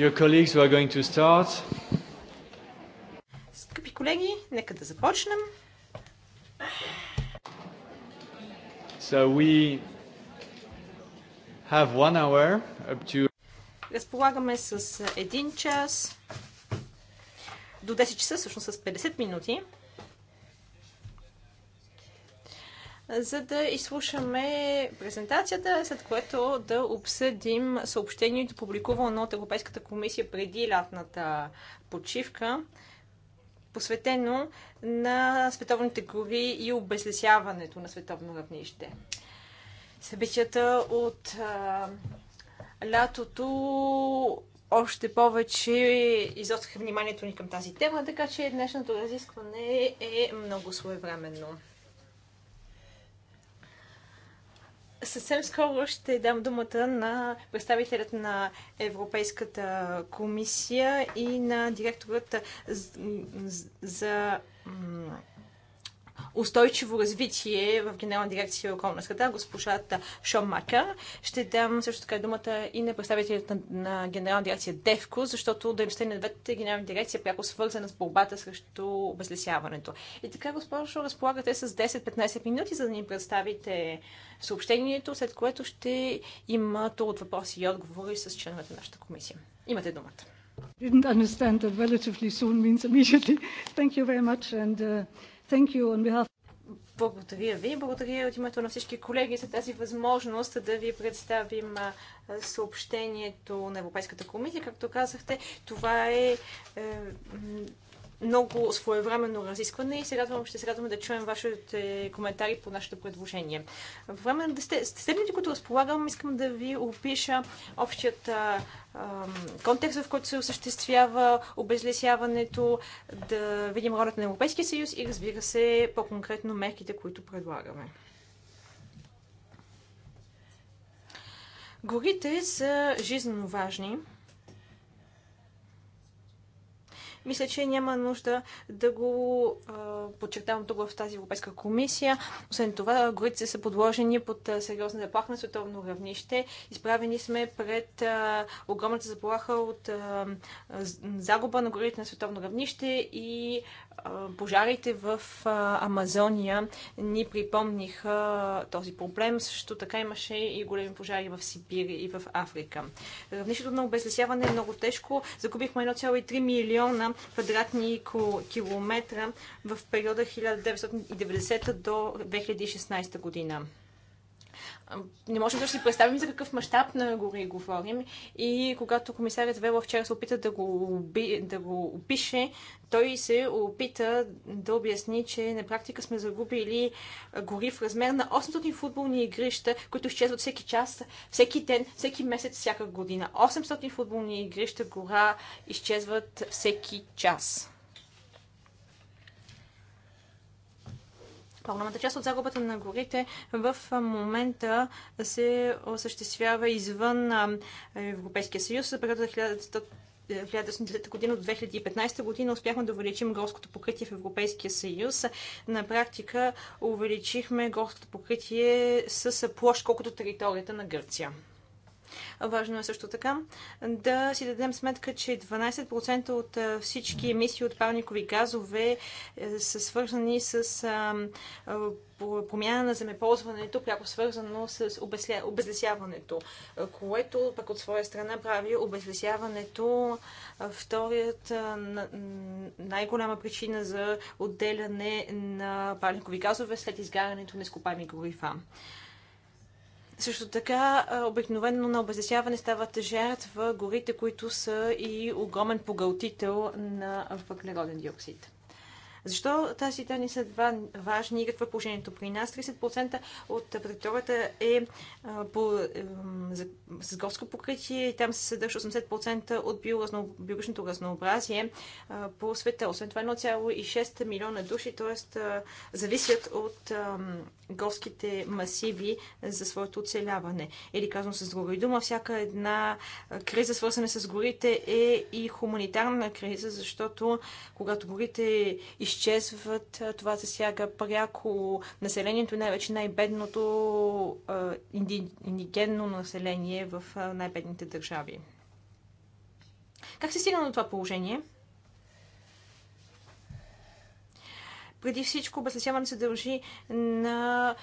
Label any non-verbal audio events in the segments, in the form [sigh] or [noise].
Dear colleagues, we are going to start. Скъпи колеги, нека да започнем. So we have one hour up to... Разполагаме с един час до 10 часа, всъщност с 50 минути. за да изслушаме презентацията, след което да обсъдим съобщението, публикувано от Европейската комисия преди лятната почивка, посветено на световните гори и обезлесяването на световно равнище. Събитията от а, лятото още повече изостриха вниманието ни към тази тема, така че днешното разискване е много своевременно. Съвсем скоро ще дам думата на представителят на Европейската комисия и на директорът за устойчиво развитие в Генерална дирекция околна среда, госпожата Шон Макар. Ще дам също така думата и на представителите на, на Генерална дирекция ДЕВКО, защото дейността на двете генерални дирекция е пряко свързана с борбата срещу обезлесяването. И така, госпожо, разполагате с 10-15 минути, за да ни представите съобщението, след което ще има тур от въпроси и отговори с членовете на нашата комисия. Имате думата. Didn't understand that relatively soon means immediately. Thank you very much and uh... Thank you on behalf благодаря ви. Благодаря от името на всички колеги за тази възможност да ви представим съобщението на Европейската комисия. Както казахте, това е, е много своевременно разискване и се радвам, ще се радваме да чуем вашите коментари по нашето предложение. време на степените, които разполагам, искам да ви опиша общият а, а, контекст, в който се осъществява обезлесяването, да видим ролята на Европейския съюз и разбира се по-конкретно мерките, които предлагаме. Горите са жизненно важни. мисля, че няма нужда да го а, подчертавам тук в тази Европейска комисия. Освен това, горите са подложени под сериозна заплаха на световно равнище. Изправени сме пред а, огромната заплаха от а, загуба на горите на световно равнище и пожарите в Амазония ни припомниха този проблем. Също така имаше и големи пожари в Сибир и в Африка. Равнището на обезлесяване е много тежко. Загубихме 1,3 милиона квадратни километра в периода 1990 до 2016 година не можем да си представим за какъв мащаб на гори говорим. И когато комисарят Вела вчера се опита да го, оби, да го опише, той се опита да обясни, че на практика сме загубили гори в размер на 800 футболни игрища, които изчезват всеки час, всеки ден, всеки месец, всяка година. 800 футболни игрища гора изчезват всеки час. По-голямата част от загубата на горите в момента се осъществява извън Европейския съюз за периода 1980 година от 2015 година успяхме да увеличим горското покритие в Европейския съюз. На практика увеличихме горското покритие с площ, колкото територията на Гърция. Важно е също така да си дадем сметка, че 12% от всички емисии от парникови газове е, са свързани с промяна на земеползването, пряко свързано с обезлесяването, което пък от своя страна прави обезлесяването вторият най-голяма причина за отделяне на парникови газове след изгарянето на изкопаеми горива. Също така, обикновено на обезлесяване стават жертва горите, които са и огромен погълтител на въглероден диоксид. Защо тази данни са два важни и какво е положението при нас? 30% от територията е по, с горско покритие и там се съдържа 80% от биологичното разнообразие по света. Освен това 1,6 милиона души, т.е. зависят от горските масиви за своето оцеляване. Или казвам с друга дума, всяка една криза, свързана с горите, е и хуманитарна криза, защото когато горите изчезнат, изчезват. Е, това засяга пряко населението, най-вече най-бедното е, индигенно население в е, най-бедните държави. Как се стигна до това положение? преди всичко обезлесяване се дължи на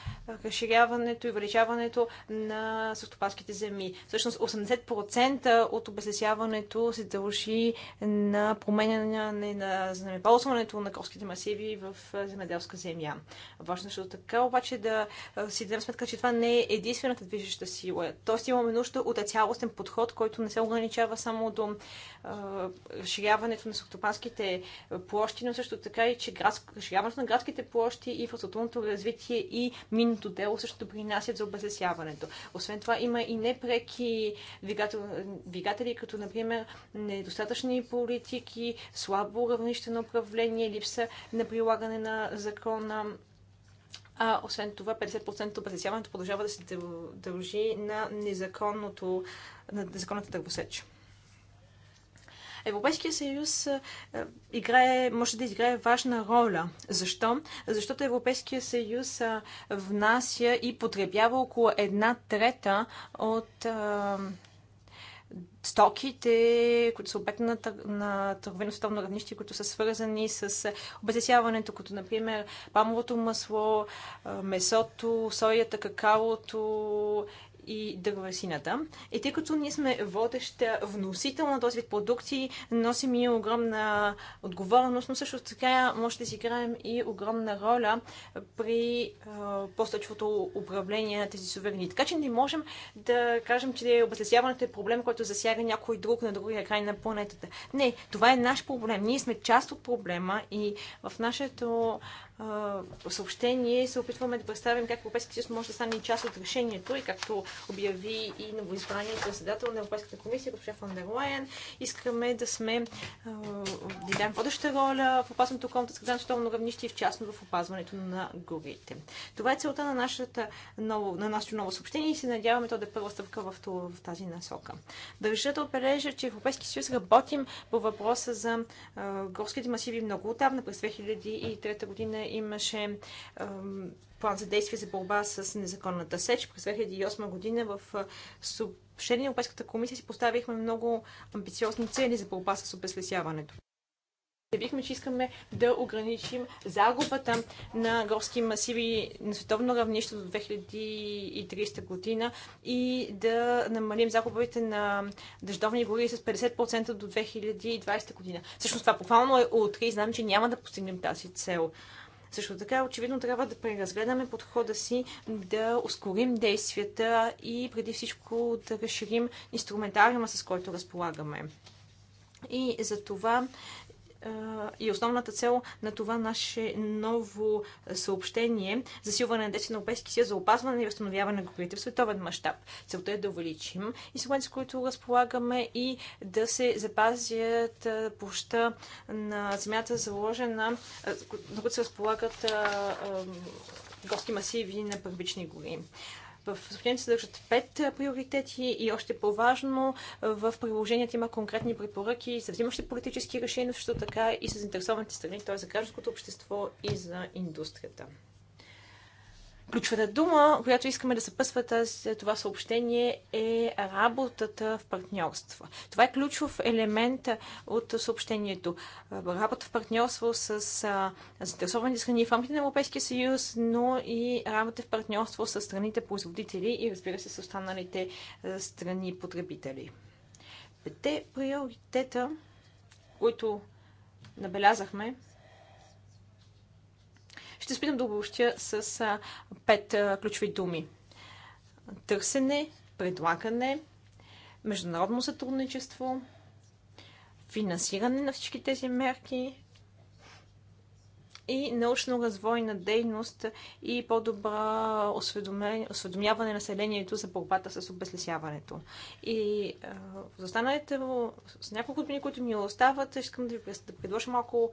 разширяването и увеличаването на съвтопадските земи. Всъщност 80% от обезлесяването се дължи на променяне на земеползването на корските масиви в земеделска земя. Важно също е, така обаче да си дадем сметка, че това не е единствената движеща сила. Тоест имаме нужда от цялостен подход, който не се ограничава само до разширяването на съвтопадските площи, но също така и че градско разширяване Намаляването на градските площи, инфраструктурното развитие и минното дело също допринасят за обезлесяването. Освен това има и непреки двигатели, като например недостатъчни политики, слабо равнище на управление, липса на прилагане на закона а, освен това, 50% от обезлесяването продължава да се дължи на незаконното, на незаконната дървосеч. Европейския съюз играе, може да играе важна роля. Защо? Защото Европейския съюз внася и потребява около една трета от стоките, които са обект на, тър... на търговия на световно равнище, които са свързани с обезсяването, като например памовото масло, месото, соята, какаото и дървесината. И тъй като ние сме водеща вносител на този вид продукции, носим и огромна отговорност, но също така може да си играем и огромна роля при постъчвото управление на тези суверени. Така че не можем да кажем, че обезлесяването е проблем, който засяга някой друг на другия край на планетата. Не, това е наш проблем. Ние сме част от проблема и в нашето съобщение се опитваме да представим как Европейския съюз може да стане част от решението и както обяви и новоизбраният председател на Европейската комисия, госпожа Фон дер Лайен, искаме да сме да играем водеща роля в опазването на околната среда на световно равнище и в частно в опазването на горите. Това е целта на, нашата ново, на нашето ново съобщение и се надяваме то да е първа стъпка в, това, в тази насока. Държа да отбележа, че Европейския съюз работим по въпроса за горските масиви много отдавна през 2003 година имаше план за действие за борба с незаконната сеч. През 2008 година в съобщение на Европейската комисия си поставихме много амбициозни цели за борба с обезлесяването. Заявихме, че искаме да ограничим загубата на горски масиви на световно равнище до 2030 година и да намалим загубите на дъждовни гори с 50% до 2020 година. Всъщност това буквално е утре и знам, че няма да постигнем тази цел. Също така, очевидно, трябва да преразгледаме подхода си, да ускорим действията и преди всичко да разширим инструментариума, с който разполагаме. И за това и основната цел на това наше ново съобщение засилване на действие на Европейския съюз за опазване и възстановяване на горите в световен мащаб. Целта е да увеличим инструмент, с които разполагаме и да се запазят площа на земята заложена, на които се разполагат горски масиви на първични гори. В съобщението се държат пет приоритети и още по-важно в приложението има конкретни препоръки за взимащи политически решения, също така и с заинтересованите страни, т.е. за гражданското общество и за индустрията. Ключвата дума, която искаме да съпъсва тази, това съобщение е работата в партньорство. Това е ключов елемент от съобщението. Работа в партньорство с заинтересовани страни в рамките на Европейския съюз, но и работа в партньорство с страните производители и разбира се с останалите страни потребители. Пете приоритета, които набелязахме, ще се опитам да обобщя с а, пет а, ключови думи. Търсене, предлагане, международно сътрудничество, финансиране на всички тези мерки и научно-развойна дейност и по-добра осведомяване на населението за борбата с обезлесяването. И а, за останалите с няколко дни, които ми остават, искам да ви да предложа малко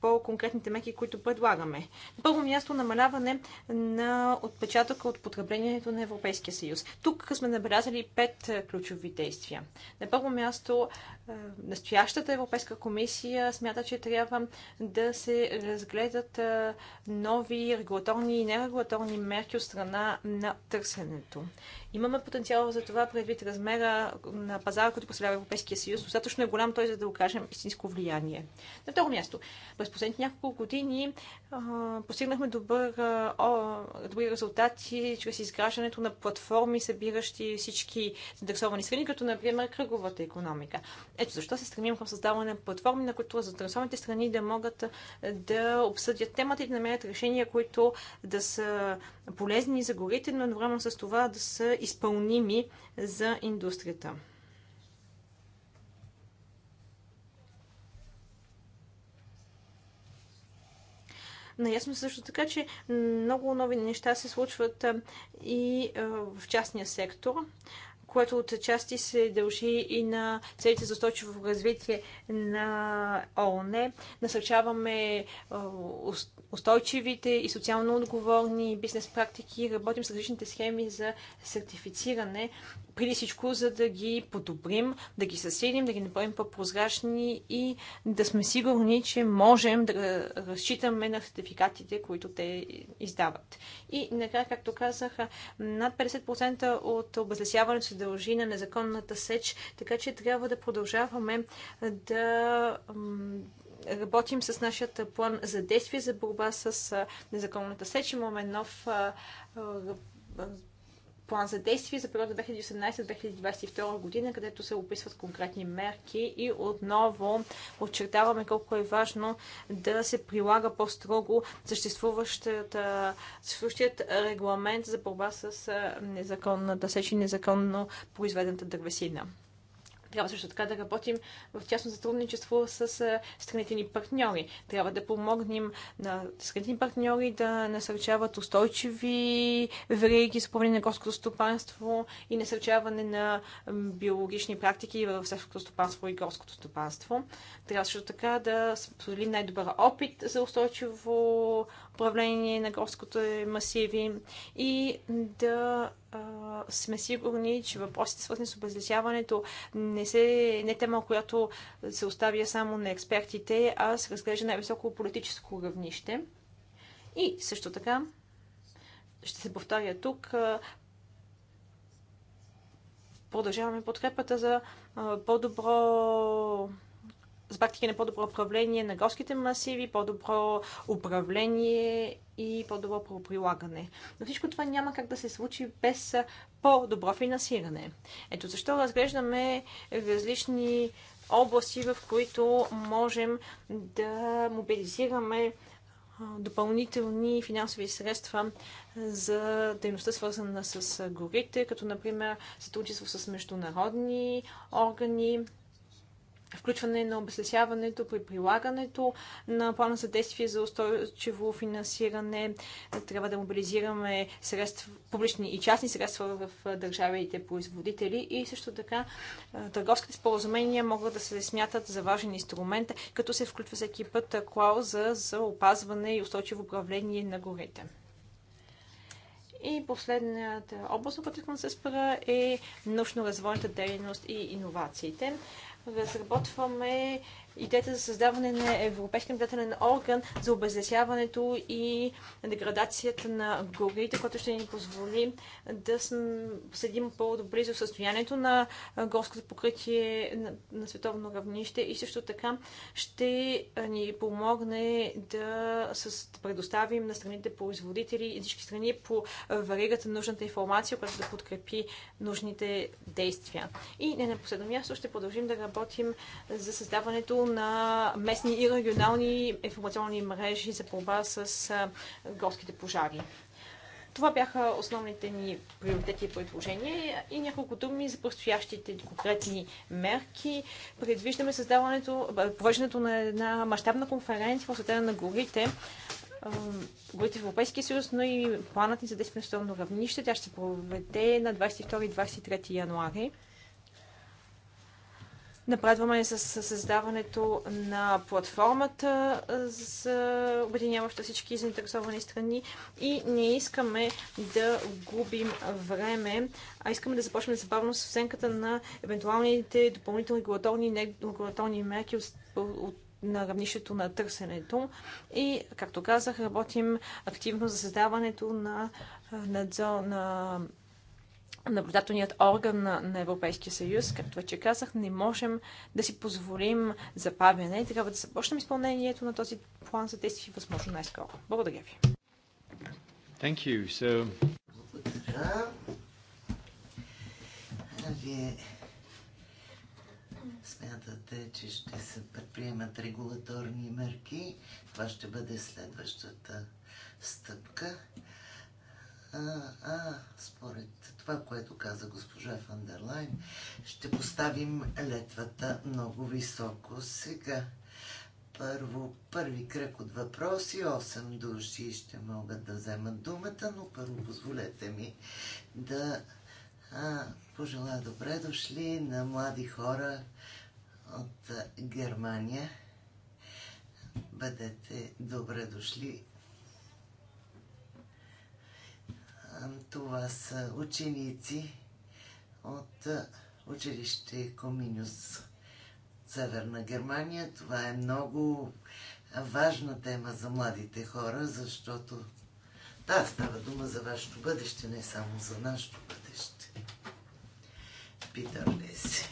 по-конкретните мерки, които предлагаме. На първо място намаляване на отпечатъка от потреблението на Европейския съюз. Тук сме набелязали пет е, ключови действия. На първо място е, настоящата Европейска комисия смята, че трябва да се разгледат е, нови регулаторни и нерегулаторни мерки от страна на търсенето. Имаме потенциал за това предвид размера на пазара, който представлява Европейския съюз. Достатъчно е голям той, за да окажем истинско влияние. На второ място, през последните няколко години а, постигнахме добър, а, добри резултати чрез изграждането на платформи, събиращи всички заинтересовани страни, като например кръговата економика. Ето защо се стремим към създаване на платформи, на които заинтересованите страни да могат да обсъдят темата и да намерят решения, които да са полезни за горите, но едновременно с това да са изпълними за индустрията. Наясно също така, че много нови неща се случват и в частния сектор което от части се дължи и на целите за устойчиво развитие на ООН. Насърчаваме устойчивите и социално отговорни бизнес практики, работим с различните схеми за сертифициране, преди всичко, за да ги подобрим, да ги съседим, да ги направим по-прозрачни и да сме сигурни, че можем да разчитаме на сертификатите, които те издават. И накрая, както казах, над 50% от обезлесяването се дължи на незаконната сеч, така че трябва да продължаваме да работим с нашия план за действие за борба с незаконната сеч. Имаме нов план за действие за периода 2018-2022 година, където се описват конкретни мерки и отново очертаваме колко е важно да се прилага по-строго съществуващият регламент за борба с незаконната сеч и незаконно произведената дървесина. Трябва също така да работим в тясно сътрудничество с страните ни партньори. Трябва да помогнем на страните ни партньори да насърчават устойчиви вериги за управление на горското стопанство и насърчаване на биологични практики в селското стопанство и горското стопанство. Трябва също така да споделим най-добър опит за устойчиво управление на горското, масиви и да а, сме сигурни, че въпросите свързани с обезлесяването не, се, не е тема, която се оставя само на експертите, а се разглежда на високо политическо равнище. И също така, ще се повторя тук, продължаваме подкрепата за по-добро с практики на по-добро управление на горските масиви, по-добро управление и по-добро прилагане. Но всичко това няма как да се случи без по-добро финансиране. Ето защо разглеждаме различни области, в които можем да мобилизираме допълнителни финансови средства за дейността, свързана с горите, като например сътрудничество с международни органи, включване на обезлесяването при прилагането на плана за действие за устойчиво финансиране. Трябва да мобилизираме средства, публични и частни средства в държавите производители и също така търговските споразумения могат да се смятат за важен инструмент, като се включва всеки път клауза за опазване и устойчиво управление на горите. И последната област, на която искам да се спра, е научно-развойната дейност и иновациите разработваме идеята за създаване на Европейски наблюдателен орган за обезлесяването и деградацията на горите, което ще ни позволи да следим по добризо състоянието на горското покритие на световно равнище и също така ще ни помогне да предоставим на страните производители и всички страни по варигата нужната информация, която да подкрепи нужните действия. И не на последно място ще продължим да работим за създаването на местни и регионални информационни мрежи за борба с горските пожари. Това бяха основните ни приоритети и предложения и няколко думи за предстоящите конкретни мерки. Предвиждаме създаването, провеждането на една мащабна конференция посветена на горите, горите в Европейския съюз, но и планът ни за действително равнище. Тя ще се проведе на 22 23 януари. Напредваме с създаването на платформата за обединяваща всички заинтересовани страни и не искаме да губим време, а искаме да започнем забавно с оценката на евентуалните допълнителни регулаторни и нерегулаторни мерки от, от на равнището на търсенето. И, както казах, работим активно за създаването на надзор на наблюдателният орган на Европейския съюз, както вече казах, не можем да си позволим забавяне и трябва да започнем изпълнението на този план за действие възможно най-скоро. Благодаря ви. Thank you. So... Вие смятате, че ще се предприемат регулаторни мерки. Това ще бъде следващата стъпка а, а, според това, което каза госпожа Фандерлайн, ще поставим летвата много високо. Сега първо, първи кръг от въпроси. 8 души ще могат да вземат думата, но първо позволете ми да а, пожелая добре дошли на млади хора от Германия. Бъдете добре дошли Това са ученици от училище Коминюс, Северна Германия. Това е много важна тема за младите хора, защото да, става дума за вашето бъдеще, не само за нашето бъдеще. Питам ли си?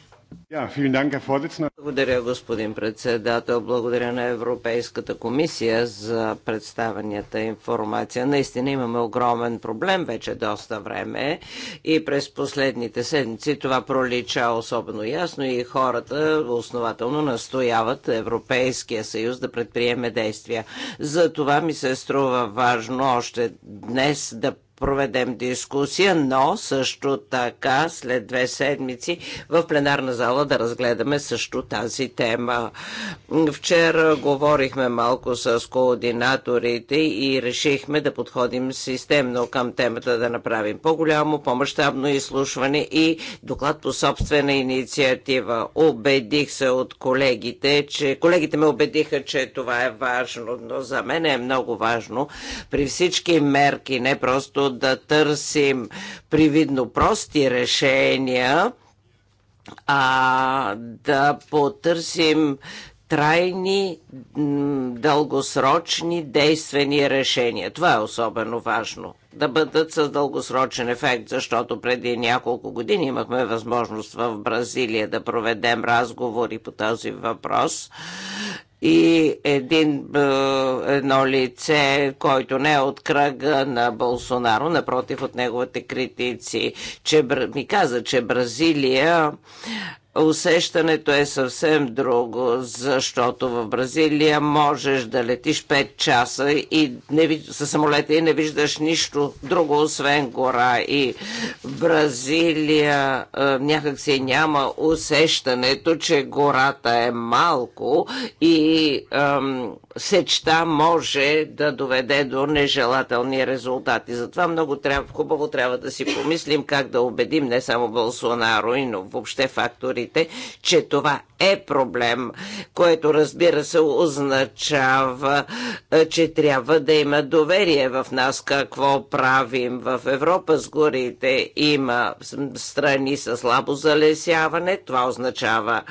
Благодаря, господин председател. Благодаря на Европейската комисия за представената информация. Наистина имаме огромен проблем вече доста време и през последните седмици това пролича особено ясно и хората основателно настояват Европейския съюз да предприеме действия. За това ми се струва важно още днес да проведем дискусия, но също така след две седмици в пленарна зала да разгледаме също тази тема. Вчера говорихме малко с координаторите и решихме да подходим системно към темата, да направим по-голямо, по-масштабно изслушване и доклад по собствена инициатива. Обедих се от колегите, че колегите ме убедиха, че това е важно, но за мен е много важно при всички мерки, не просто да търсим привидно прости решения, а да потърсим трайни, дългосрочни, действени решения. Това е особено важно. Да бъдат с дългосрочен ефект, защото преди няколко години имахме възможност в Бразилия да проведем разговори по този въпрос и един, е, едно лице, който не е от кръга на Болсонаро, напротив от неговите критици, че ми каза, че Бразилия усещането е съвсем друго, защото в Бразилия можеш да летиш 5 часа и не, с самолета и не виждаш нищо друго, освен гора. И Бразилия е, някакси няма усещането, че гората е малко и ам, сечта може да доведе до нежелателни резултати. Затова много трябва, хубаво трябва да си помислим как да убедим не само Болсонаро, но въобще фактори говорите, че това е проблем, което разбира се означава, е, че трябва да има доверие в нас какво правим. В Европа с горите има страни с слабо залесяване, това означава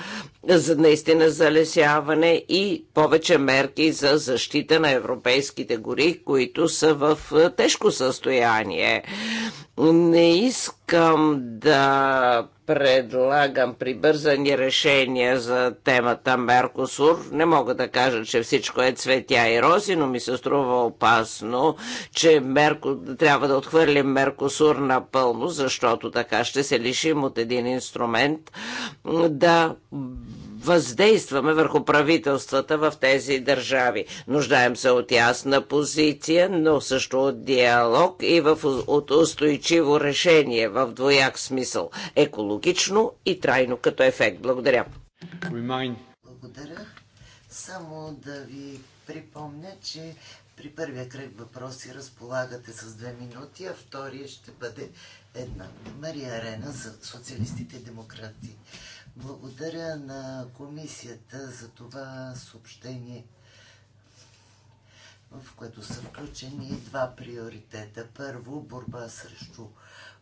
за наистина залесяване и повече мерки за защита на европейските гори, които са в е, тежко състояние. Не искам да предлагам прибързани решения за темата Меркосур. Не мога да кажа, че всичко е цветя и рози, но ми се струва опасно, че Мерко... трябва да отхвърлим Меркосур напълно, защото така ще се лишим от един инструмент да въздействаме върху правителствата в тези държави. Нуждаем се от ясна позиция, но също от диалог и в, от устойчиво решение в двояк смисъл екологично и трайно като ефект. Благодаря. Remind. Благодаря. Само да ви припомня, че при първия кръг въпроси разполагате с две минути, а втория ще бъде една. Мария Арена за социалистите и демократи. Благодаря на комисията за това съобщение, в което са включени два приоритета. Първо, борба срещу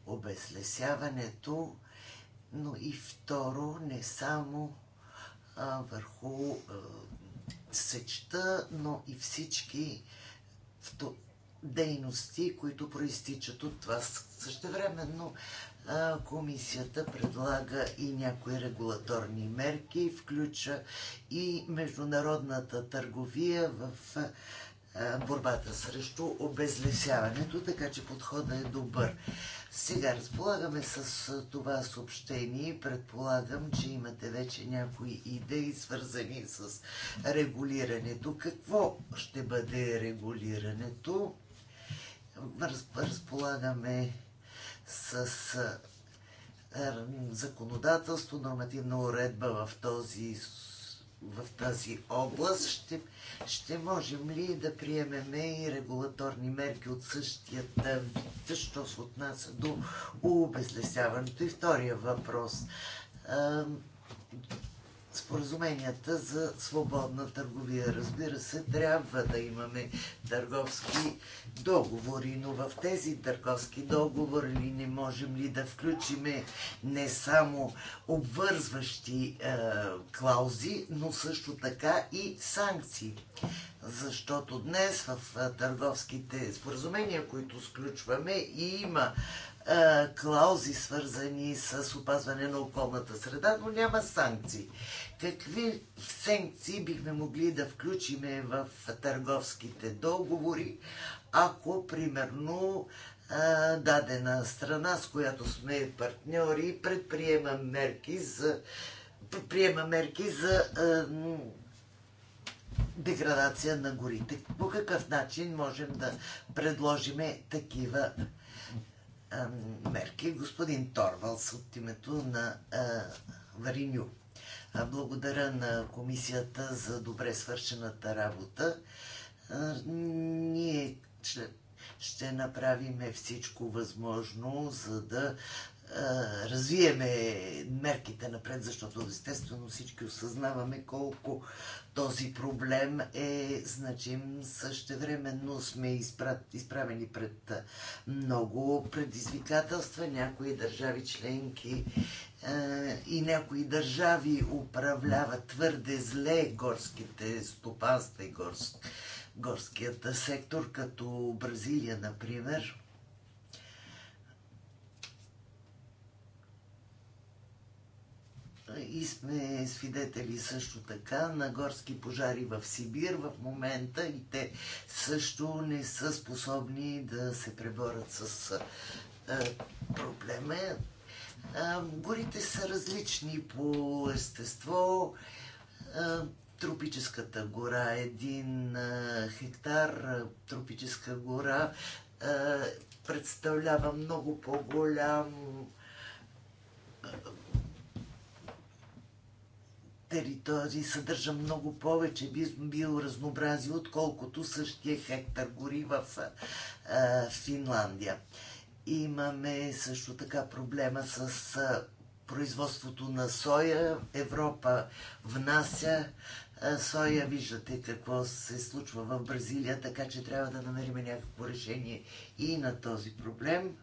обезлесяването, но и второ, не само върху сечта, но и всички дейности, които проистичат от това. Същевременно комисията предлага и някои регулаторни мерки, включа и международната търговия в борбата срещу обезлесяването, така че подходът е добър. Сега разполагаме с това съобщение и предполагам, че имате вече някои идеи, свързани с регулирането. Какво ще бъде регулирането? Разполагаме с законодателство, нормативна уредба в този в тази област, ще, ще можем ли да приемеме и регулаторни мерки от същият вид, що се отнася до обезлесяването? И втория въпрос споразуменията за свободна търговия. Разбира се, трябва да имаме търговски договори, но в тези търговски договори ли не можем ли да включиме не само обвързващи е, клаузи, но също така и санкции? Защото днес в е, търговските споразумения, които сключваме, и има е, клаузи, свързани с опазване на околната среда, но няма санкции какви санкции бихме могли да включиме в търговските договори, ако, примерно, дадена страна, с която сме партньори, предприема мерки за, предприема мерки за деградация на горите. По какъв начин можем да предложиме такива мерки? Господин Торвалс от името на Вариню. Благодаря на комисията за добре свършената работа. Ние ще направим всичко възможно, за да развиеме мерките напред, защото естествено всички осъзнаваме колко този проблем е значим. Същевременно сме изправени пред много предизвикателства. Някои държави членки е, и някои държави управляват твърде зле горските стопанства и горс, горският сектор, като Бразилия, например. И сме свидетели също така на горски пожари в Сибир в момента и те също не са способни да се преборят с е, проблема Горите са различни по естество. Тропическата гора е един хектар. Тропическа гора представлява много по-голям територии съдържа много повече биоразнообразие, отколкото същия хектар гори в Финландия. Имаме също така проблема с производството на соя. Европа внася соя. Виждате какво се случва в Бразилия, така че трябва да намерим някакво решение и на този проблем.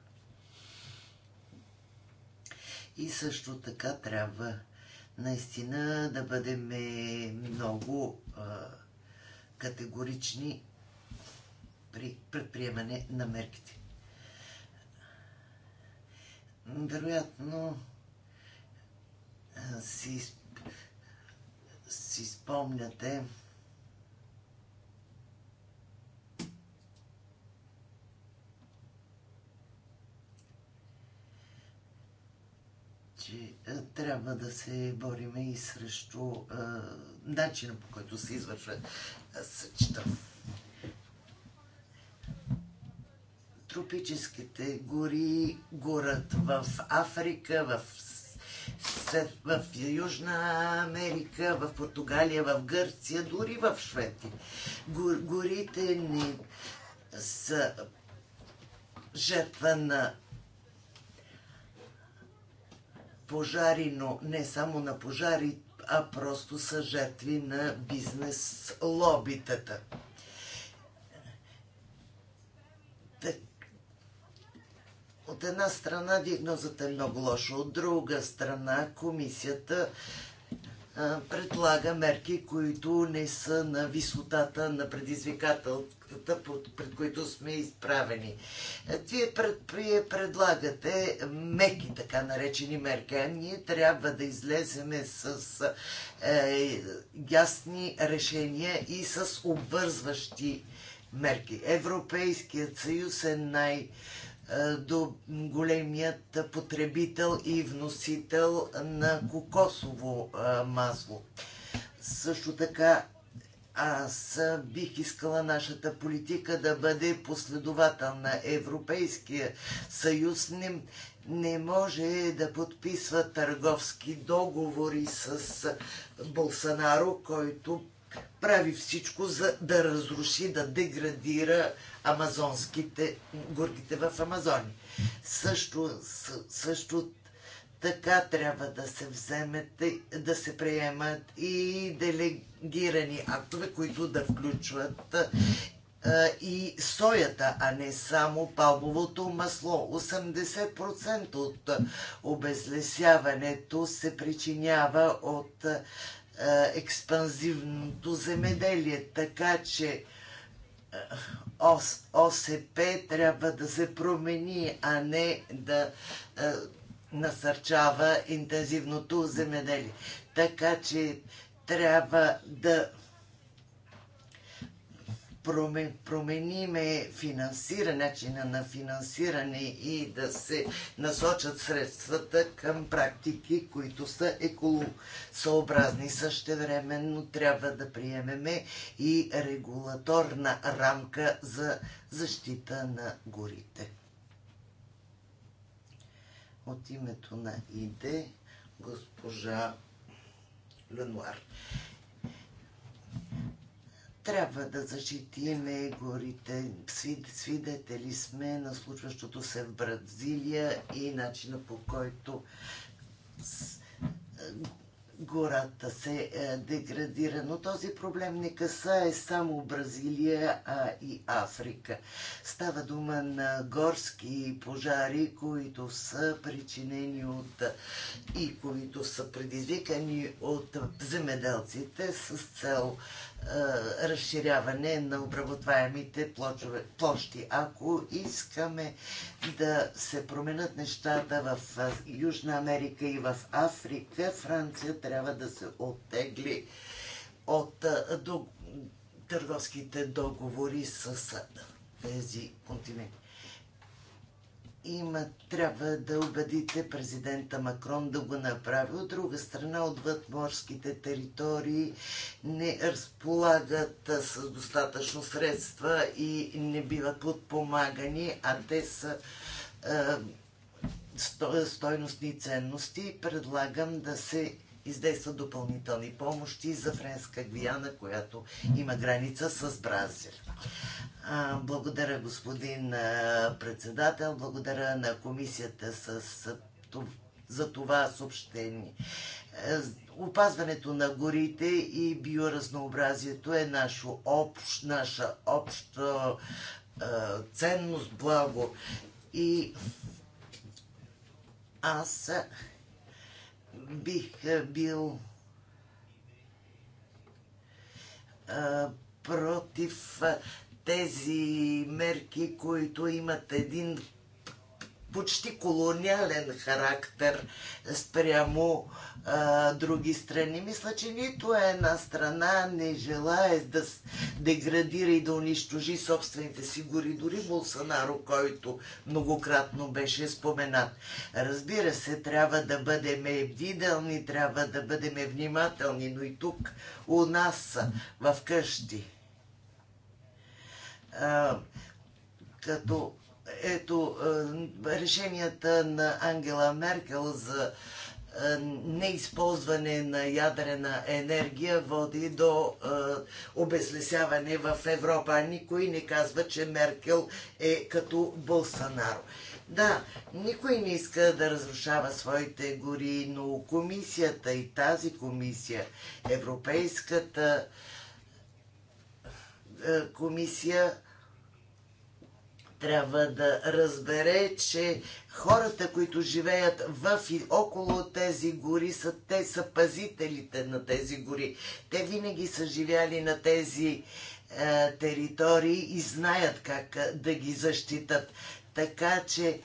И също така трябва наистина да бъдем е, много категорични при предприемане на мерките вероятно си, си спомняте че трябва да се бориме и срещу а, начина по който се извършва съчетаването тропическите гори, горят в Африка, в, в Южна Америка, в Португалия, в Гърция, дори в Швеция. Гор, горите ни са жертва на пожари, но не само на пожари, а просто са жертви на бизнес лобитата. От една страна диагнозата е много лоша, от друга страна комисията предлага мерки, които не са на висотата на предизвикателствата, пред които сме изправени. Е, вие предлагате меки, така наречени мерки, а ние трябва да излеземе с е, ясни решения и с обвързващи мерки. Европейският съюз е най- е, до големият потребител и вносител на кокосово е, масло. Също така аз бих искала нашата политика да бъде последователна. Европейския съюз не, не може да подписва търговски договори с Болсонаро, който прави всичко за да разруши, да деградира амазонските, горките в Амазони. Също, също така трябва да се вземат, да се приемат и делегирани актове, които да включват и соята, а не само палмовото масло. 80% от обезлесяването се причинява от експанзивното земеделие, така че ОСП трябва да се промени, а не да е, насърчава интензивното земеделие. Така че трябва да промениме финансиране, начина на финансиране и да се насочат средствата към практики, които са екологосъобразни. Същевременно трябва да приемеме и регулаторна рамка за защита на горите. От името на ИДЕ госпожа Ленуар. Трябва да защитиме горите. Свидетели сме на случващото се в Бразилия и начина по който е, гората се е, деградира. Но този проблем не касае само Бразилия, а и Африка. Става дума на горски пожари, които са причинени от и които са предизвикани от земеделците с цел разширяване на обработваемите площи. Ако искаме да се променят нещата в Южна Америка и в Африка, Франция трябва да се оттегли от търговските договори с тези континенти има, трябва да убедите президента Макрон да го направи. От друга страна, отвъд морските територии не разполагат с достатъчно средства и не биват подпомагани, а те са е, стойностни ценности. Предлагам да се издейства допълнителни помощи за Френска Гвиана, която има граница с Бразил. Благодаря, господин председател. Благодаря на комисията с, за това съобщение. Е, опазването на горите и биоразнообразието е нашо общ, наша обща ценност, благо. И аз бих е, бил против тези мерки, които имат един почти колониален характер спрямо а, други страни. Мисля, че нито една страна не желае да деградира и да унищожи собствените си гори, дори Болсонаро, който многократно беше споменат. Разбира се, трябва да бъдем бдителни, трябва да бъдем внимателни, но и тук у нас в къщи. А, като ето е, решенията на Ангела Меркел за е, неизползване на ядрена енергия води до е, обезлесяване в Европа. Никой не казва, че Меркел е като болсанар. Да, никой не иска да разрушава своите гори, но комисията и тази комисия, Европейската комисия, трябва да разбере, че хората, които живеят в и около тези гори, са, те са пазителите на тези гори. Те винаги са живяли на тези е, територии и знаят как е, да ги защитат. Така че е,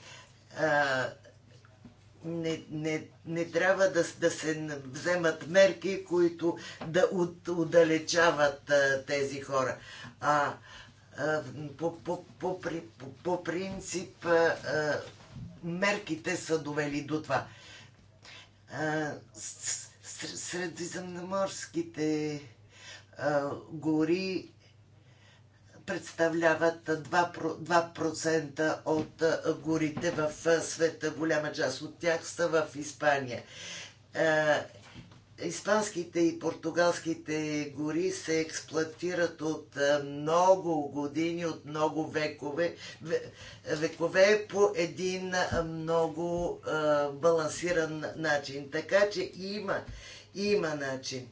не, не, не трябва да, да се вземат мерки, които да от, отдалечават е, тези хора. А, по, по, по, по, по принцип мерките са довели до това. Средиземноморските гори представляват 2% от горите в света. Голяма част от тях са в Испания. Испанските и португалските гори се експлуатират от много години, от много векове, векове по един много балансиран начин. Така че има, има начин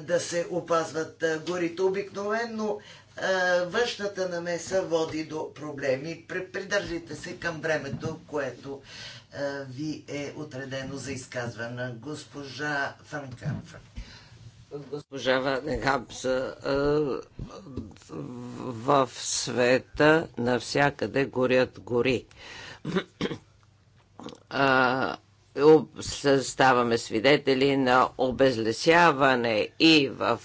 да се опазват горите. Обикновено външната намеса води до проблеми. Придържите се към времето, което ви е отредено за изказване. Госпожа Фанкамфа. Госпожа Ванегапс, в света навсякъде горят гори. ставаме свидетели на обезлесяване и в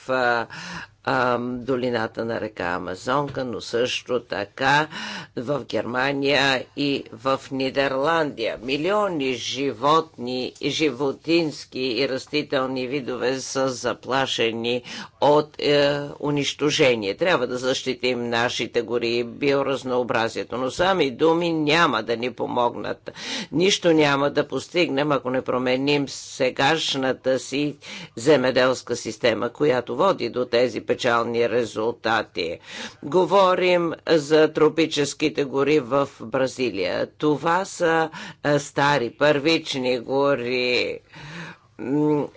а, долината на река Амазонка, но също така в Германия и в Нидерландия. Милиони животни, животински и растителни видове са заплашени от е, унищожение. Трябва да защитим нашите гори и биоразнообразието, но сами думи няма да ни помогнат. Нищо няма да постигнем, ако не променим сегашната си земеделска система, която води до тези печални резултати. Говорим за тропическите гори в Бразилия. Това са е, стари, първични гори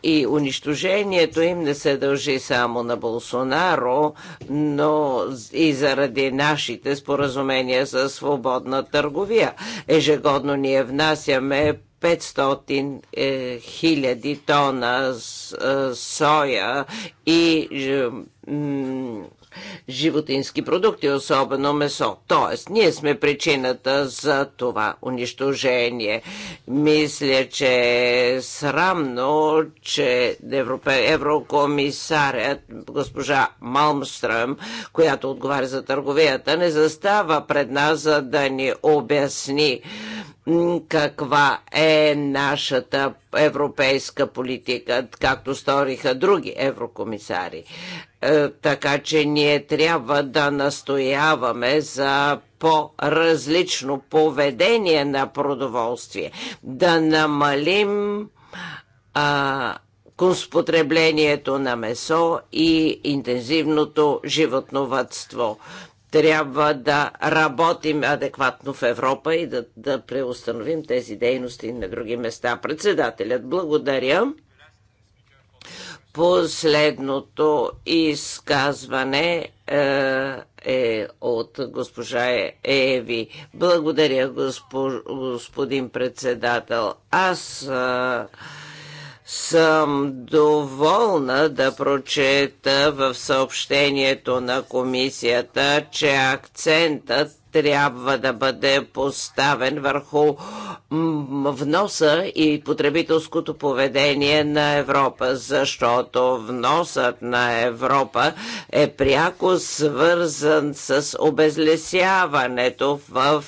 и унищожението им не се дължи само на Болсонаро, но и заради нашите споразумения за свободна търговия. Ежегодно ние внасяме 500 е, хиляди тона е, соя и е, животински продукти, особено месо. Тоест, ние сме причината за това унищожение. Мисля, че е срамно, че Европе... еврокомисарят госпожа Малмстръм, която отговаря за търговията, не застава пред нас, за да ни обясни каква е нашата европейска политика, както сториха други еврокомисари. Е, така че ние трябва да настояваме за по-различно поведение на продоволствие, да намалим а, конспотреблението на месо и интензивното животновътство. Трябва да работим адекватно в Европа и да, да преустановим тези дейности на други места. Председателят, благодаря. Последното изказване е, е от госпожа Еви. Благодаря, госпо, господин председател. Аз. Е, съм доволна да прочета в съобщението на комисията, че акцентът трябва да бъде поставен върху вноса и потребителското поведение на Европа, защото вносът на Европа е пряко свързан с обезлесяването в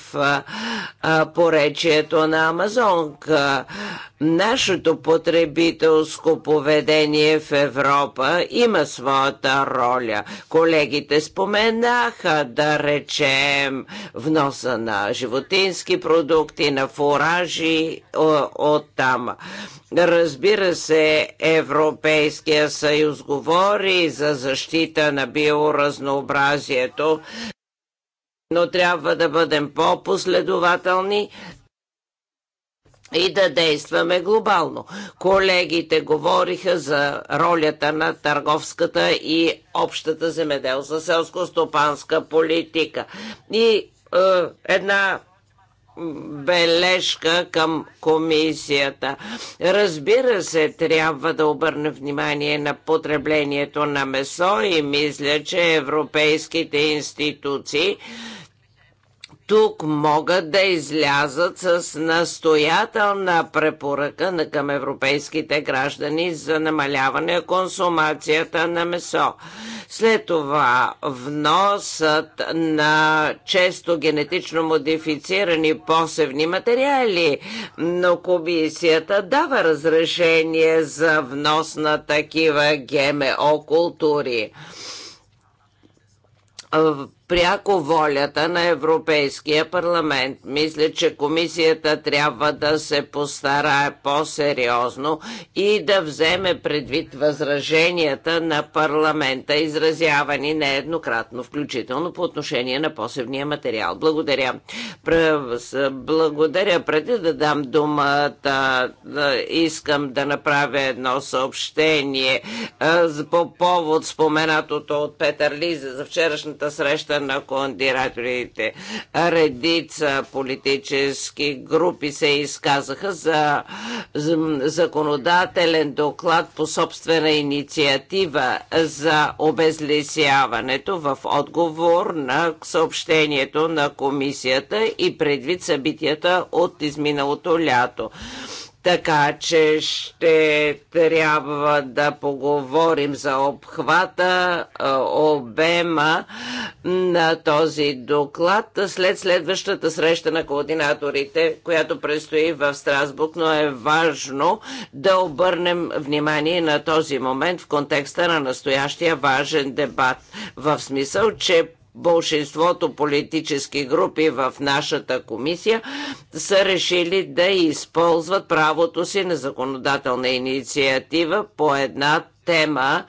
поречието на Амазонка. Нашето потребителско поведение в Европа има своята роля. Колегите споменаха, да речем, вноса на животински продукти, на фуражи от там. Разбира се, Европейския съюз говори за защита на биоразнообразието, но трябва да бъдем по-последователни, и да действаме глобално. Колегите говориха за ролята на търговската и общата земеделска селско-стопанска политика. И е, една бележка към комисията. Разбира се, трябва да обърне внимание на потреблението на месо и мисля, че европейските институции тук могат да излязат с настоятелна препоръка на към европейските граждани за намаляване на консумацията на месо. След това вносът на често генетично модифицирани посевни материали, но комисията дава разрешение за внос на такива ГМО култури пряко волята на Европейския парламент. Мисля, че комисията трябва да се постарае по-сериозно и да вземе предвид възраженията на парламента, изразявани нееднократно, включително по отношение на посевния материал. Благодаря. Благодаря. Преди да дам думата, искам да направя едно съобщение по повод споменатото от Петър Лиза за вчерашната среща на кондираторите. Редица политически групи се изказаха за законодателен доклад по собствена инициатива за обезлесяването в отговор на съобщението на комисията и предвид събитията от изминалото лято. Така че ще трябва да поговорим за обхвата, е, обема на този доклад след следващата среща на координаторите, която предстои в Страсбург, но е важно да обърнем внимание на този момент в контекста на настоящия важен дебат. В смисъл, че Болшинството политически групи в нашата комисия са решили да използват правото си на законодателна инициатива по една тема,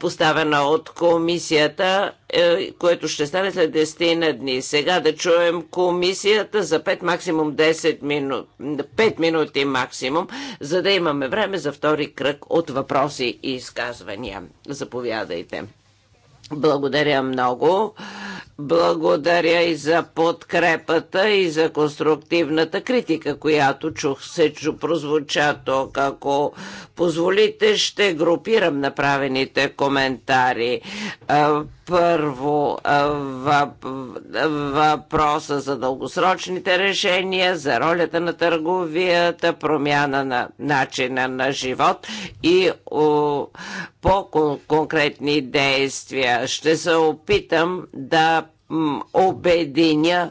поставена от комисията, е, което ще стане след 10 на дни. Сега да чуем комисията за 5 максимум 10 минути, 5 минути максимум, за да имаме време за втори кръг от въпроси и изказвания. Заповядайте. Благодаря много. Благодаря и за подкрепата и за конструктивната критика, която чух се чу, прозвуча то, Ако позволите, ще групирам направените коментари. Първо, въпроса за дългосрочните решения, за ролята на търговията, промяна на начина на живот и по-конкретни действия. Ще се опитам да обединя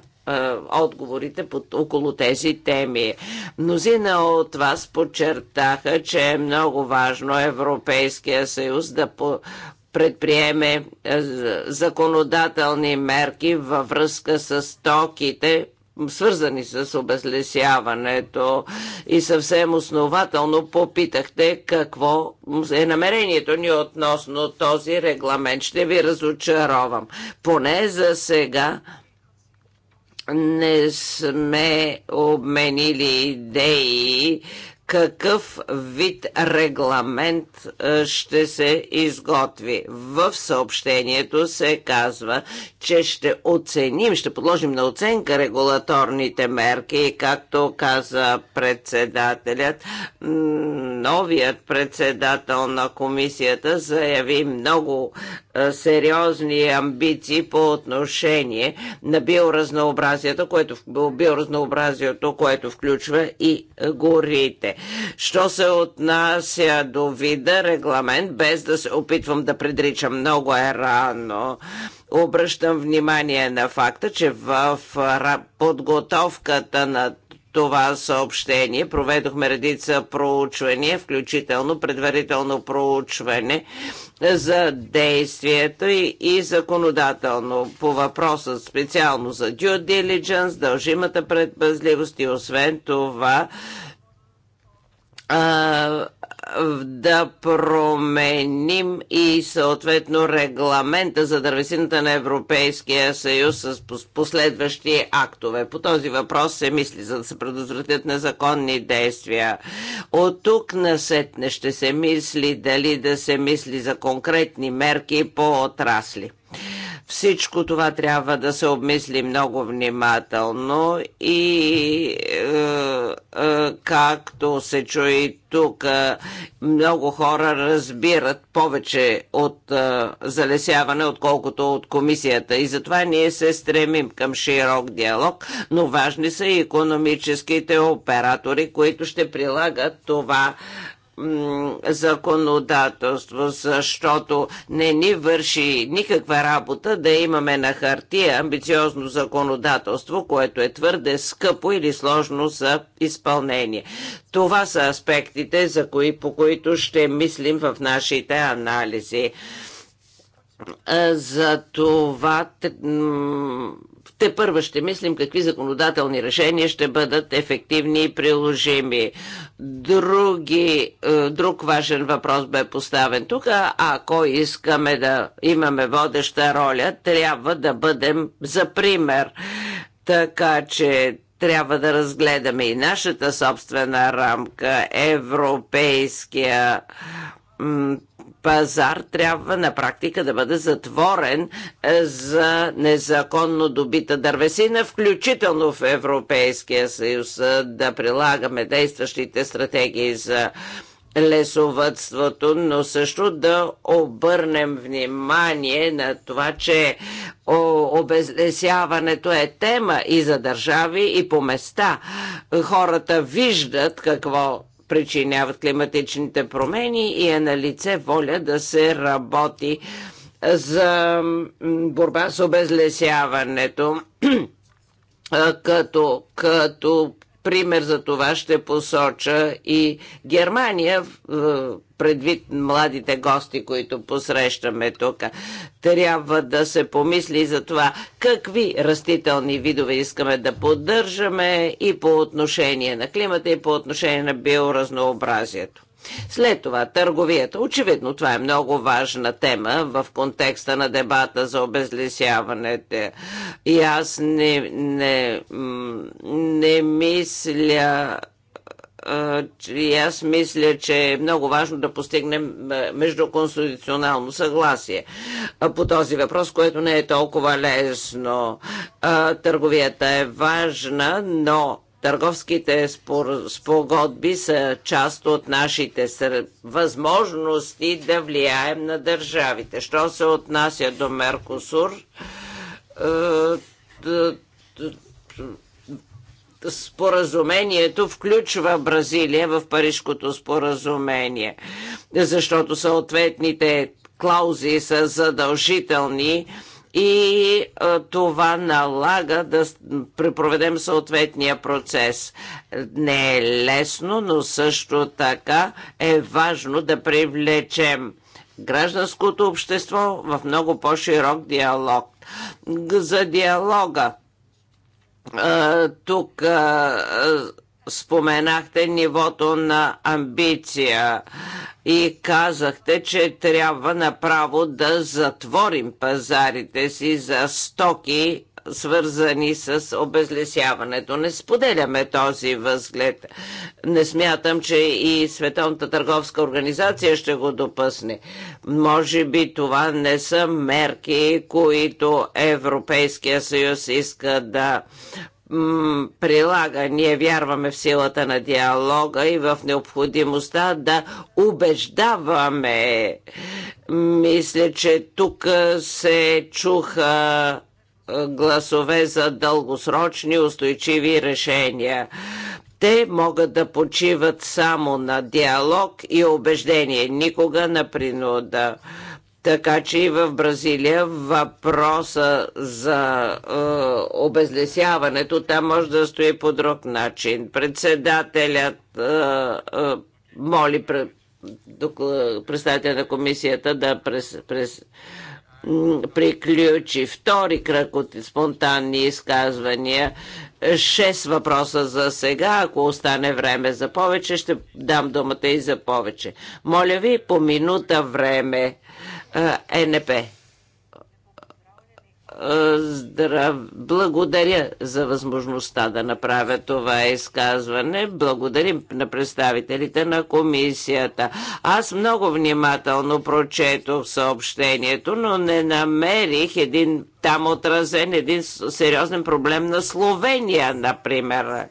отговорите под, около тези теми. Мнозина от вас подчертаха, че е много важно Европейския съюз да по, предприеме законодателни мерки във връзка с токите, свързани с обезлесяването и съвсем основателно попитахте какво е намерението ни относно този регламент. Ще ви разочаровам. Поне за сега не сме обменили идеи какъв вид регламент е, ще се изготви. В съобщението се казва, че ще оценим, ще подложим на оценка регулаторните мерки и както каза председателят, новият председател на комисията заяви много е, сериозни амбиции по отношение на биоразнообразието, което, биоразнообразието, което включва и горите. Що се отнася до вида регламент, без да се опитвам да предричам, много е рано. Обръщам внимание на факта, че в подготовката на това съобщение. Проведохме редица проучвания, включително предварително проучване за действието и, и законодателно по въпроса специално за due diligence, дължимата предпазливост и освен това да променим и съответно регламента за дървесината на Европейския съюз с последващи актове. По този въпрос се мисли, за да се предотвратят незаконни действия. От тук на сетне ще се мисли дали да се мисли за конкретни мерки по отрасли. Всичко това трябва да се обмисли много внимателно и е, е, както се чуи тук, е, много хора разбират повече от е, залесяване, отколкото от комисията. И затова ние се стремим към широк диалог, но важни са и економическите оператори, които ще прилагат това е, законодателство, защото не ни върши никаква работа да имаме на хартия амбициозно законодателство, което е твърде скъпо или сложно за изпълнение. Това са аспектите, за кои, по които ще мислим в нашите анализи. Е, за това те първа ще мислим какви законодателни решения ще бъдат ефективни и приложими. Други, е, друг важен въпрос бе поставен тук. Ако искаме да имаме водеща роля, трябва да бъдем за пример. Така че трябва да разгледаме и нашата собствена рамка, европейския пазар трябва на практика да бъде затворен е, за незаконно добита дървесина, включително в Европейския съюз, е, да прилагаме действащите стратегии за лесовътството, но също да обърнем внимание на това, че обезлесяването е тема и за държави, и по места. Хората виждат какво причиняват климатичните промени и е на лице воля да се работи за борба с обезлесяването [clears throat] като, като Пример за това ще посоча и Германия, предвид младите гости, които посрещаме тук. Трябва да се помисли за това какви растителни видове искаме да поддържаме и по отношение на климата, и по отношение на биоразнообразието. След това търговията. Очевидно това е много важна тема в контекста на дебата за обезлесяването. И аз не, не, не мисля и аз мисля, че е много важно да постигнем междуконституционално съгласие по този въпрос, което не е толкова лесно. Търговията е важна, но Търговските спор... спогодби са част от нашите сър... възможности да влияем на държавите. Що се отнася до Меркосур, е, споразумението включва Бразилия в Парижкото споразумение, защото съответните клаузи са задължителни и това налага да препроведем съответния процес. Не е лесно, но също така е важно да привлечем гражданското общество в много по-широк диалог. За диалога тук споменахте нивото на амбиция и казахте, че трябва направо да затворим пазарите си за стоки, свързани с обезлесяването. Не споделяме този възглед. Не смятам, че и Световната търговска организация ще го допъсне. Може би това не са мерки, които Европейския съюз иска да прилага. Ние вярваме в силата на диалога и в необходимостта да убеждаваме. Мисля, че тук се чуха гласове за дългосрочни устойчиви решения. Те могат да почиват само на диалог и убеждение, никога на принуда. Така че и в Бразилия въпроса за е, обезлесяването там може да стои по друг начин. Председателят е, е, моли е, представителя на комисията да през, през, приключи втори кръг от спонтанни изказвания. Шест въпроса за сега. Ако остане време за повече, ще дам думата и за повече. Моля ви, по минута време ЕНП. Здрав... Благодаря за възможността да направя това изказване. Благодарим на представителите на комисията. Аз много внимателно прочетох съобщението, но не намерих един там отразен един сериозен проблем на Словения, например.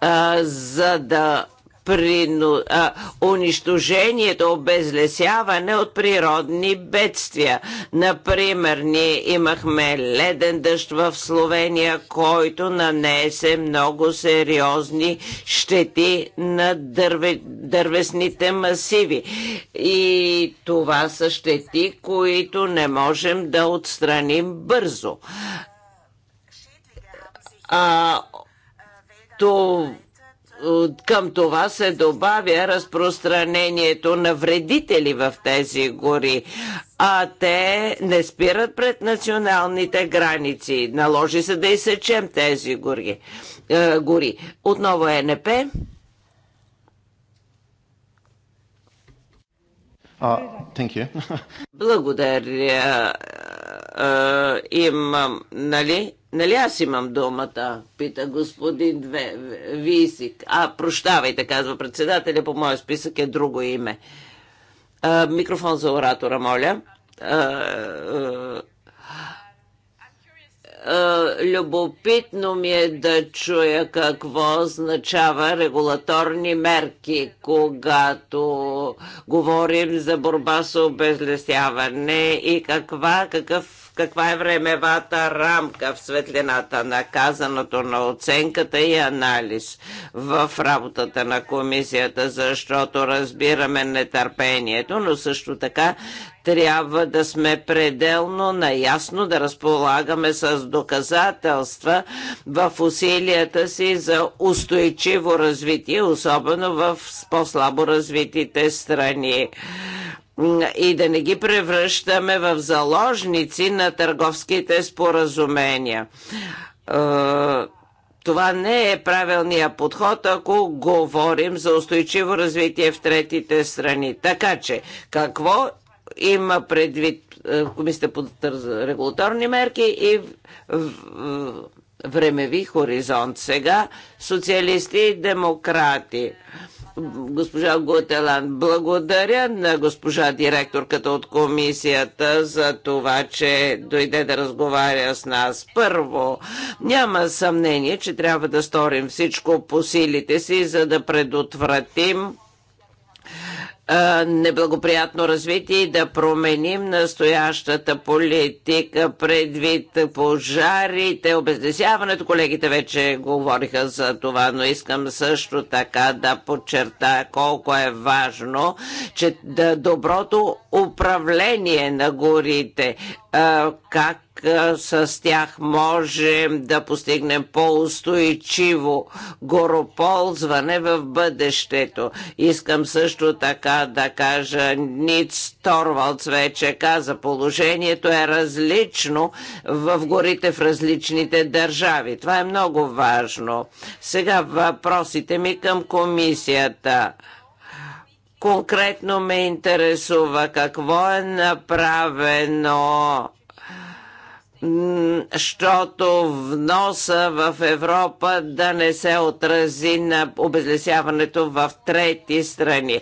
А, за да прину, а, унищожението, обезлесяване от природни бедствия. Например, ние имахме леден дъжд в Словения, който нанесе много сериозни щети на дърве, дървесните масиви. И това са щети, които не можем да отстраним бързо. А, то към това се добавя разпространението на вредители в тези гори, а те не спират пред националните граници. Наложи се да изсечем тези гори. Е, гори. Отново ЕНП. Uh, [laughs] Благодаря. Е, имам, нали? Нали аз имам думата? Пита господин Две, Висик. А, прощавайте, казва председателя, по моя списък е друго име. А, микрофон за оратора, моля. А, а, любопитно ми е да чуя какво означава регулаторни мерки, когато говорим за борба с обезлесяване и каква, какъв каква е времевата рамка в светлината на казаното на оценката и анализ в работата на комисията, защото разбираме нетърпението, но също така трябва да сме пределно наясно да разполагаме с доказателства в усилията си за устойчиво развитие, особено в по-слабо развитите страни и да не ги превръщаме в заложници на търговските споразумения. Е, това не е правилният подход, ако говорим за устойчиво развитие в третите страни. Така че, какво има предвид е, Комисията по регулаторни мерки и времеви хоризонт? Сега социалисти и демократи госпожа Гутелан. Благодаря на госпожа директорката от комисията за това, че дойде да разговаря с нас. Първо, няма съмнение, че трябва да сторим всичко по силите си, за да предотвратим неблагоприятно развитие и да променим настоящата политика предвид пожарите, обезнесяването. Колегите вече говориха за това, но искам също така да подчертая колко е важно, че доброто управление на горите как с тях можем да постигнем по-устойчиво гороползване в бъдещето. Искам също така да кажа, Ниц Торвалц вече каза, положението е различно в горите в различните държави. Това е много важно. Сега въпросите ми към комисията. Конкретно ме интересува какво е направено защото вноса в Европа да не се отрази на обезлесяването в трети страни.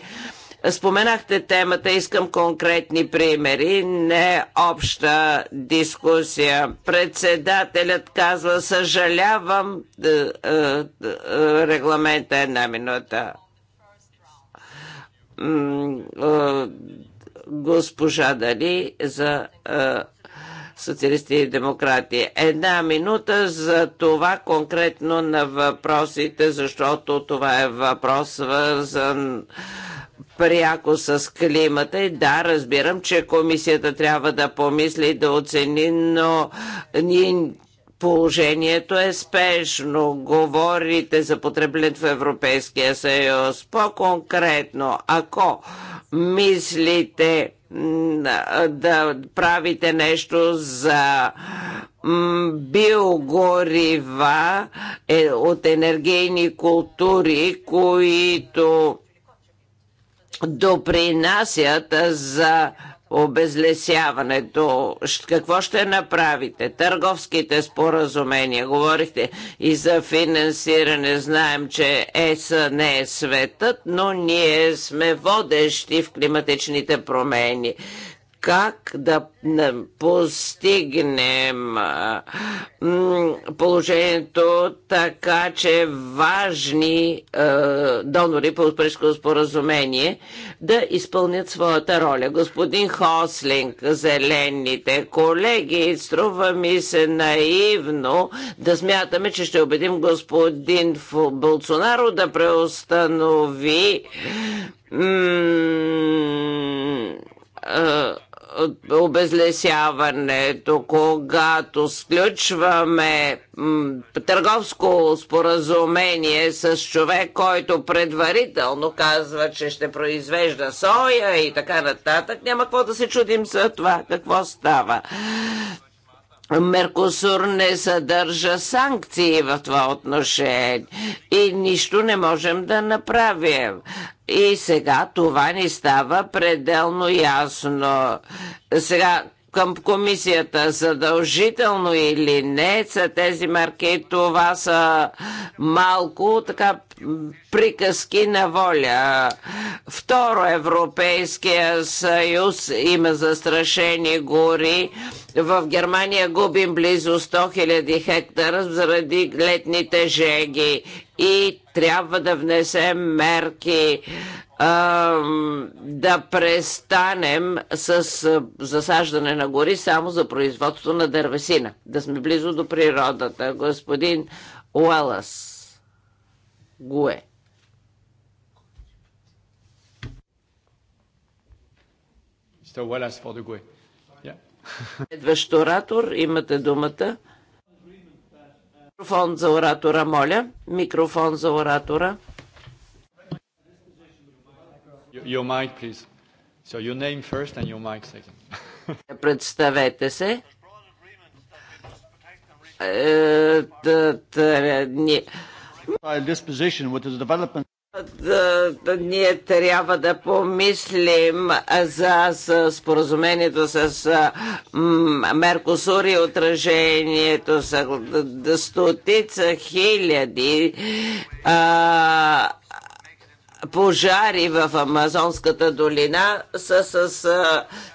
Споменахте темата, искам конкретни примери, не е обща дискусия. Председателят казва, съжалявам, е, е, регламента е една минута госпожа Дали за социалисти и демократи. Една минута за това конкретно на въпросите, защото това е въпрос свързан пряко с климата. И да, разбирам, че комисията трябва да помисли и да оцени, но ние Положението е спешно. Говорите за потреблението в Европейския съюз. По-конкретно, ако мислите да правите нещо за биогорива е, от енергийни култури, които допринасят за обезлесяването. Какво ще направите? Търговските споразумения. Говорихте и за финансиране. Знаем, че ЕС не е светът, но ние сме водещи в климатичните промени как да постигнем положението така, че важни донори по Парижско споразумение да изпълнят своята роля. Господин Хослинг, зелените колеги, струва ми се наивно да смятаме, че ще убедим господин Болсонаро да преустанови обезлесяването, когато сключваме търговско споразумение с човек, който предварително казва, че ще произвежда соя и така нататък, няма какво да се чудим за това какво става. Меркосур не съдържа санкции в това отношение и нищо не можем да направим. И сега това ни става пределно ясно. Сега към комисията задължително или не са тези марки, това са малко така приказки на воля. Второ, Европейския съюз има застрашени гори. В Германия губим близо 100 000 хектара заради летните жеги и трябва да внесем мерки да престанем с засаждане на гори само за производство на дървесина. Да сме близо до природата. Господин Уелас. ГУЕ. Следващ оратор, имате думата. Микрофон за оратора, моля. Микрофон за оратора. Your mic, please. So your name first and your mic second. [laughs] Представете се. Uh, the, the, uh, ние трябва да помислим за споразумението с Меркосур и отражението с стотица хиляди пожари в Амазонската долина са с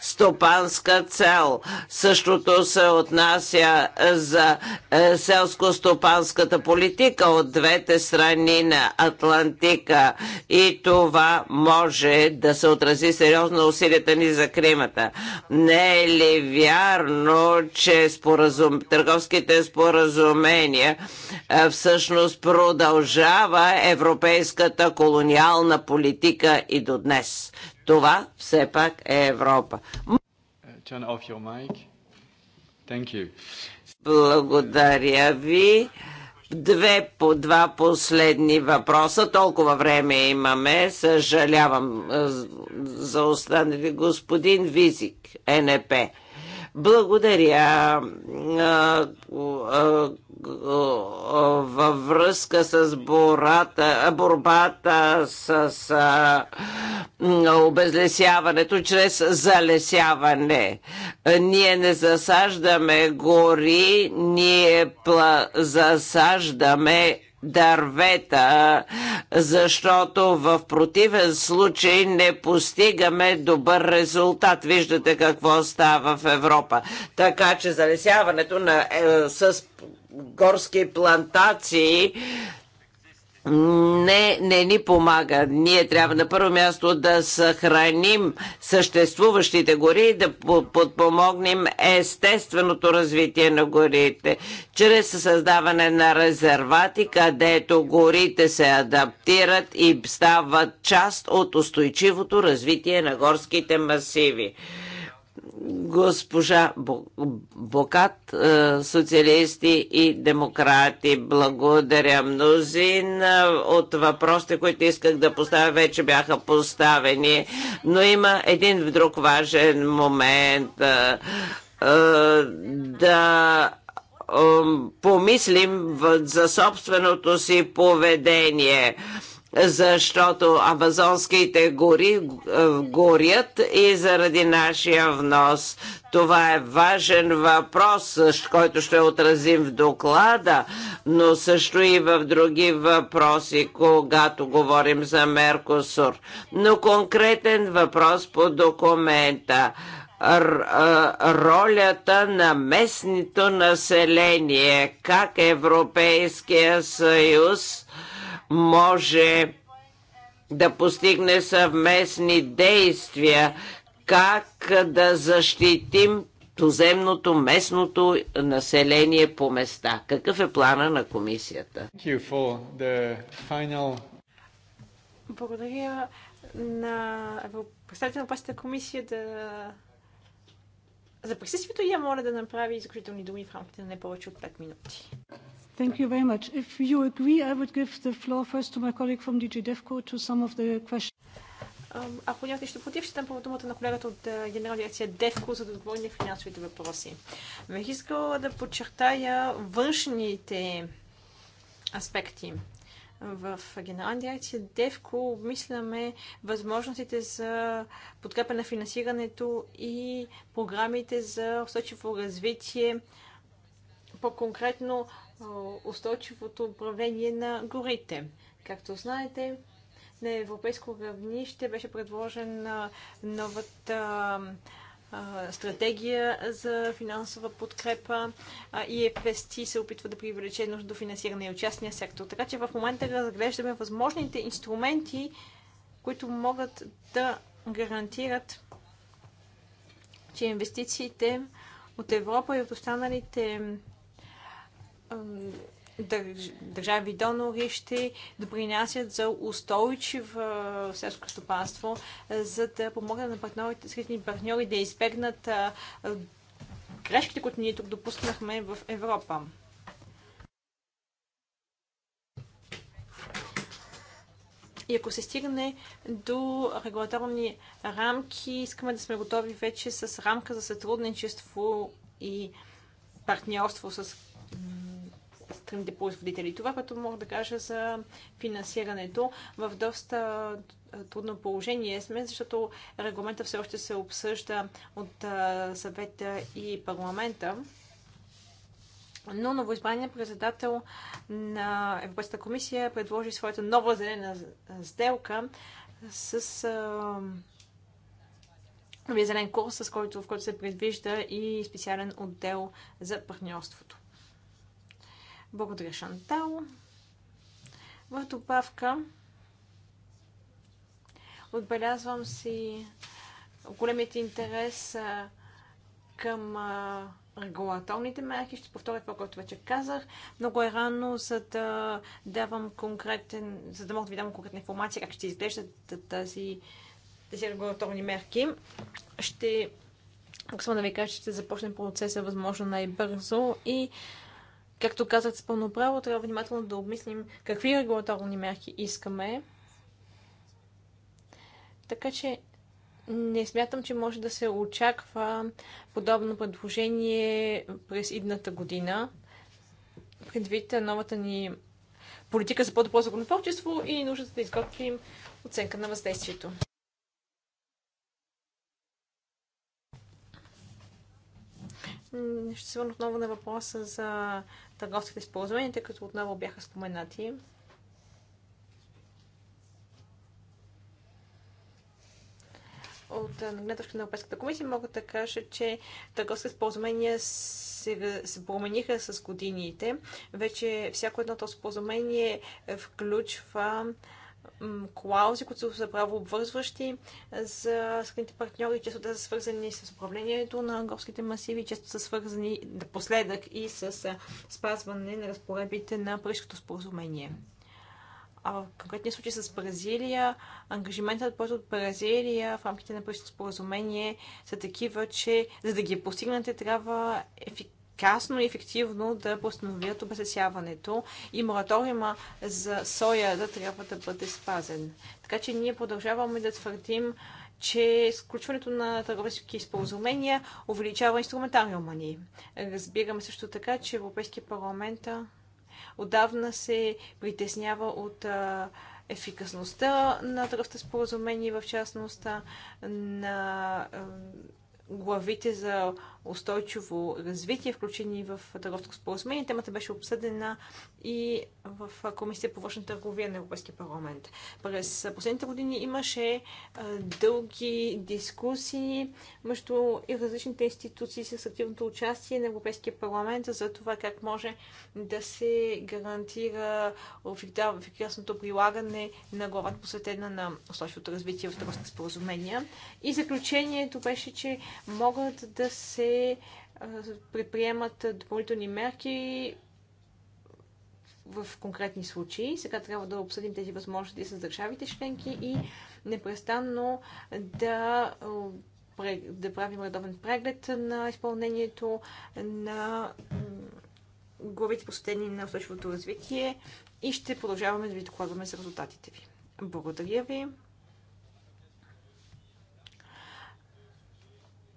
стопанска цел. Същото се отнася за селско-стопанската политика от двете страни на Атлантика и това може да се отрази сериозно усилията ни за климата. Не е ли вярно, че споразум... търговските споразумения всъщност продължава европейската колониална глобална политика и до днес. Това все пак е Европа. Благодаря ви. Две по два последни въпроса. Толкова време имаме. Съжалявам е, за останали. Господин Визик, НП. Благодаря. Във връзка с бората, борбата с обезлесяването чрез залесяване. Ние не засаждаме гори, ние засаждаме дървета, защото в противен случай не постигаме добър резултат. Виждате какво става в Европа. Така че залесяването на, е, с горски плантации не, не ни помага. Ние трябва на първо място да съхраним съществуващите гори и да подпомогнем естественото развитие на горите, чрез създаване на резервати, където горите се адаптират и стават част от устойчивото развитие на горските масиви госпожа Бокат, е, социалисти и демократи. Благодаря мнозин. Е, от въпросите, които исках да поставя, вече бяха поставени. Но има един друг важен момент. Е, да помислим за собственото си поведение защото амазонските гори е, горят и заради нашия внос. Това е важен въпрос, който ще отразим в доклада, но също и в други въпроси, когато говорим за Меркосур. Но конкретен въпрос по документа е, ролята на местното население, как Европейския съюз може да постигне съвместни действия как да защитим туземното, местното население по места. Какъв е плана на комисията? Благодаря на представител на пасата комисия да... за присъствието я моля да направи изключителни думи в рамките на не повече от 5 минути. Thank you very much. If you agree, I would give the floor first to my colleague from DG DEFCO to some of the questions. Ако нямате ще против, ще дам първо думата на колегата от генерална дирекция ДЕФКО за да отговори на финансовите въпроси. Бих искала да подчертая външните аспекти в генерална дирекция ДЕФКО обмисляме възможностите за подкрепа на финансирането и програмите за устойчиво развитие, по-конкретно устойчивото управление на горите. Както знаете, на европейско равнище беше предложена новата стратегия за финансова подкрепа и ЕФСТ се опитва да привлече нужда финансиране и от частния сектор. Така че в момента разглеждаме възможните инструменти, които могат да гарантират, че инвестициите от Европа и от останалите държави донори ще допринасят за устойчиво селско стопанство, за да помогнат на партньорите, средни партньори да избегнат грешките, които ние тук допуснахме в Европа. И ако се стигне до регулаторни рамки, искаме да сме готови вече с рамка за сътрудничество и партньорство с крайните производители. Това, което мога да кажа за финансирането, в доста трудно положение сме, защото регламента все още се обсъжда от съвета и парламента. Но новоизбраният председател на Европейската комисия предложи своята нова зелена сделка с новия зелен курс, с който, в който се предвижда и специален отдел за партньорството. Благодаря, Шантал. В добавка отбелязвам си големият интерес към регулаторните мерки. Ще повторя това, което вече казах. Много е рано, за да давам конкретен, за да мога да ви дам конкретна информация как ще изглеждат тази, тези регулаторни мерки. Ще само да ви кажа, че ще започнем процеса възможно най-бързо и Както казах с пълно право, трябва внимателно да обмислим какви регулаторни мерки искаме. Така че не смятам, че може да се очаква подобно предложение през идната година. Предвид новата ни политика за по-добро законотворчество и нуждата да изготвим оценка на въздействието. Ще се върна отново на въпроса за търговските споразумения, тъй като отново бяха споменати. От гледна на Европейската комисия мога да кажа, че търговски споразумения се, се промениха с годините. Вече всяко едно то споразумение включва а, клаузи, които са право обвързващи за скрините партньори, често те са свързани с управлението на горските масиви, често са свързани напоследък и с спазване на разпоредбите на Парижското споразумение. А в конкретния случай с Бразилия, ангажиментът който от Бразилия в рамките на Парижското споразумение са такива, че за да ги постигнете трябва ефикасно ефикасно и ефективно да постановят обесесяването и мораториума за соя да трябва да бъде спазен. Така че ние продължаваме да твърдим, че сключването на търговски споразумения увеличава инструментариума ни. Разбираме също така, че Европейския парламент отдавна се притеснява от ефикасността на търговските споразумения, в частност на главите за устойчиво развитие, включени в търговско споразумение. Темата беше обсъдена и в Комисия по външна търговия на Европейския парламент. През последните години имаше дълги дискусии между и различните институции с активното участие на Европейския парламент за това как може да се гарантира ефективното прилагане на главата посветена на устойчивото развитие в търговско споразумения. И заключението беше, че могат да се предприемат допълнителни мерки в конкретни случаи. Сега трябва да обсъдим тези възможности с държавите членки и непрестанно да, да правим редовен преглед на изпълнението на главите посветени на устойчивото развитие и ще продължаваме да ви докладваме за резултатите ви. Благодаря ви!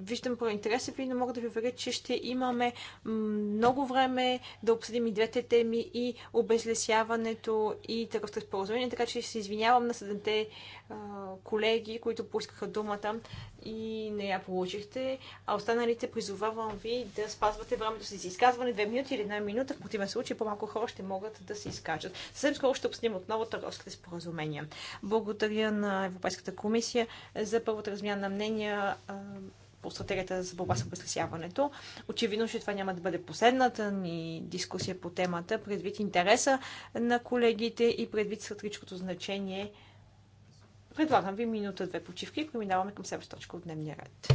виждам по интереса ви, но мога да ви уверя, че ще имаме много време да обсъдим и двете теми и обезлесяването и търговското споразумение, така че се извинявам на седемте колеги, които поискаха думата и не я получихте, а останалите призовавам ви да спазвате времето си за изказване, две минути или една минута, в противен случай по-малко хора ще могат да се изкажат. Съвсем скоро ще обсъдим отново търговските споразумения. Благодаря на Европейската комисия за първата размяна на мнения по стратегията за борба с обезлесяването. Очевидно, че това няма да бъде последната ни дискусия по темата, предвид интереса на колегите и предвид стратегическото значение. Предлагам ви минута-две почивки и преминаваме към следващата точка от дневния ред.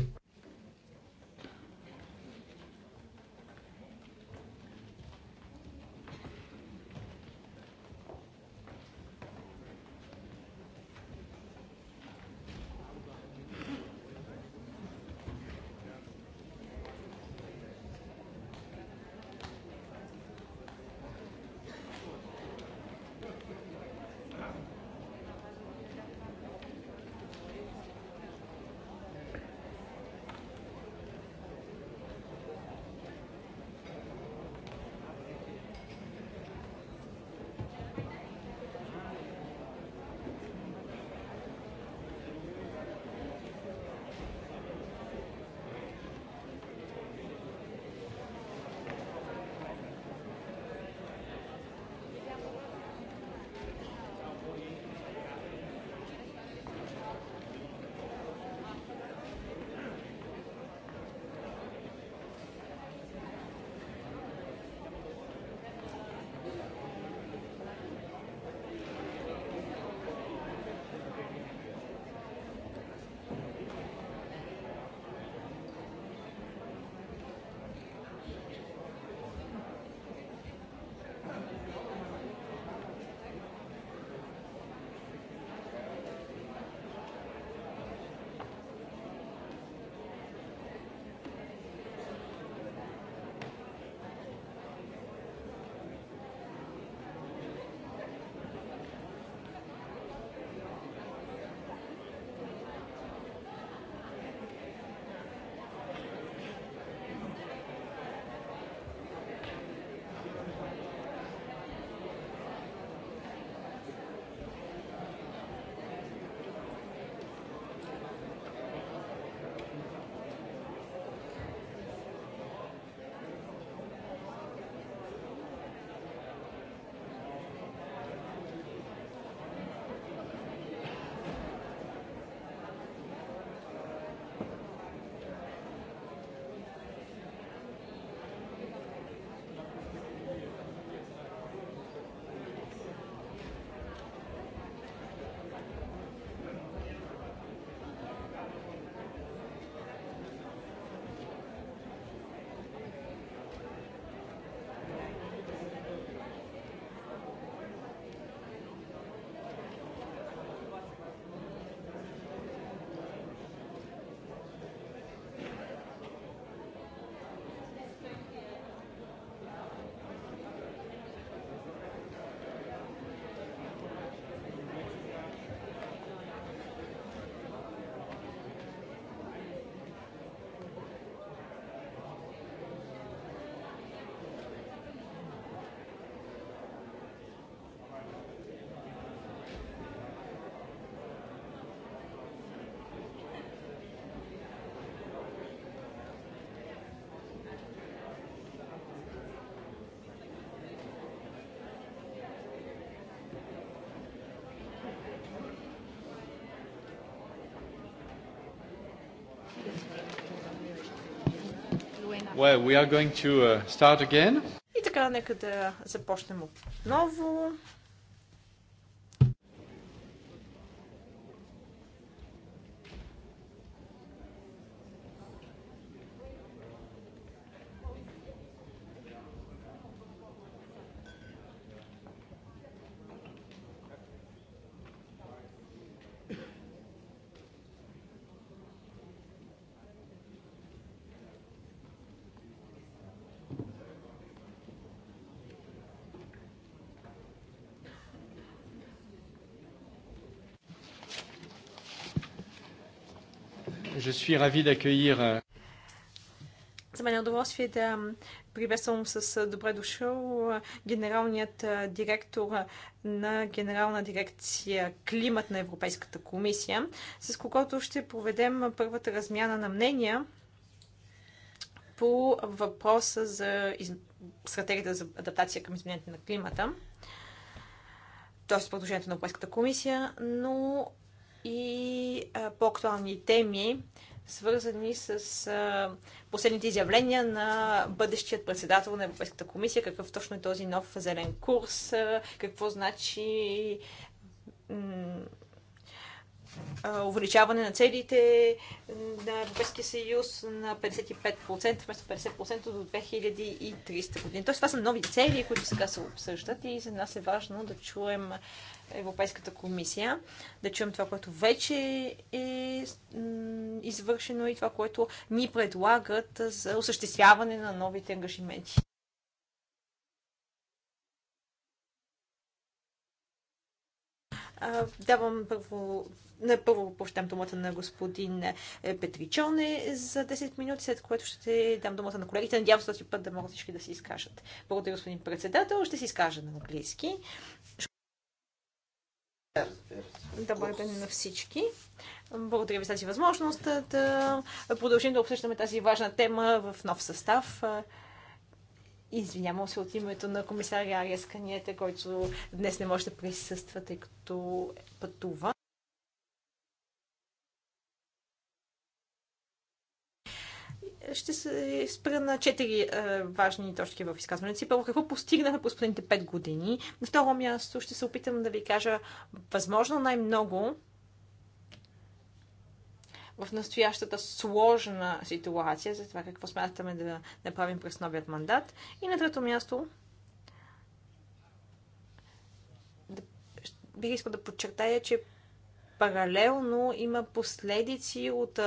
Well, we are going to start again. И така, нека да започнем отново. Je suis ravi d'accueillir. Euh, за мен е удоволствие да приветствам с добре дошъл генералният директор на Генерална дирекция Климат на Европейската комисия, с когото ще проведем първата размяна на мнения по въпроса за из... стратегията за адаптация към изменението на климата, т.е. продължението на Европейската комисия, но и по-актуални теми, свързани с а, последните изявления на бъдещият председател на Европейската комисия, какъв точно е този нов зелен курс, а, какво значи увеличаване на целите на Европейския съюз на 55% вместо 50% до 2300 години. Тоест това са нови цели, които сега се обсъждат и за нас е важно да чуем Европейската комисия, да чуем това, което вече е извършено и това, което ни предлагат за осъществяване на новите ангажименти. Давам първо, не, първо прощам думата на господин е, Петричоне за 10 минути, след което ще дам думата на колегите. Надявам се този път да могат всички да се изкажат. Благодаря, господин председател. Ще се изкажа на английски. Добър ден на всички. Благодаря ви за тази възможност да продължим да обсъждаме тази важна тема в нов състав. Извинявам се от името на комисаря Ария Сканиете, който днес не може да присъства, тъй като пътува. ще се спра на четири е, важни точки в изказването си. Първо, какво постигнахме по последните пет години. На второ място ще се опитам да ви кажа възможно най-много в настоящата сложна ситуация, за това какво смятаме да направим през новият мандат. И на трето място бих искал да подчертая, че паралелно има последици от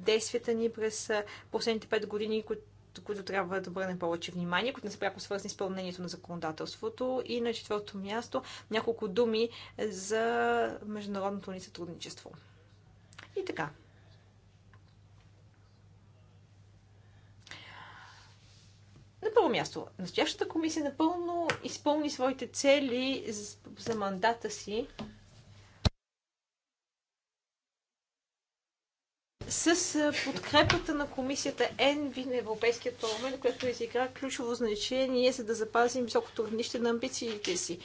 действията ни през последните 5 години, които които трябва да обърнем повече внимание, които не са пряко свързани с изпълнението на законодателството. И на четвърто място няколко думи за международното ни сътрудничество. И така. На първо място, настоящата комисия напълно изпълни своите цели за мандата си подкрепата на комисията ЕНВИ на Европейския парламент, която изигра ключово значение, за да запазим високото равнище на амбициите си.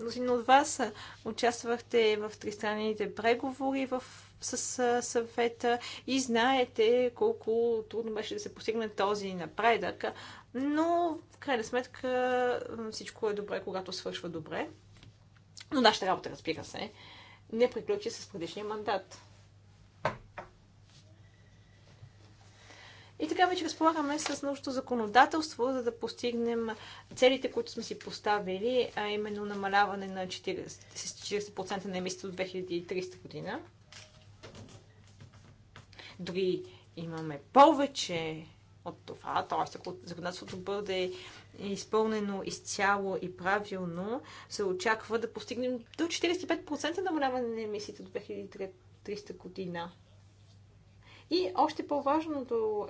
Мнозина от вас участвахте в тристранните преговори в, с съвета и знаете колко трудно беше да се постигне този напредък, но в крайна сметка всичко е добре, когато свършва добре. Но нашата работа, разбира се, не приключи с предишния мандат. И така вече разполагаме с научно законодателство, за да постигнем целите, които сме си поставили, а именно намаляване на 40%, 40% на емисията от 2300 година. Дори имаме повече от това, т.е. ако законодателството бъде е изпълнено изцяло и правилно, се очаква да постигнем до 45% намаляване на емисиите до 2300 година. И още по-важното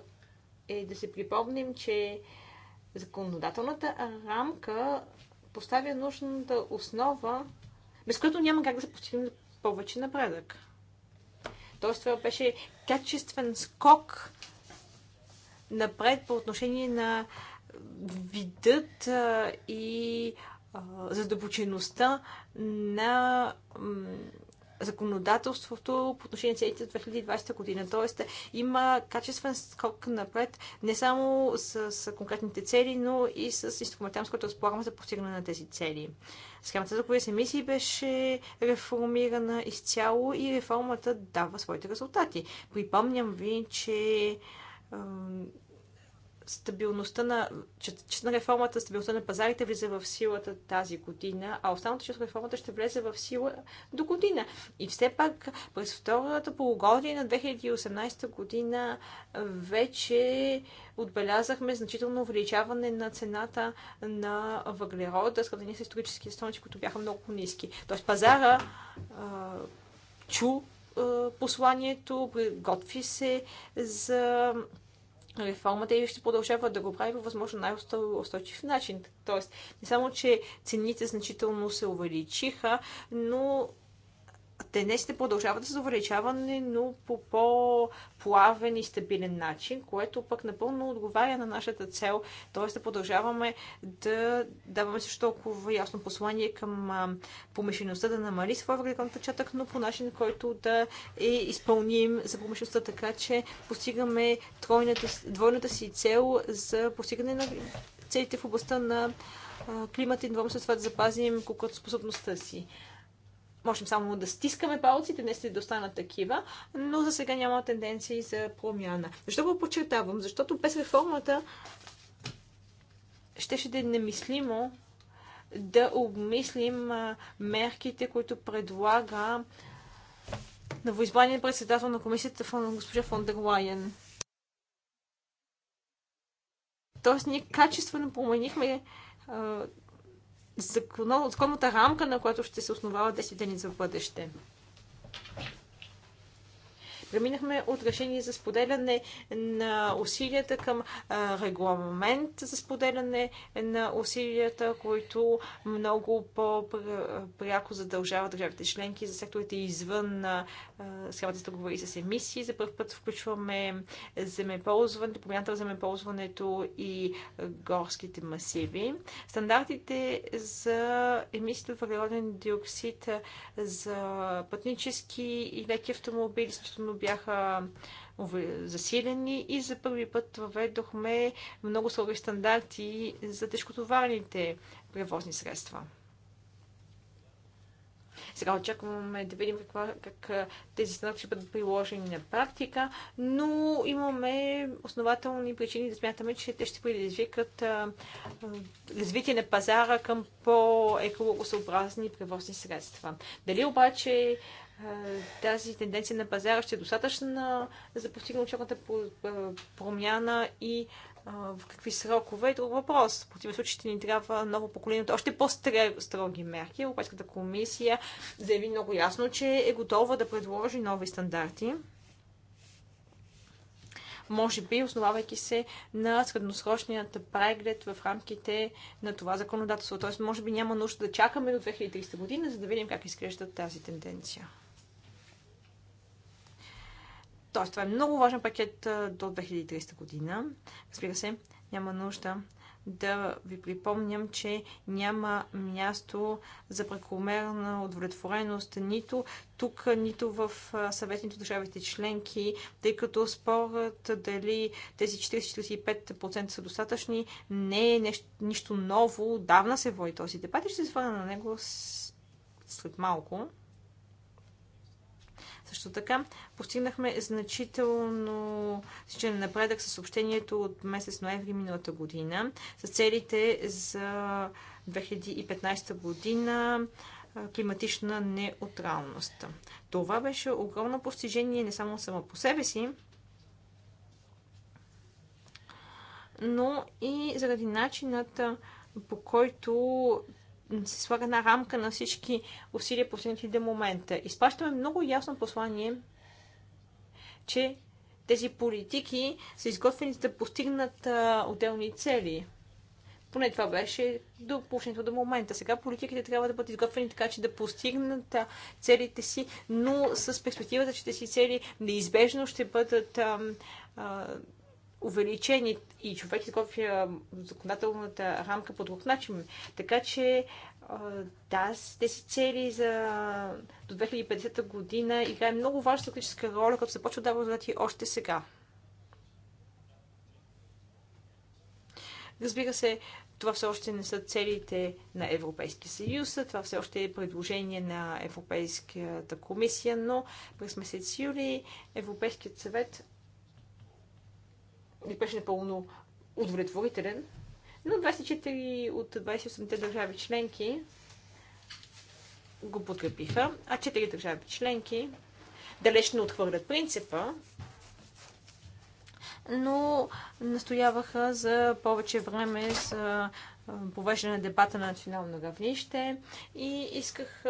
е да се припомним, че законодателната рамка поставя нужната основа, без която няма как да се постигне повече напредък. Тоест това беше качествен скок напред по отношение на видът и задълбочеността на законодателството по отношение на целите за 2020 година. Тоест има качествен скок напред не само с, с конкретните цели, но и с инструментарност, който разполагаме за постигане на тези цели. Схемата за кои с емисии беше реформирана изцяло и реформата дава своите резултати. Припомням ви, че стабилността на, че, че на реформата, стабилността на пазарите влиза в силата тази година, а останалата част от реформата ще влезе в сила до година. И все пак през втората полугодие на 2018 година вече отбелязахме значително увеличаване на цената на въглерода, сравнени с исторически стоености, които бяха много ниски. Тоест пазара а, чу а, посланието, готви се за реформата нали, и ще продължава да го прави по възможно най-устойчив начин. Тоест, не само, че цените значително се увеличиха, но тенденциите продължават да са увеличаване, но по по-плавен и стабилен начин, което пък напълно отговаря на нашата цел, т.е. да продължаваме да даваме също толкова ясно послание към помешеността да намали своя въглероден отпечатък, но по начин, който да е изпълним за помешеността, така че постигаме тройната, двойната си цел за постигане на целите в областта на климата и едва с това да запазим конкурентоспособността си. Можем само да стискаме палците, не се да останат такива, но за сега няма тенденции за промяна. Защо го подчертавам? Защото без реформата ще ще да е немислимо да обмислим мерките, които предлага новоизбрания председател на комисията госпожа фон дер Лайен. Тоест, ние качествено променихме законов, законовата рамка, на която ще се основава действията ни за бъдеще. Преминахме от решение за споделяне на усилията към регламент за споделяне на усилията, които много по-пряко задължават държавите членки за секторите извън схемата за търговия с емисии. За първ път включваме земеползването, промяната в земеползването и горските масиви. Стандартите за емисията въглероден диоксид за пътнически и леки автомобили, включително бяха засилени и за първи път въведохме много слаби стандарти за тежкотоварните превозни средства. Сега очакваме да видим каква, как тези стандарти ще бъдат приложени на практика, но имаме основателни причини да смятаме, че те ще предизвикат развитие на пазара към по-екологосъобразни превозни средства. Дали обаче тази тенденция на пазара ще е достатъчна за постигане очакваната промяна и в какви срокове и е друг въпрос. В противен случай ще ни трябва ново поколение от още по-строги мерки. Европейската комисия заяви много ясно, че е готова да предложи нови стандарти. Може би, основавайки се на средносрочният преглед в рамките на това законодателство. Тоест, може би няма нужда да чакаме до 2030 година, за да видим как изглежда тази тенденция. Тоест, това е много важен пакет до 2300 година. Разбира се, няма нужда да ви припомням, че няма място за прекомерна удовлетвореност нито тук, нито в съветните държавите членки, тъй като спорът дали тези 40-45% са достатъчни не е нещо, нищо ново. Давна се води този дебат и ще се свърна на него след малко. Също така постигнахме значително значителен напредък с съобщението от месец ноември миналата година с целите за 2015 година климатична неутралност. Това беше огромно постижение не само само по себе си, но и заради начината по който се слага на рамка на всички усилия постигнати до момента. Изпащаме много ясно послание, че тези политики са изготвени за да постигнат а, отделни цели. Поне това беше до до момента. Сега политиките трябва да бъдат изготвени така, че да постигнат а, целите си, но с перспективата, че тези цели неизбежно ще бъдат а, а, увеличени и човек изготвя законодателната рамка по друг начин. Така че да, тези цели за до 2050 година играе много важна стратегическа роля, като се почва да дава още сега. Разбира се, това все още не са целите на Европейския съюз, това все още е предложение на Европейската комисия, но през месец юли Европейският съвет не беше напълно удовлетворителен, но 24 от 28-те държави членки го подкрепиха, а 4 държави членки далеч не отхвърлят принципа, но настояваха за повече време за повеждане на дебата на национално равнище и исках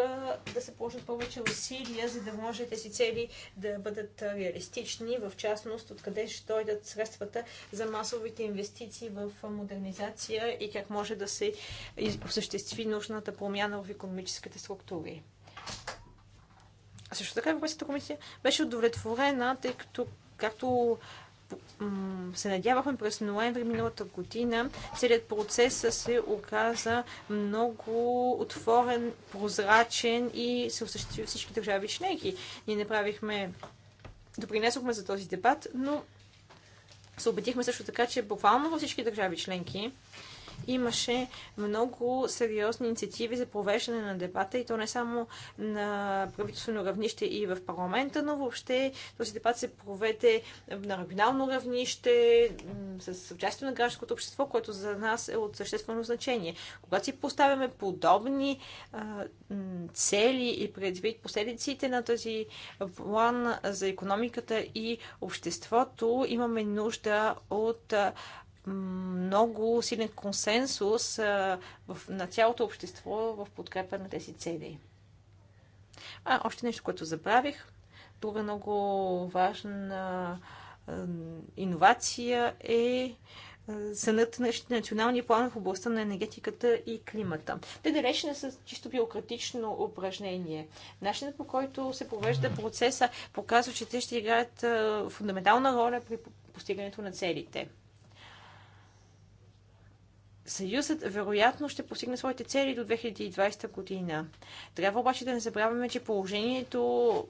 да се положат повече усилия, за да може тези цели да бъдат реалистични, в частност откъде ще дойдат средствата за масовите инвестиции в модернизация и как може да се осъществи нужната промяна в економическите структури. Също така Европейската комисия беше удовлетворена, тъй като както се надявахме през ноември миналата година, целият процес се оказа много отворен, прозрачен и се осъществи всички държави членки. Ние направихме, допринесохме за този дебат, но се убедихме също така, че буквално във всички държави членки имаше много сериозни инициативи за провеждане на дебата и то не само на правителствено равнище и в парламента, но въобще този дебат се проведе на регионално равнище с участие на гражданското общество, което за нас е от съществено значение. Когато си поставяме подобни цели и предвид последиците на този план за економиката и обществото, имаме нужда от а, много силен консенсус на цялото общество в подкрепа на тези цели. А, още нещо, което забравих. Друга много важна иновация е сънът на националния план в областта на енергетиката и климата. Те далеч не са чисто бюрократично упражнение. Начинът по който се провежда процеса показва, че те ще играят фундаментална роля при постигането на целите. Съюзът вероятно ще постигне своите цели до 2020 година. Трябва обаче да не забравяме, че положението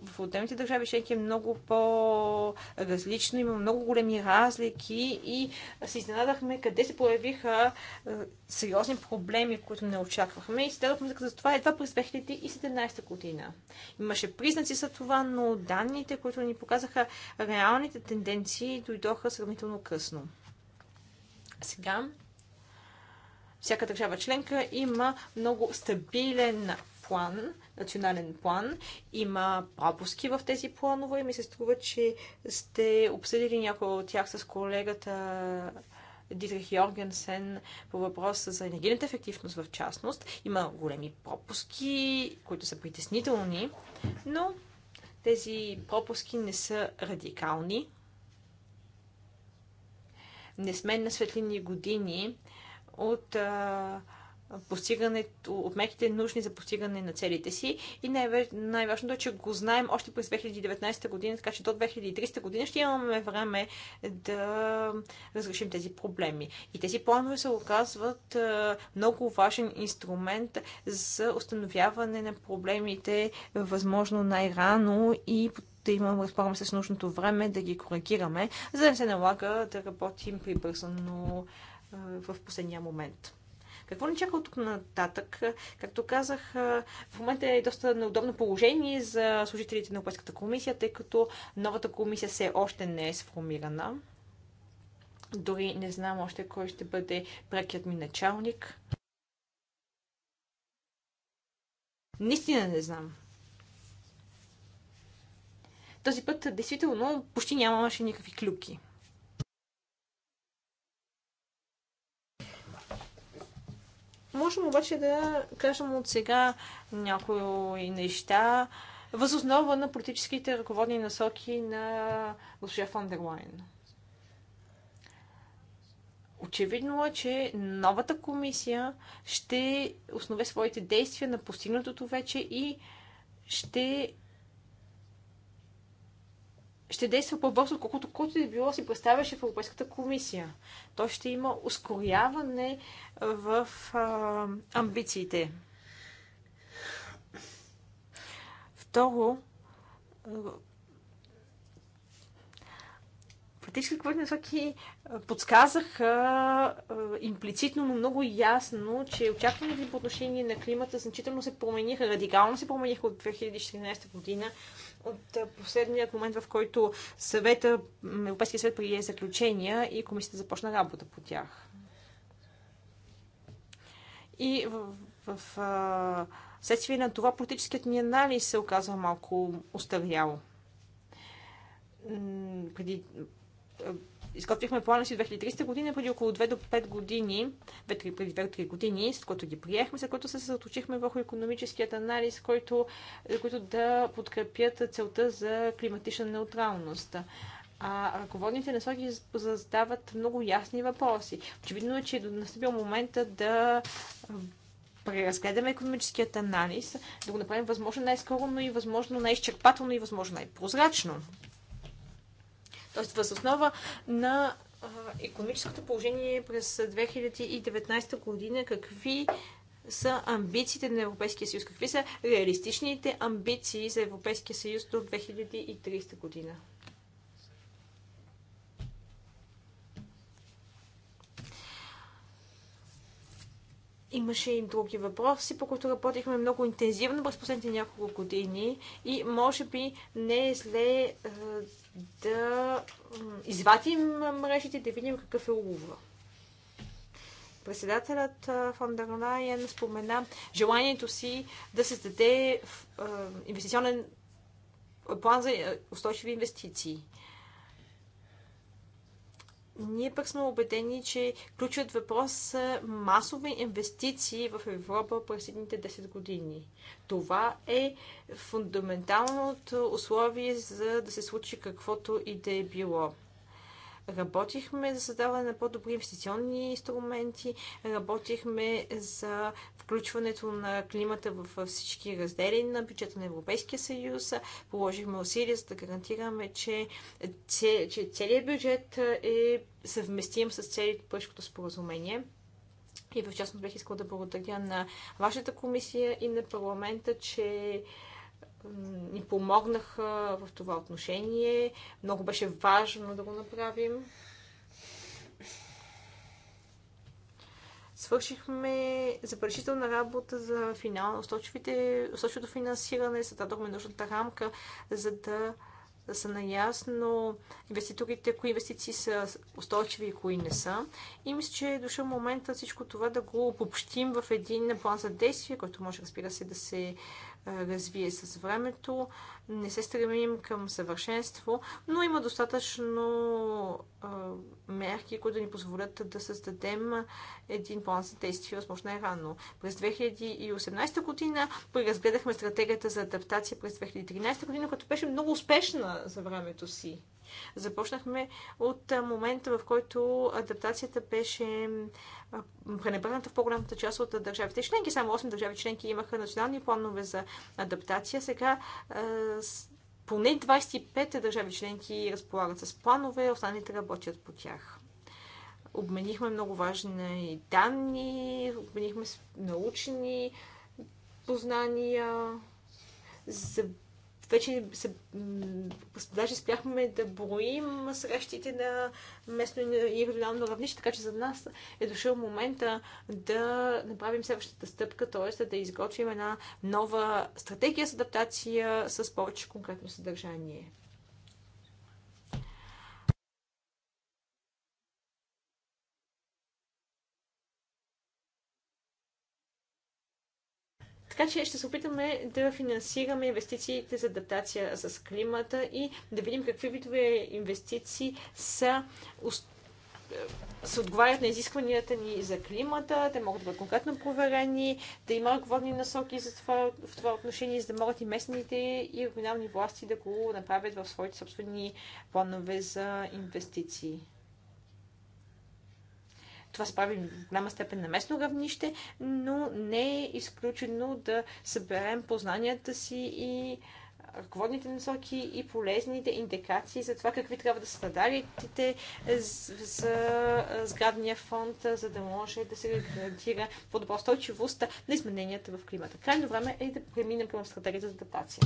в отделните държави членки е много по-различно, има много големи разлики и се изненадахме къде се появиха е, сериозни проблеми, които не очаквахме и се дадохме за това едва през 2017 година. Имаше признаци за това, но данните, които ни показаха реалните тенденции, дойдоха сравнително късно. Сега всяка държава членка има много стабилен план, национален план. Има пропуски в тези планове и ми се струва, че сте обсъдили някои от тях с колегата Дитрих Йоргенсен по въпроса за енергийната ефективност в частност. Има големи пропуски, които са притеснителни, но тези пропуски не са радикални. Не сме на светлини години от постигането, от мерките нужни за постигане на целите си. И най-важното е, че го знаем още през 2019 година, така че до 2300 година ще имаме време да разрешим тези проблеми. И тези планове се оказват много важен инструмент за установяване на проблемите възможно най-рано и да имаме разполагаме с нужното време да ги коригираме, за да не се налага да работим прибързано в последния момент. Какво ни чака от тук нататък? Както казах, в момента е доста неудобно положение за служителите на Европейската комисия, тъй като новата комисия все още не е сформирана. Дори не знам още кой ще бъде прекият ми началник. Наистина не знам. Този път, действително, почти нямаше никакви клюки. Можем обаче да кажем от сега някои неща възоснова на политическите ръководни насоки на госпожа фон дер Очевидно е, че новата комисия ще основе своите действия на постигнатото вече и ще ще действа по-бързо, отколкото който е било си представяше в Европейската комисия. То ще има ускоряване в а, амбициите. Второ, Политически подсказах а, е, подсказаха е, имплицитно, но много ясно, че очакванията ни по отношение на климата значително се промениха, радикално се промениха от 2014 година, от е, последния момент, в който съвета, Европейския съвет прие заключения и комисията започна работа по тях. И в, в, в следствие на това политическият ни анализ се оказва малко устарял. Преди е, изготвихме плана си 2300 година, преди около 2 до 5 години, преди 2-3 години, след което ги приехме, след което се съсредоточихме върху економическият анализ, който, които да подкрепят целта за климатична неутралност. А ръководните насоки задават много ясни въпроси. Очевидно е, че е настъпил момента да преразгледаме економическият анализ, да го направим възможно най-скоро, но и възможно най-изчерпателно и възможно най-прозрачно. Тоест, основа на економическото положение през 2019 година, какви са амбициите на Европейския съюз? Какви са реалистичните амбиции за Европейския съюз до 2030 година? Имаше и други въпроси, по които работихме много интензивно през последните няколко години и може би не е зле е, да извадим мрежите, да видим какъв е улова. Председателят фон дер Лайен спомена желанието си да създаде е, инвестиционен план за е, устойчиви инвестиции. Ние пък сме убедени, че ключът въпрос са масови инвестиции в Европа през следните 10 години. Това е фундаменталното условие за да се случи каквото и да е било. Работихме за създаване на по-добри инвестиционни инструменти, работихме за включването на климата в всички раздели на бюджета на Европейския съюз, положихме усилия за да гарантираме, че, че целият бюджет е съвместим с целите Пършкото споразумение. И в частност бих искал да благодаря на вашата комисия и на парламента, че ни помогнаха в това отношение. Много беше важно да го направим. Свършихме запрещителна работа за финал, устойчивото финансиране, създадохме нужната рамка, за да са наясно инвеститорите, кои инвестиции са устойчиви и кои не са. И мисля, че е дошъл момента всичко това да го обобщим в един план за действие, който може, разбира се, да се развие с времето. Не се стремим към съвършенство, но има достатъчно а, мерки, които ни позволят да създадем един план за действие възможно е рано. През 2018 година преразгледахме стратегията за адаптация през 2013 година, която беше много успешна за времето си. Започнахме от момента, в който адаптацията беше пренебрегната в по-голямата част от държавите членки. Само 8 държави членки имаха национални планове за адаптация. Сега поне 25 държави членки разполагат с планове, останалите работят по тях. Обменихме много важни данни, обменихме научни познания, вече се, даже спяхме да броим срещите на местно и регионално равнище, така че за нас е дошъл момента да направим следващата стъпка, т.е. да изготвим една нова стратегия с адаптация с повече конкретно съдържание. Така че ще се опитаме да финансираме инвестициите за адаптация с климата и да видим какви видове инвестиции са е, се отговарят на изискванията ни за климата, те могат да бъдат конкретно проверени, да има ръководни насоки за това, в това отношение, за да могат и местните и регионални власти да го направят в своите собствени планове за инвестиции. Това се прави в голяма степен на местно равнище, но не е изключено да съберем познанията си и ръководните насоки и полезните индикации за това какви трябва да са надалите за сградния фонд, за да може да се гарантира по добро устойчивост на измененията в климата. Крайно време е да преминем към стратегията за адаптация.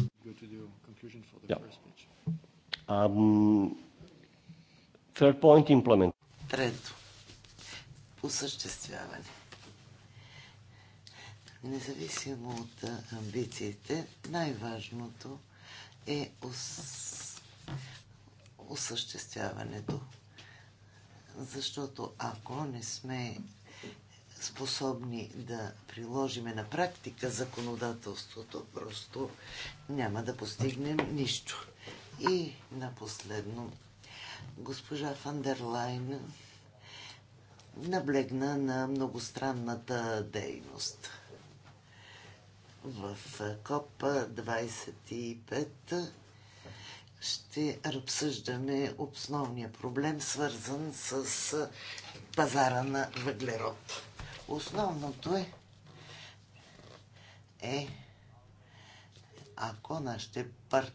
Um, Трето осъществяване. Независимо от амбициите, най-важното е ос... осъществяването. Защото ако не сме способни да приложиме на практика законодателството, просто няма да постигнем нищо. И на последно, госпожа Фандерлайн наблегна на многостранната дейност. В КОП 25 ще обсъждаме основния проблем, свързан с пазара на въглерод. Основното е, е ако нашите, пар...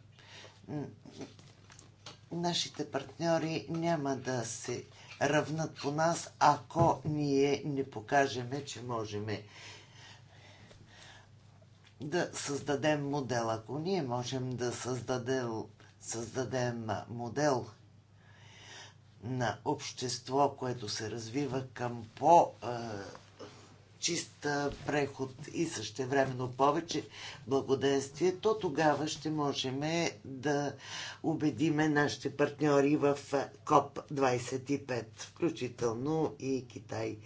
нашите партньори няма да се равнат по нас, ако ние не покажеме, че можем да създадем модел. Ако ние можем да създадем, създадем модел на общество, което се развива към по- е, чист преход и също времено повече благодействие, то тогава ще можем да убедиме нашите партньори в КОП-25, включително и Китай,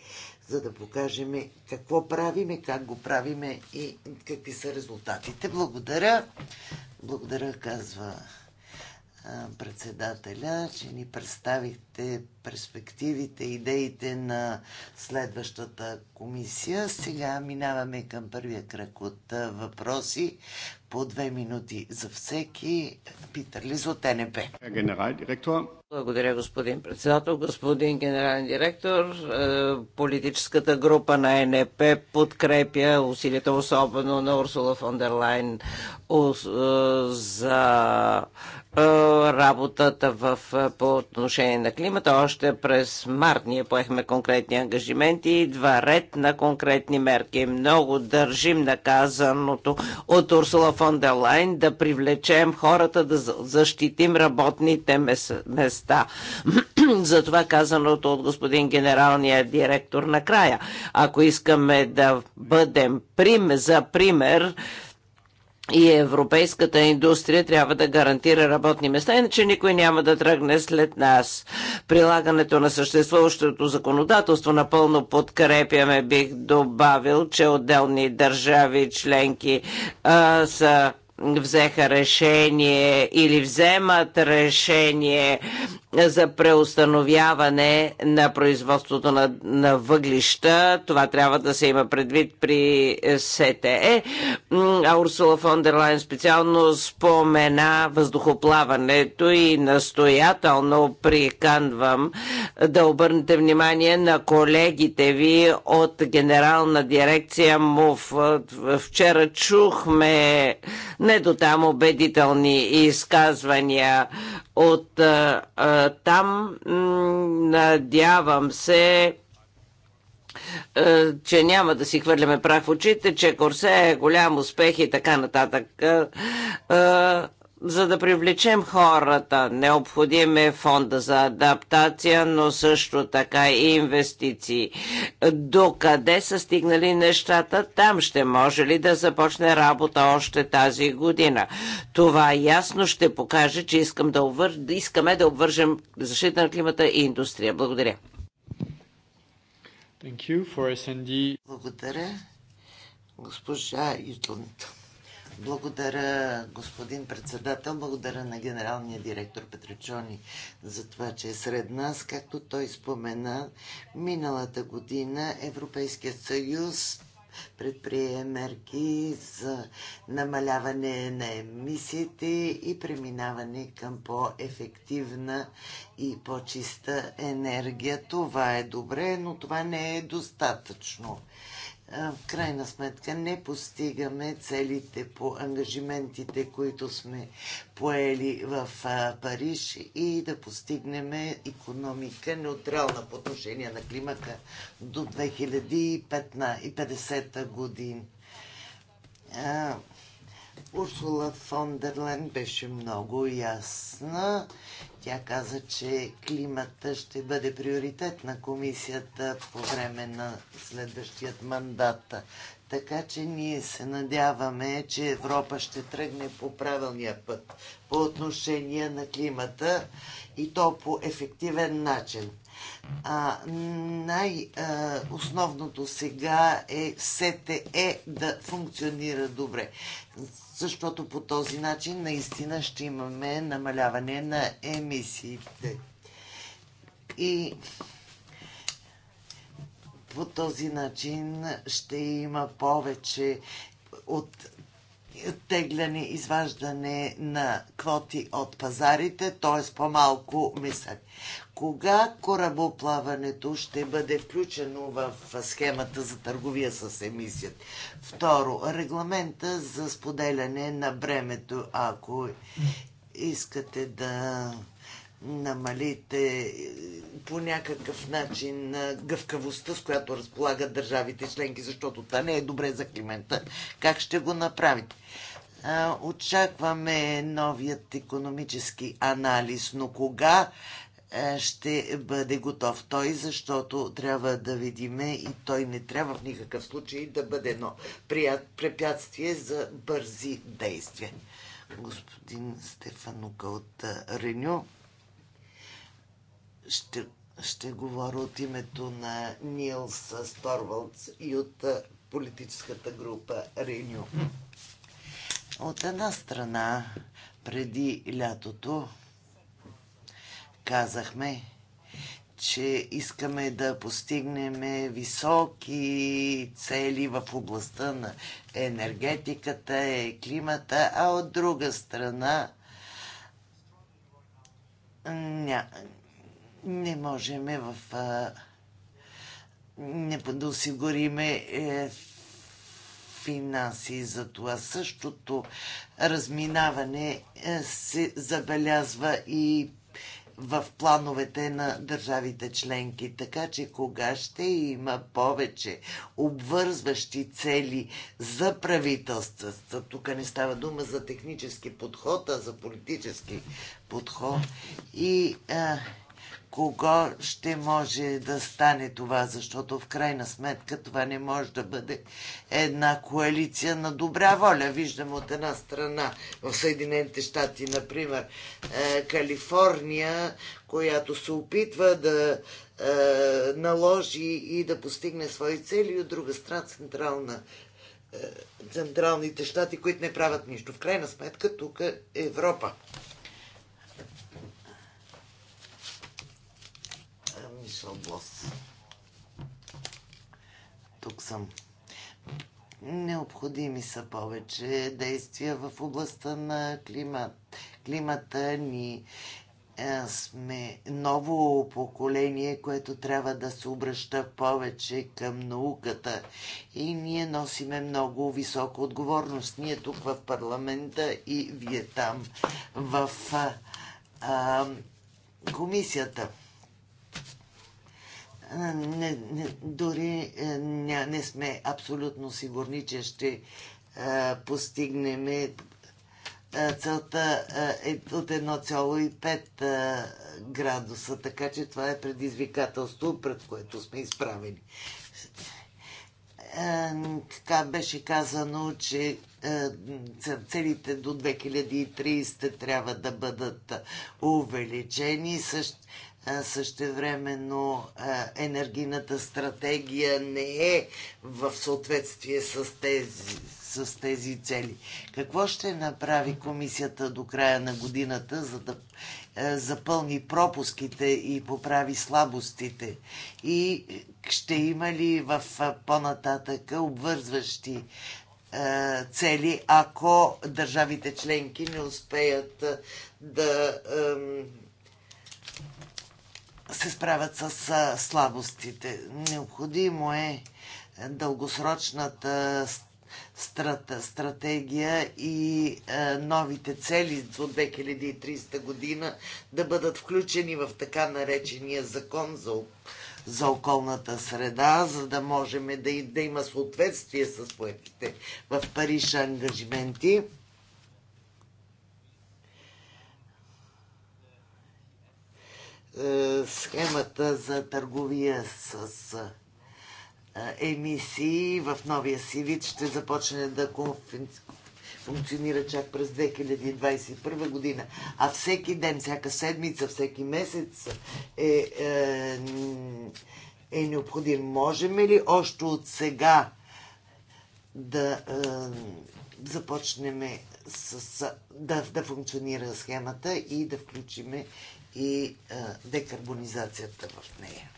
за да покажем какво правиме, как го правиме и какви са резултатите. Благодаря. Благодаря, казва председателя, че ни представихте перспективите, идеите на следващата комисия. Сега минаваме към първия кръг от въпроси. По две минути за всеки. Питър Лизо, ТНП. Генерал директор. Благодаря, господин председател. Господин генерален директор, е, политическата група на НП подкрепя усилията, особено на Урсула фон дер Лайн, е, за е, работата в, по отношение на климата. Още през март ние поехме конкретни ангажименти и два ред на конкретни мерки. Много държим наказаното от Урсула фон дер Лайн да привлечем хората, да защитим работните места места. [clears throat] Затова казаното от господин генералния директор накрая. Ако искаме да бъдем прим за пример, и европейската индустрия трябва да гарантира работни места, иначе никой няма да тръгне след нас. Прилагането на съществуващото законодателство напълно подкрепяме, бих добавил, че отделни държави членки а, са взеха решение или вземат решение за преустановяване на производството на, на въглища. Това трябва да се има предвид при СТЕ. А Урсула фон дер Лайн специално спомена въздухоплаването и настоятелно приканвам да обърнете внимание на колегите ви от Генерална дирекция МУВ. Вчера чухме не до там убедителни изказвания. От а, а, там надявам се че няма да си хвърляме прах в очите, че Корсе е голям успех и така нататък за да привлечем хората. Необходим е фонда за адаптация, но също така и инвестиции. Докъде са стигнали нещата, там ще може ли да започне работа още тази година. Това ясно ще покаже, че искам да обвър... искаме да обвържем защита на климата и индустрия. Благодаря. Thank you for Благодаря, госпожа Ютланд. Благодаря, господин председател. Благодаря на генералния директор Петричони за това, че е сред нас. Както той спомена, миналата година Европейският съюз предприе мерки за намаляване на емисиите и преминаване към по-ефективна и по-чиста енергия. Това е добре, но това не е достатъчно в крайна сметка не постигаме целите по ангажиментите, които сме поели в Париж и да постигнем економика неутрална по отношение на климата до 2050 година. Урсула фон дер Лен беше много ясна тя каза, че климата ще бъде приоритет на комисията по време на следващият мандат. Така че ние се надяваме, че Европа ще тръгне по правилния път по отношение на климата и то по ефективен начин. А, най-основното сега е СТЕ е да функционира добре защото по този начин наистина ще имаме намаляване на емисиите. И по този начин ще има повече от оттегляне, изваждане на квоти от пазарите, т.е. по-малко мисъл. Кога корабоплаването ще бъде включено в схемата за търговия с емисията? Второ, регламента за споделяне на бремето, ако искате да намалите е, по някакъв начин е, гъвкавостта, с която разполагат държавите членки, защото това не е добре за климента. Как ще го направите? Очакваме новият економически анализ, но кога е, ще бъде готов той, защото трябва да видиме и той не трябва в никакъв случай да бъде едно препятствие за бързи действия. Господин Стефанука от Реню ще, ще говоря от името на Нилс Сторвалдс и от политическата група Реню. От една страна, преди лятото, казахме, че искаме да постигнем високи цели в областта на енергетиката и климата, а от друга страна ня, не можем в, не да осигуриме е, финанси за това. Същото разминаване е, се забелязва и в плановете на държавите членки. Така че кога ще има повече обвързващи цели за правителствата, тук не става дума за технически подход, а за политически подход и а, кого ще може да стане това, защото в крайна сметка това не може да бъде една коалиция на добра воля. Виждам от една страна в Съединените щати, например, е, Калифорния, която се опитва да е, наложи и да постигне свои цели, от друга страна Централна е, Централните щати, които не правят нищо. В крайна сметка тук е Европа. Шалбос. Тук съм. Необходими са повече действия в областта на климат. Климата ни е, сме ново поколение, което трябва да се обръща повече към науката. И ние носиме много висока отговорност. Ние тук в парламента и вие там в а, комисията не, не, дори не, не сме абсолютно сигурни, че ще а, е, постигнем е, целта е, е от 1,5 градуса, така че това е предизвикателство, пред което сме изправени. Така беше казано, че целите до 2030 трябва да бъдат увеличени. Също същевременно енергийната стратегия не е в съответствие с тези, с тези цели. Какво ще направи комисията до края на годината, за да запълни пропуските и поправи слабостите? И ще има ли в по-нататъка обвързващи цели, ако държавите членки не успеят да се справят с слабостите. Необходимо е дългосрочната стратегия и новите цели до 2030 година да бъдат включени в така наречения закон за, за околната среда, за да можем да, да има съответствие с поетите в Париж ангажименти. Е, схемата за търговия с е, емисии в новия си вид ще започне да функционира чак през 2021 година. А всеки ден, всяка седмица, всеки месец е, е, е необходим. Можем ли още от сега да е, започнем с, да, да функционира схемата и да включиме и декарбонизацията в нея.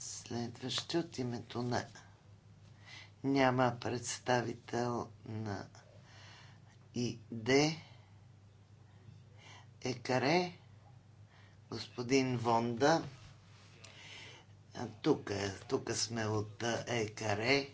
Следващи от името на няма представител на ИД Екаре, господин Вонда. Тук, е, тук сме от Екаре.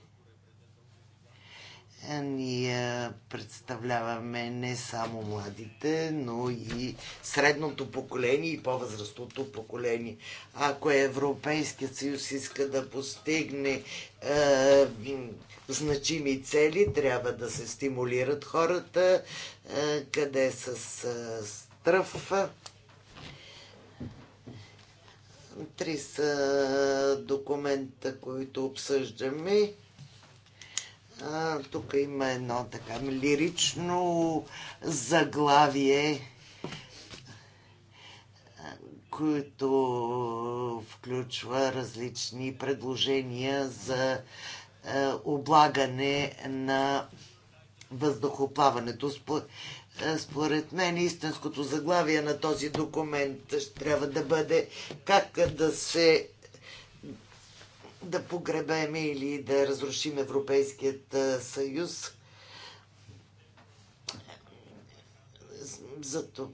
Ние представляваме не само младите, но и средното поколение и по-възрастното поколение. Ако Европейският съюз иска да постигне е, значими цели, трябва да се стимулират хората, е, къде с е, стръв. Три са документа, които обсъждаме тук има едно така лирично заглавие, което включва различни предложения за облагане на въздухоплаването. Според мен истинското заглавие на този документ ще трябва да бъде как да се да погребеме или да разрушим Европейският съюз. Зато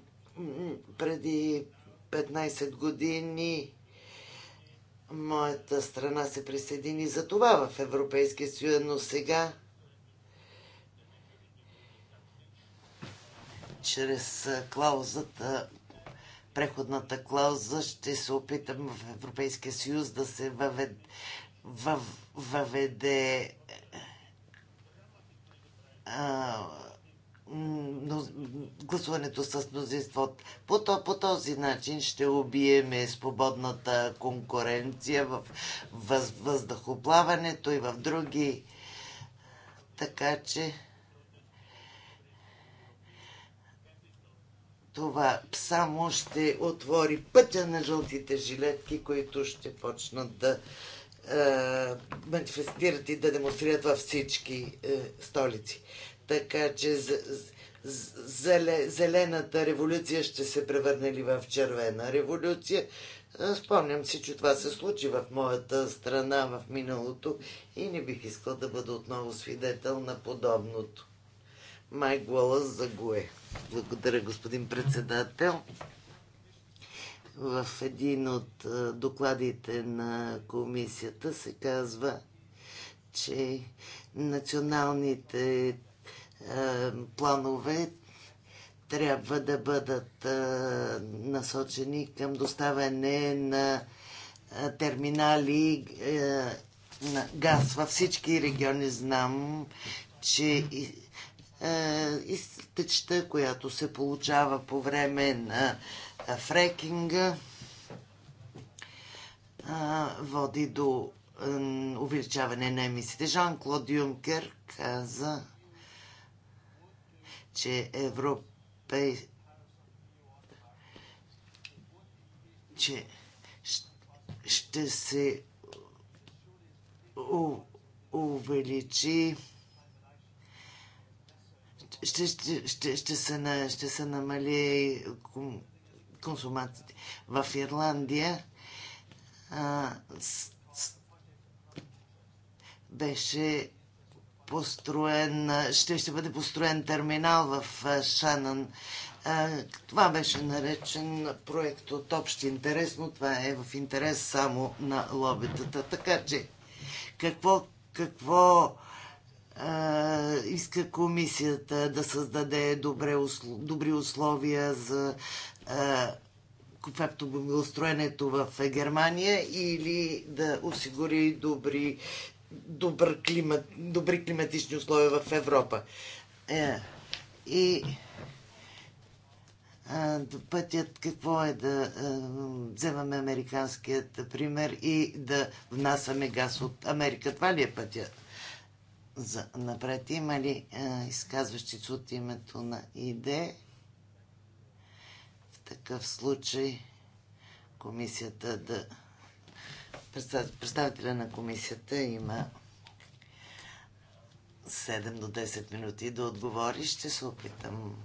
преди 15 години моята страна се присъедини за това в Европейския съюз, но сега чрез клаузата преходната клауза ще се опитам в Европейския съюз да се въвед, във, въведе а, гласуването с мнозинството. По, то, по този начин ще убиеме свободната конкуренция в въз, въздухоплаването и в други. Така че това само ще отвори пътя на жълтите жилетки, които ще почнат да е, манифестират и да демонстрират във всички е, столици. Така че зелената революция ще се превърне ли в червена революция. Е, спомням си, че това се случи в моята страна в миналото и не бих искал да бъда отново свидетел на подобното. Май Глалас за ГОЕ. Благодаря, господин председател. В един от докладите на комисията се казва, че националните планове трябва да бъдат насочени към доставяне на терминали на газ във всички региони. Знам, че е, изтечта, която се получава по време на е, фрекинга, е, води до увеличаване на емисиите. Жан-Клод Юнкер каза, че Европей... че ще се увеличи ще, ще, ще, ще, се, на, ще се намали консумацията. В Ирландия а, с, с, беше построен, ще, ще бъде построен терминал в Шанан. Това беше наречен проект от общ интерес, но това е в интерес само на лобитата. Така че, какво, какво иска комисията да създаде добре, добри условия за благоустроенето в Германия или да осигури добри, добър климат, добри климатични условия в Европа. Е, и а, пътят какво е да а, вземаме американският пример и да внасяме газ от Америка? Това ли е пътят? за напред. Има ли а, е, изказващи се от името на ИД? В такъв случай комисията да... Представителя на комисията има 7 до 10 минути да отговори. Ще се опитам.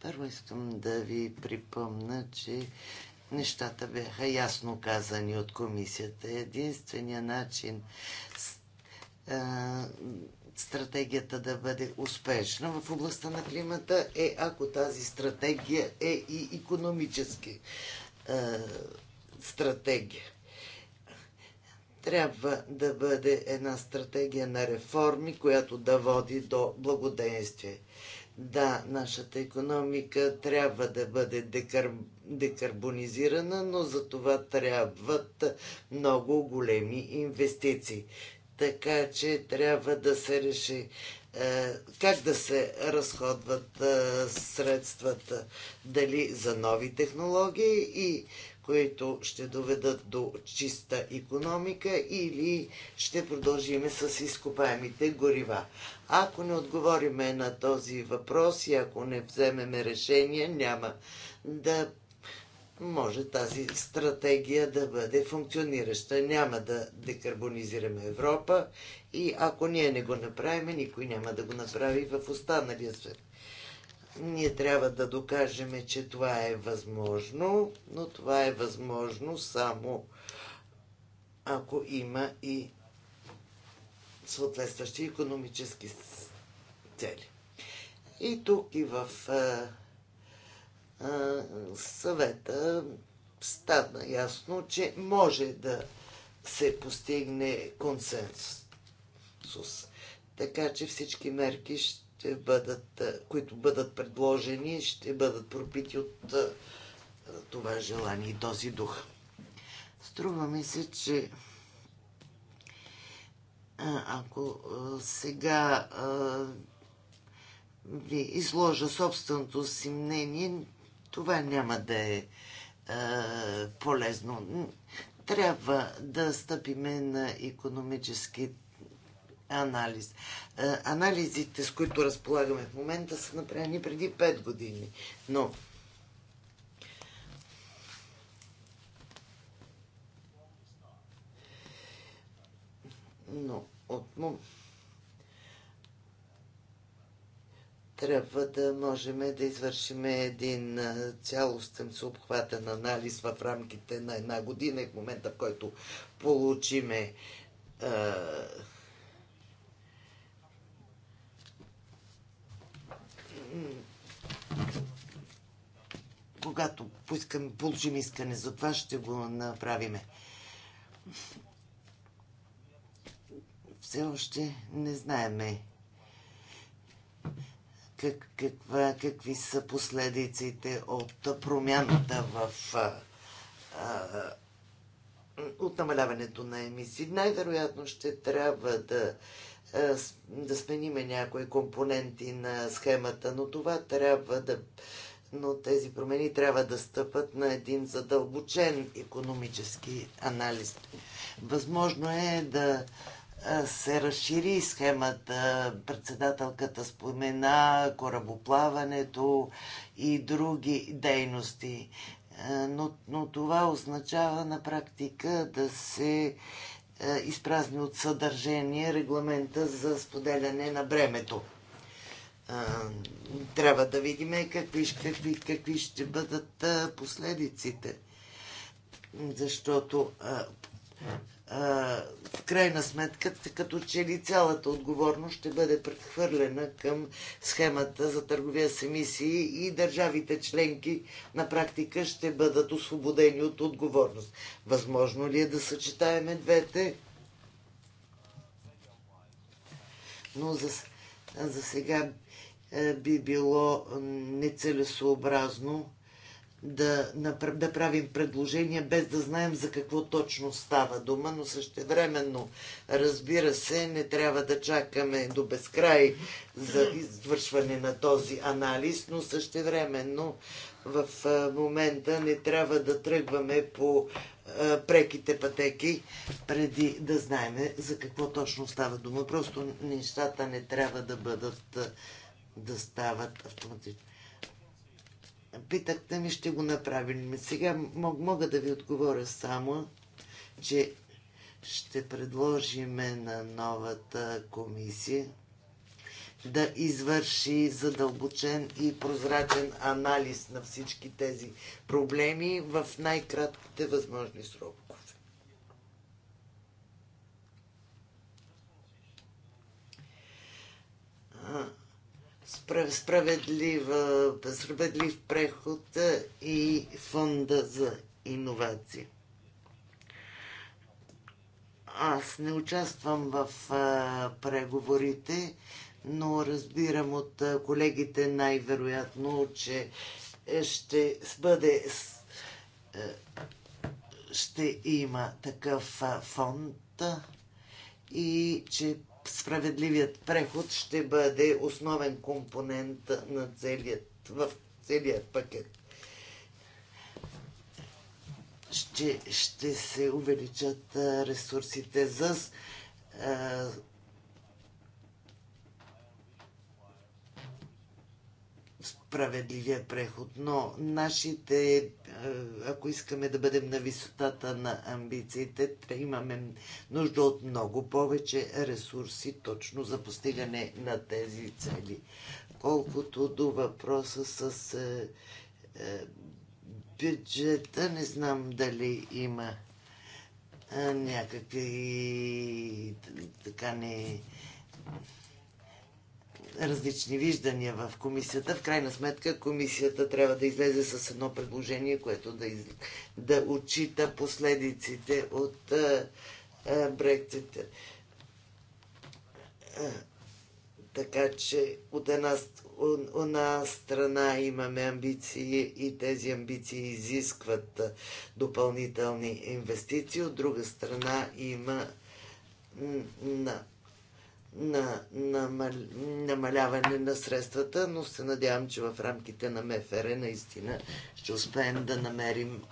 Първо искам да ви припомна, че нещата бяха ясно казани от комисията. Единствения начин стратегията да бъде успешна в областта на климата е ако тази стратегия е и економически стратегия. Трябва да бъде една стратегия на реформи, която да води до благоденствие. Да, нашата економика трябва да бъде декарбонизирана декарбонизирана, но за това трябват много големи инвестиции. Така че трябва да се реши е, как да се разходват е, средствата, дали за нови технологии и които ще доведат до чиста економика или ще продължиме с изкопаемите горива. Ако не отговориме на този въпрос и ако не вземеме решение, няма да може тази стратегия да бъде функционираща. Няма да декарбонизираме Европа и ако ние не го направим, никой няма да го направи в останалия свет. Ние трябва да докажем, че това е възможно, но това е възможно само ако има и съответстващи економически цели. И тук и в съвета стана ясно, че може да се постигне консенсус. Така че всички мерки, ще бъдат, които бъдат предложени, ще бъдат пропити от това желание и този дух. Струва ми се, че ако сега ви изложа собственото си мнение, това няма да е, е полезно. Трябва да стъпиме на економически анализ. Е, анализите, с които разполагаме в момента, са направени преди 5 години. Но но от момента трябва да можем да извършим един цялостен съобхватен анализ в рамките на една година и в момента, в който получиме а, когато поискам, получим искане за това, ще го направиме. Все още не знаеме как, каква, какви са последиците от промяната в а, от намаляването на емисии. Най-вероятно ще трябва да, да смениме някои компоненти на схемата, но това трябва да. Но тези промени трябва да стъпат на един задълбочен економически анализ. Възможно е да се разшири схемата. Председателката спомена корабоплаването и други дейности. Но, но това означава на практика да се изпразни от съдържание регламента за споделяне на бремето. Трябва да видим какви, какви, какви ще бъдат последиците. Защото в крайна сметка, като че ли цялата отговорност ще бъде прехвърлена към схемата за търговия с емисии и държавите членки на практика ще бъдат освободени от отговорност. Възможно ли е да съчетаеме двете? Но за, за сега е, би било нецелесообразно да, да правим предложения, без да знаем за какво точно става дума, но същевременно, разбира се, не трябва да чакаме до безкрай за извършване на този анализ, но същевременно в момента не трябва да тръгваме по преките пътеки, преди да знаем за какво точно става дума. Просто нещата не трябва да бъдат да стават автоматично питахте ми, ще го направим. Сега мога да ви отговоря само, че ще предложиме на новата комисия да извърши задълбочен и прозрачен анализ на всички тези проблеми в най-кратките възможни срокове. А, справедлива, справедлив преход и фонда за иновации. Аз не участвам в преговорите, но разбирам от колегите най-вероятно, че ще бъде ще има такъв фонд и че справедливият преход ще бъде основен компонент на целият, в целият пакет. Ще, ще се увеличат ресурсите за справедливия преход, но нашите, е, ако искаме да бъдем на висотата на амбициите, имаме нужда от много повече ресурси точно за постигане на тези цели. Колкото до въпроса с е, е, бюджета, не знам дали има е, някакви така не различни виждания в комисията. В крайна сметка комисията трябва да излезе с едно предложение, което да, из... да отчита последиците от е, е, Брекцита. Е, така че от една, от страна имаме амбиции и тези амбиции изискват допълнителни инвестиции, от друга страна има на намаляване на средствата, но се надявам, че в рамките на МФР наистина ще успеем да намерим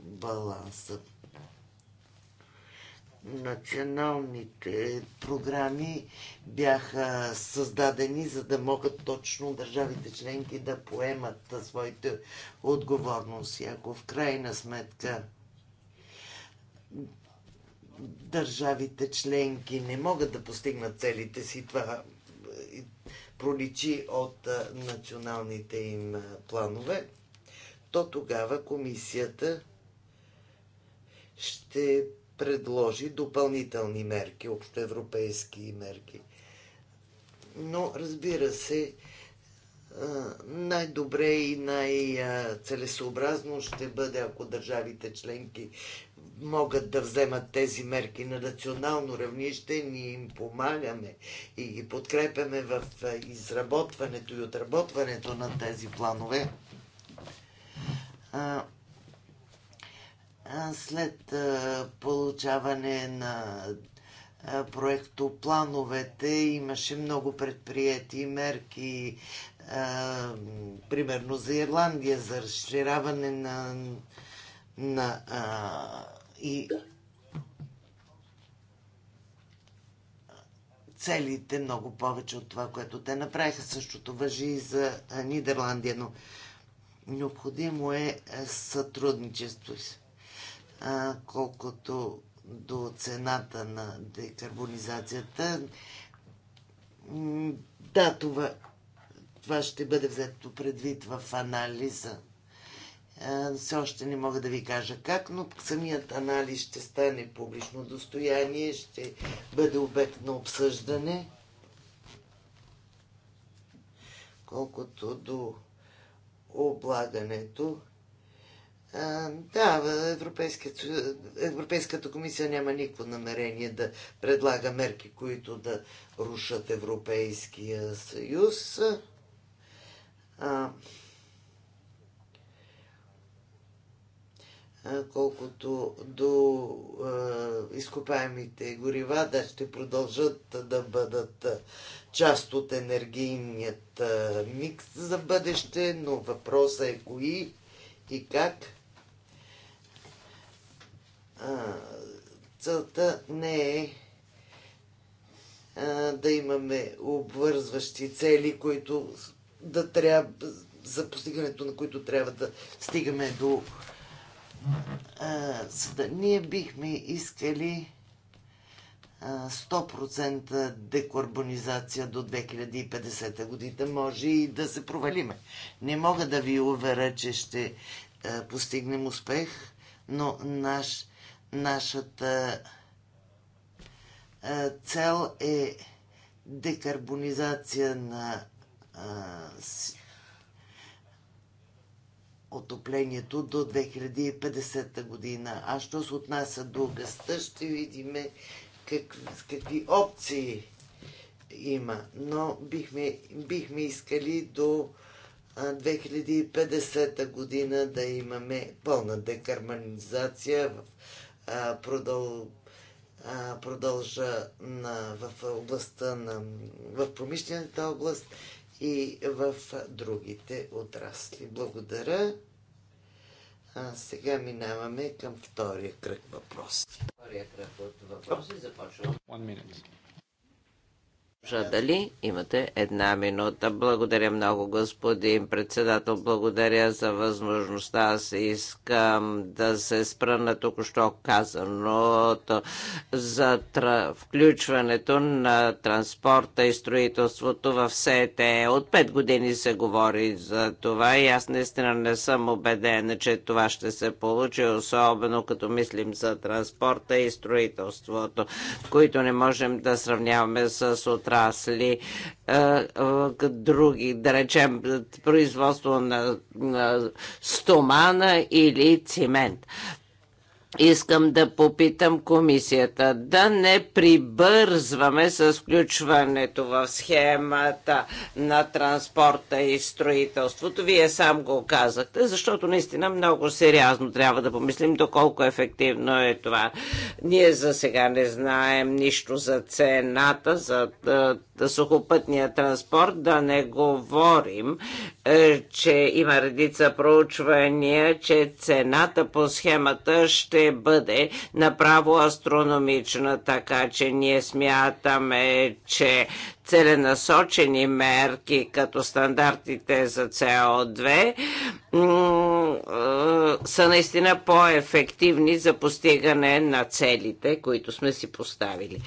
баланса. Националните програми бяха създадени, за да могат точно държавите членки да поемат своите отговорности. Ако в крайна сметка държавите членки не могат да постигнат целите си. Това е, проличи от е, националните им е, планове, то тогава комисията ще предложи допълнителни мерки, общоевропейски мерки. Но, разбира се, най-добре и най-целесообразно ще бъде, ако държавите членки могат да вземат тези мерки на национално равнище. Ние им помагаме и ги подкрепяме в изработването и отработването на тези планове. След получаване на проектоплановете имаше много предприяти мерки, примерно за Ирландия, за разширяване на на а, и целите много повече от това, което те направиха. Същото въжи и за Нидерландия, но необходимо е сътрудничество. Колкото до цената на декарбонизацията, да, това, това ще бъде взето предвид в анализа е, все още не мога да ви кажа как, но самият анализ ще стане публично достояние, ще бъде обект на обсъждане. Колкото до облагането, е, да, Европейската комисия няма никакво намерение да предлага мерки, които да рушат Европейския съюз. колкото до изкопаемите горива, да ще продължат да бъдат част от енергийният микс за бъдеще, но въпросът е кои и как. Целта не е да имаме обвързващи цели, които да трябва, за постигането на които трябва да стигаме до да Ние бихме искали 100% декарбонизация до 2050 година. Може и да се провалиме. Не мога да ви уверя, че ще постигнем успех, но наш, нашата цел е декарбонизация на отоплението до 2050 година. А що се отнася до гъста, ще видим как, какви опции има. Но бихме, бихме искали до 2050 година да имаме пълна декарманизация в продъл, продължа на, в областта на в промишлената област и в другите отрасли. Благодаря. А сега минаваме към втория кръг въпроси. Втория кръг от въпроси започвам. One minute. Дали имате една минута? Благодаря много, господин председател. Благодаря за възможността. Аз искам да се спра на току-що казаното за тра... включването на транспорта и строителството в СЕТЕ. От пет години се говори за това и аз наистина не съм убедена, че това ще се получи, особено като мислим за транспорта и строителството, които не можем да сравняваме с отрасъл отрасли, други, да речем, производство на стомана или цимент. Искам да попитам комисията да не прибързваме с включването в схемата на транспорта и строителството. Вие сам го казахте, защото наистина много сериозно трябва да помислим доколко ефективно е това. Ние за сега не знаем нищо за цената, за сухопътния транспорт, да не говорим, е, че има редица проучвания, че цената по схемата ще ще бъде направо астрономична, така че ние смятаме, че целенасочени мерки, като стандартите за CO2, е, са наистина по-ефективни за постигане на целите, които сме си поставили.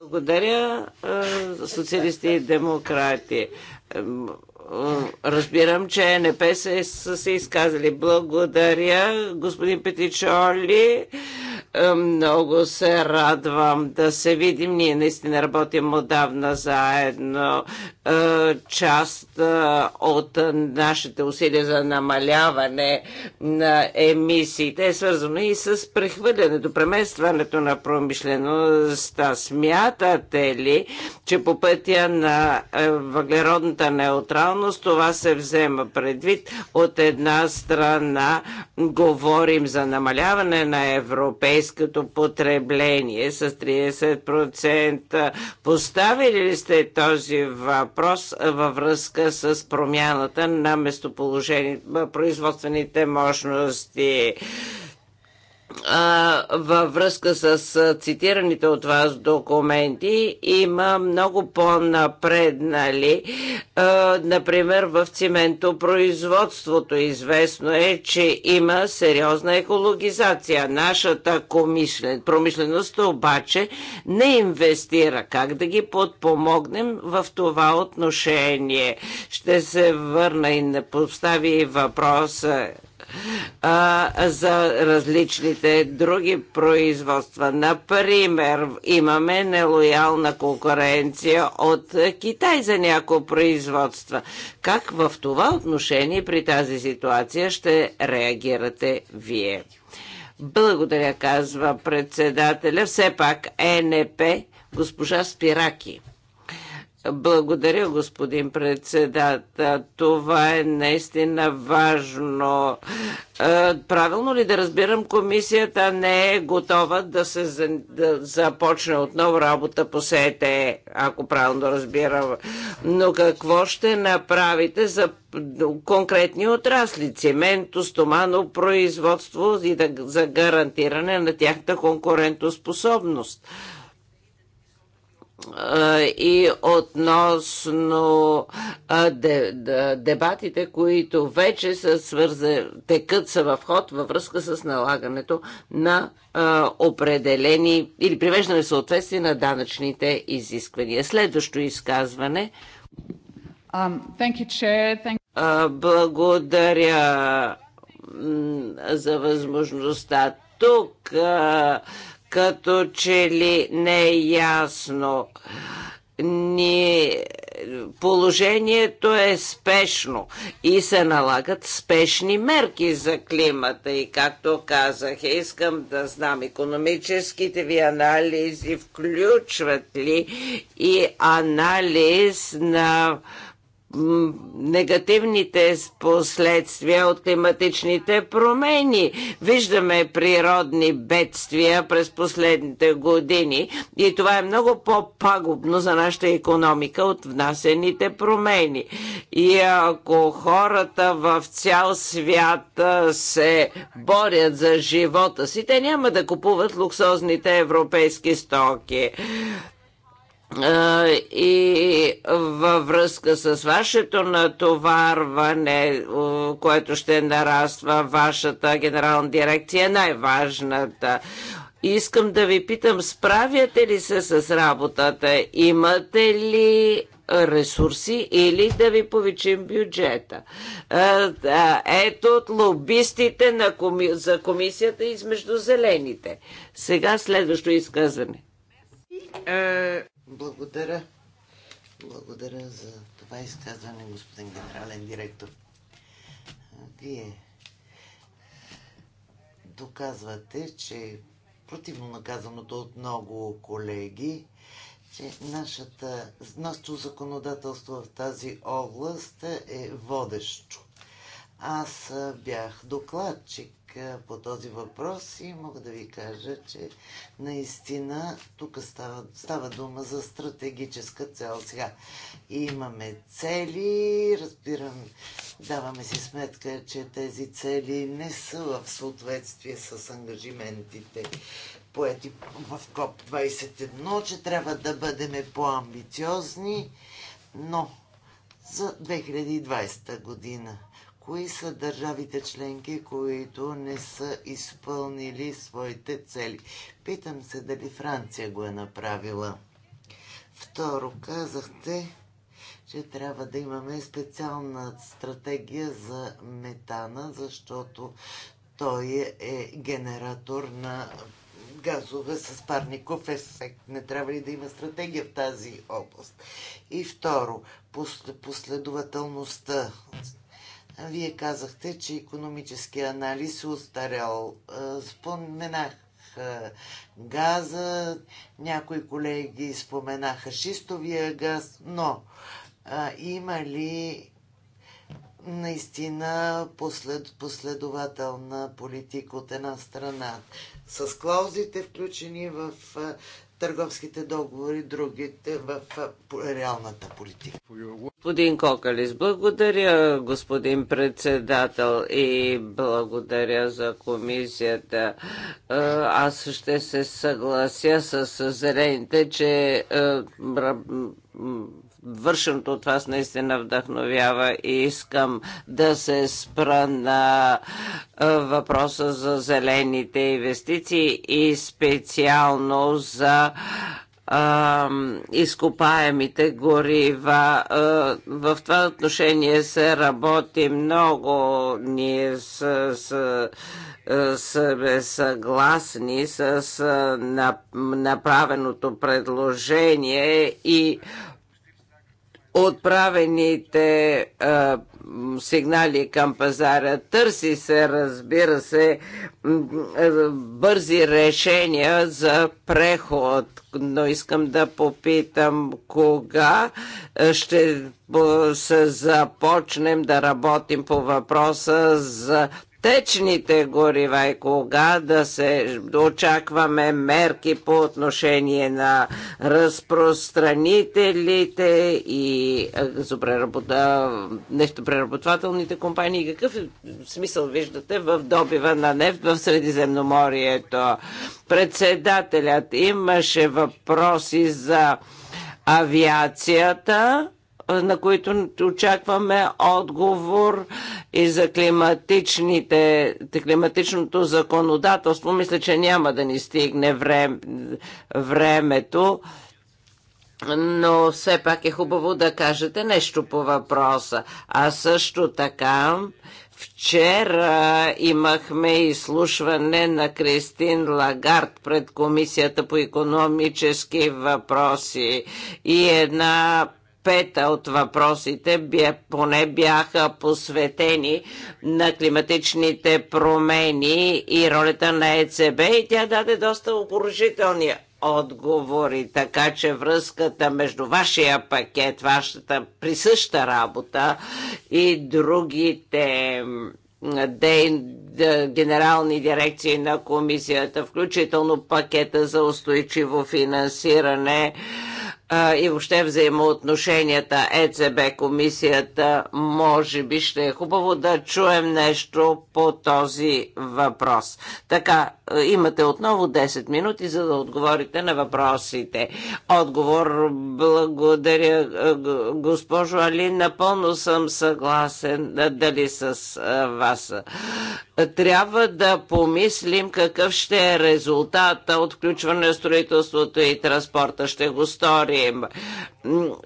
Благодаря, е, социалисти и демократи разбирам, че НП са се изказали. Благодаря, господин Петичоли. Е, много се радвам да се видим. Ние наистина работим отдавна заедно. Е, част е, от нашите усилия за намаляване на емисиите е свързано и с прехвърлянето, преместването на промишлеността. Смятате ли, че по пътя на въглеродната неутралност реалност това се взема предвид. От една страна говорим за намаляване на европейското потребление с 30%. Поставили ли сте този въпрос във връзка с промяната на местоположение, производствените мощности? във връзка с цитираните от вас документи има много по-напреднали. Например, в цементопроизводството известно е, че има сериозна екологизация. Нашата комишлен, промишленост обаче не инвестира. Как да ги подпомогнем в това отношение? Ще се върна и не постави въпроса а, за различните други производства. Например, имаме нелоялна конкуренция от Китай за някои производства. Как в това отношение при тази ситуация ще реагирате вие? Благодаря, казва председателя. Все пак ЕНП госпожа Спираки. Благодаря, господин председател. Това е наистина важно. Е, правилно ли да разбирам, комисията не е готова да се да започне отново работа по СЕТЕ, ако правилно разбирам. Но какво ще направите за конкретни отрасли, цементо, стомано, производство и да, за гарантиране на тяхната конкурентоспособност? Е, и относно дебатите, които вече са свързани, текът са в ход във връзка с налагането на определени или привеждане в съответствие на данъчните изисквания. Следващо изказване. Um, благодаря за възможността тук като че ли не е ясно. Ни... Положението е спешно и се налагат спешни мерки за климата. И както казах, искам да знам економическите ви анализи включват ли и анализ на негативните последствия от климатичните промени. Виждаме природни бедствия през последните години и това е много по-пагубно за нашата економика от внасените промени. И ако хората в цял свят се борят за живота си, те няма да купуват луксозните европейски стоки и във връзка с вашето натоварване, което ще нараства вашата генерална дирекция, най-важната. Искам да ви питам, справяте ли се с работата? Имате ли ресурси или да ви повичим бюджета. Ето от лобистите на коми... за комисията измежду зелените. Сега следващо изказване. Е, благодаря. Благодаря за това изказване, господин генерален директор. Вие доказвате, че противно наказаното от много колеги, че нашата, нашето законодателство в тази област е водещо. Аз бях докладчик по този въпрос и мога да ви кажа, че наистина тук става, става дума за стратегическа цел. Сега имаме цели, разбирам, даваме си сметка, че тези цели не са в съответствие с ангажиментите поети в КОП 21, че трябва да бъдем по-амбициозни, но за 2020 година кои са държавите членки, които не са изпълнили своите цели. Питам се дали Франция го е направила. Второ, казахте, че трябва да имаме специална стратегия за метана, защото той е, е генератор на газове с парников ефект. Не трябва ли да има стратегия в тази област? И второ, последователността вие казахте, че економически анализ е устарял. Споменах е, газа, някои колеги споменаха шистовия газ, но а, е, има ли наистина послед, последователна политика от една страна с клаузите включени в е, търговските договори, другите в реалната политика. Господин Кокалис, благодаря, господин председател, и благодаря за комисията. Аз ще се съглася с зелените, че вършеното от вас наистина вдъхновява и искам да се спра на въпроса за зелените инвестиции и специално за изкопаемите горива. В това отношение се работи много. Ние сме съгласни с направеното предложение и отправените а, сигнали към пазара. Търси се, разбира се, бързи решения за преход, но искам да попитам кога ще се започнем да работим по въпроса за течните горива и кога да се очакваме мерки по отношение на разпространителите и нефтопреработвателните компании. Какъв е смисъл виждате в добива на нефт в Средиземноморието? Председателят имаше въпроси за авиацията на които очакваме отговор и за климатичните, климатичното законодателство. Мисля, че няма да ни стигне време, времето но все пак е хубаво да кажете нещо по въпроса. А също така, вчера имахме изслушване на Кристин Лагард пред Комисията по економически въпроси и една пета от въпросите бе, поне бяха посветени на климатичните промени и ролята на ЕЦБ и тя даде доста оборъжителни отговори, така че връзката между вашия пакет, вашата присъща работа и другите генерални дирекции на комисията, включително пакета за устойчиво финансиране, и въобще взаимоотношенията ЕЦБ комисията, може би ще е хубаво да чуем нещо по този въпрос. Така, имате отново 10 минути, за да отговорите на въпросите. Отговор благодаря, госпожо Али. Напълно съм съгласен дали с вас. Трябва да помислим какъв ще е резултата от включване на строителството и транспорта. Ще го стори говорим.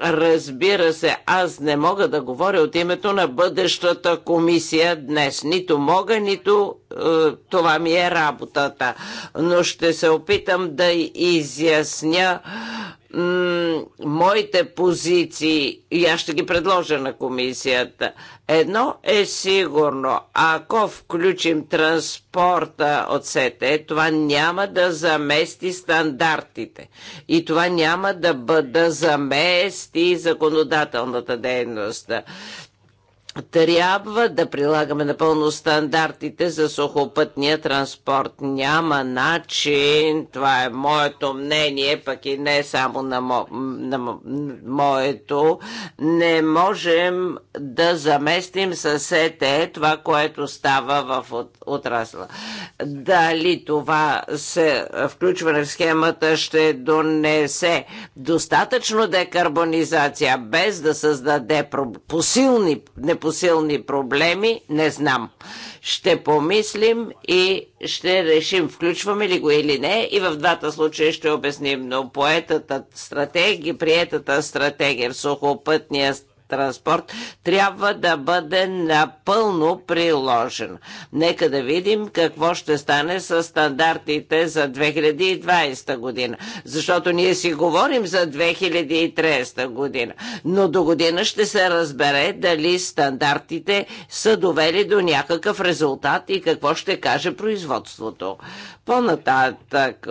Разбира се, аз не мога да говоря от името на бъдещата комисия днес. Нито мога, нито е, това ми е работата. Но ще се опитам да изясня моите позиции и аз ще ги предложа на комисията. Едно е сигурно, ако включим транспорта от СТ, това няма да замести стандартите и това няма да, бъде да замести законодателната дейност трябва да прилагаме напълно стандартите за сухопътния транспорт. Няма начин, това е моето мнение, пък и не само на, мо, на моето, не можем да заместим с ЕТЕ това, което става в отрасла. Дали това се включване в схемата ще донесе достатъчно декарбонизация, без да създаде посилни, не непосилни проблеми, не знам. Ще помислим и ще решим включваме ли го или не и в двата случая ще обясним. Но поетата стратегия, приетата стратегия в сухопътния транспорт трябва да бъде напълно приложен. Нека да видим какво ще стане с стандартите за 2020 година, защото ние си говорим за 2030 година, но до година ще се разбере дали стандартите са довели до някакъв резултат и какво ще каже производството. По-нататък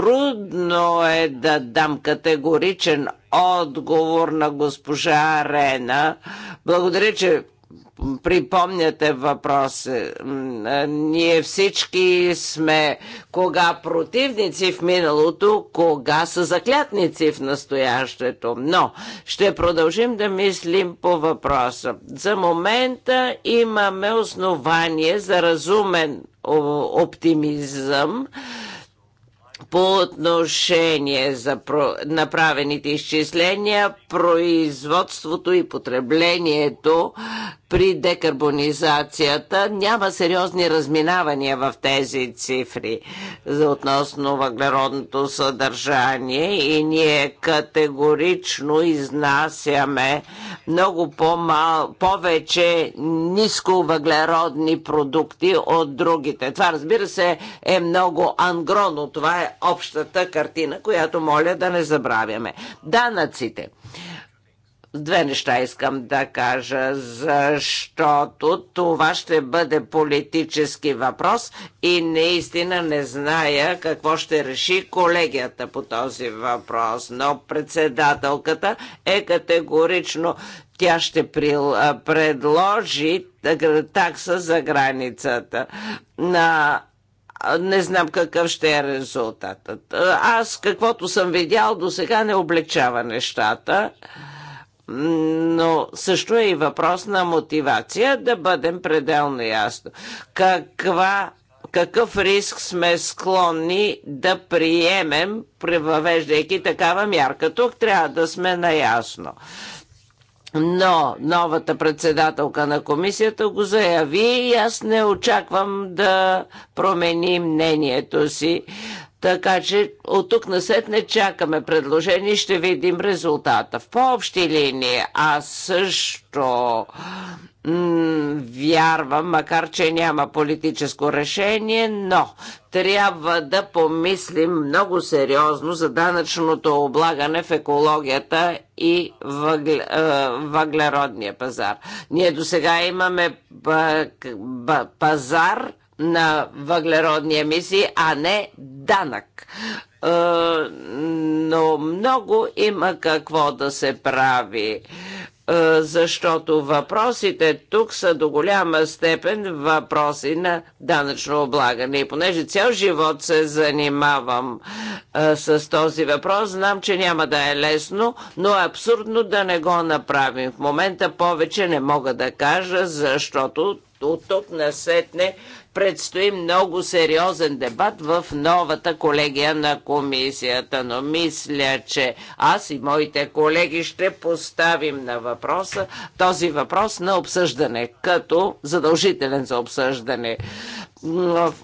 Трудно е да дам категоричен отговор на госпожа Арена. Благодаря, че припомняте въпрос. Ние всички сме кога противници в миналото, кога са заклятници в настоящето. Но ще продължим да мислим по въпроса. За момента имаме основание за разумен оптимизъм по отношение за направените изчисления, производството и потреблението при декарбонизацията няма сериозни разминавания в тези цифри за относно въглеродното съдържание и ние категорично изнасяме много по повече ниско въглеродни продукти от другите. Това разбира се е много ангро, но това е общата картина, която моля да не забравяме. Данъците. Две неща искам да кажа, защото това ще бъде политически въпрос и наистина не зная какво ще реши колегията по този въпрос, но председателката е категорично тя ще предложи такса за границата. На не знам какъв ще е резултатът. Аз каквото съм видял до сега не облегчава нещата но също е и въпрос на мотивация да бъдем пределно ясно. Каква какъв риск сме склонни да приемем, превъвеждайки такава мярка. Тук трябва да сме наясно. Но новата председателка на комисията го заяви и аз не очаквам да промени мнението си така че от тук на след не чакаме предложение, ще видим резултата. В по-общи линии аз също вярвам, макар че няма политическо решение, но трябва да помислим много сериозно за данъчното облагане в екологията и въглеродния пазар. Ние до сега имаме пазар, на въглеродни емисии, а не данък. Е, но много има какво да се прави е, защото въпросите тук са до голяма степен въпроси на данъчно облагане. И понеже цял живот се занимавам е, с този въпрос, знам, че няма да е лесно, но е абсурдно да не го направим. В момента повече не мога да кажа, защото от тук насетне Предстои много сериозен дебат в новата колегия на комисията, но мисля, че аз и моите колеги ще поставим на въпроса този въпрос на обсъждане, като задължителен за обсъждане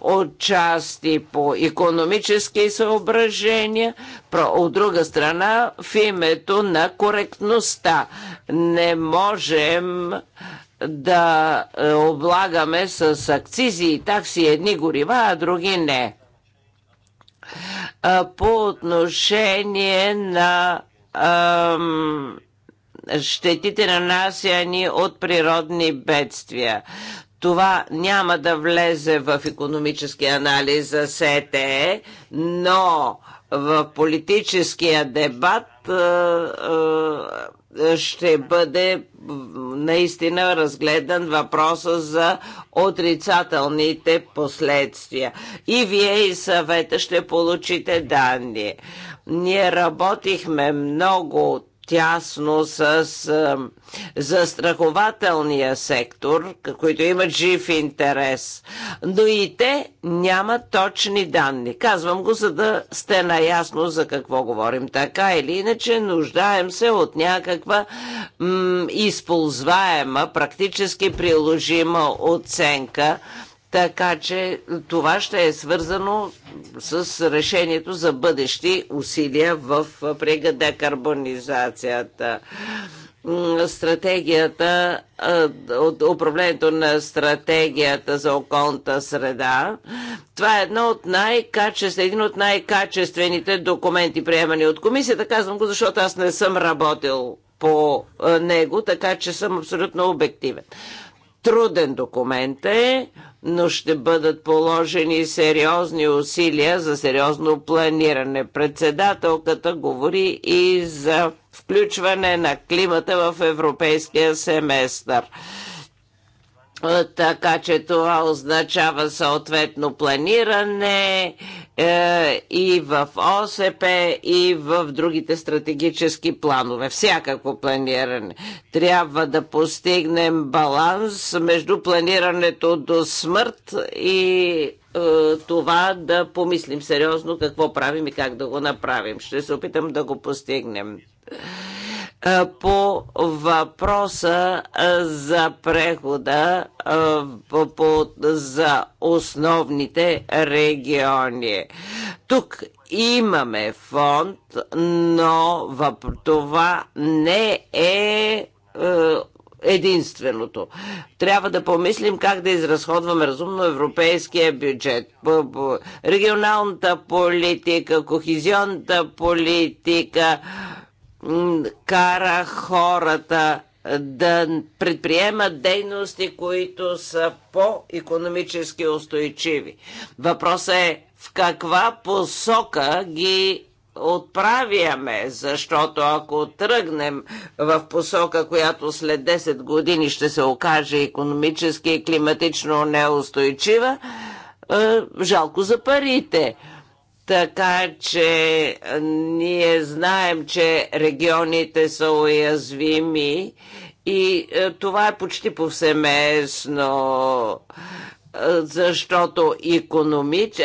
отчасти по економически съображения, от друга страна в името на коректността. Не можем да е, облагаме с акцизи и такси едни горива, а други не. Е, по отношение на ам, щетите нанасяни от природни бедствия. Това няма да влезе в економически анализ за СТЕ, но в политическия дебат ще бъде наистина разгледан въпроса за отрицателните последствия. И вие и съвета ще получите данни. Ние работихме много тясно с застрахователния сектор, които имат жив интерес. Но и те нямат точни данни. Казвам го, за да сте наясно за какво говорим. Така или иначе, нуждаем се от някаква м- използваема, практически приложима оценка така че това ще е свързано с решението за бъдещи усилия в прега декарбонизацията стратегията, от управлението на стратегията за околната среда. Това е едно от най един от най-качествените документи, приемани от комисията. Казвам го, защото аз не съм работил по него, така че съм абсолютно обективен. Труден документ е, но ще бъдат положени сериозни усилия за сериозно планиране. Председателката говори и за включване на климата в европейския семестър така че това означава съответно планиране е, и в ОСП, и в другите стратегически планове. Всякакво планиране. Трябва да постигнем баланс между планирането до смърт и е, това да помислим сериозно какво правим и как да го направим. Ще се опитам да го постигнем по въпроса за прехода за основните региони. Тук имаме фонд, но това не е единственото. Трябва да помислим как да изразходваме разумно европейския бюджет. Регионалната политика, кохизионната политика, кара хората да предприемат дейности, които са по-економически устойчиви. Въпросът е в каква посока ги отправяме, защото ако тръгнем в посока, която след 10 години ще се окаже економически и климатично неустойчива, е, жалко за парите. Така че ние знаем, че регионите са уязвими и това е почти повсеместно защото економич...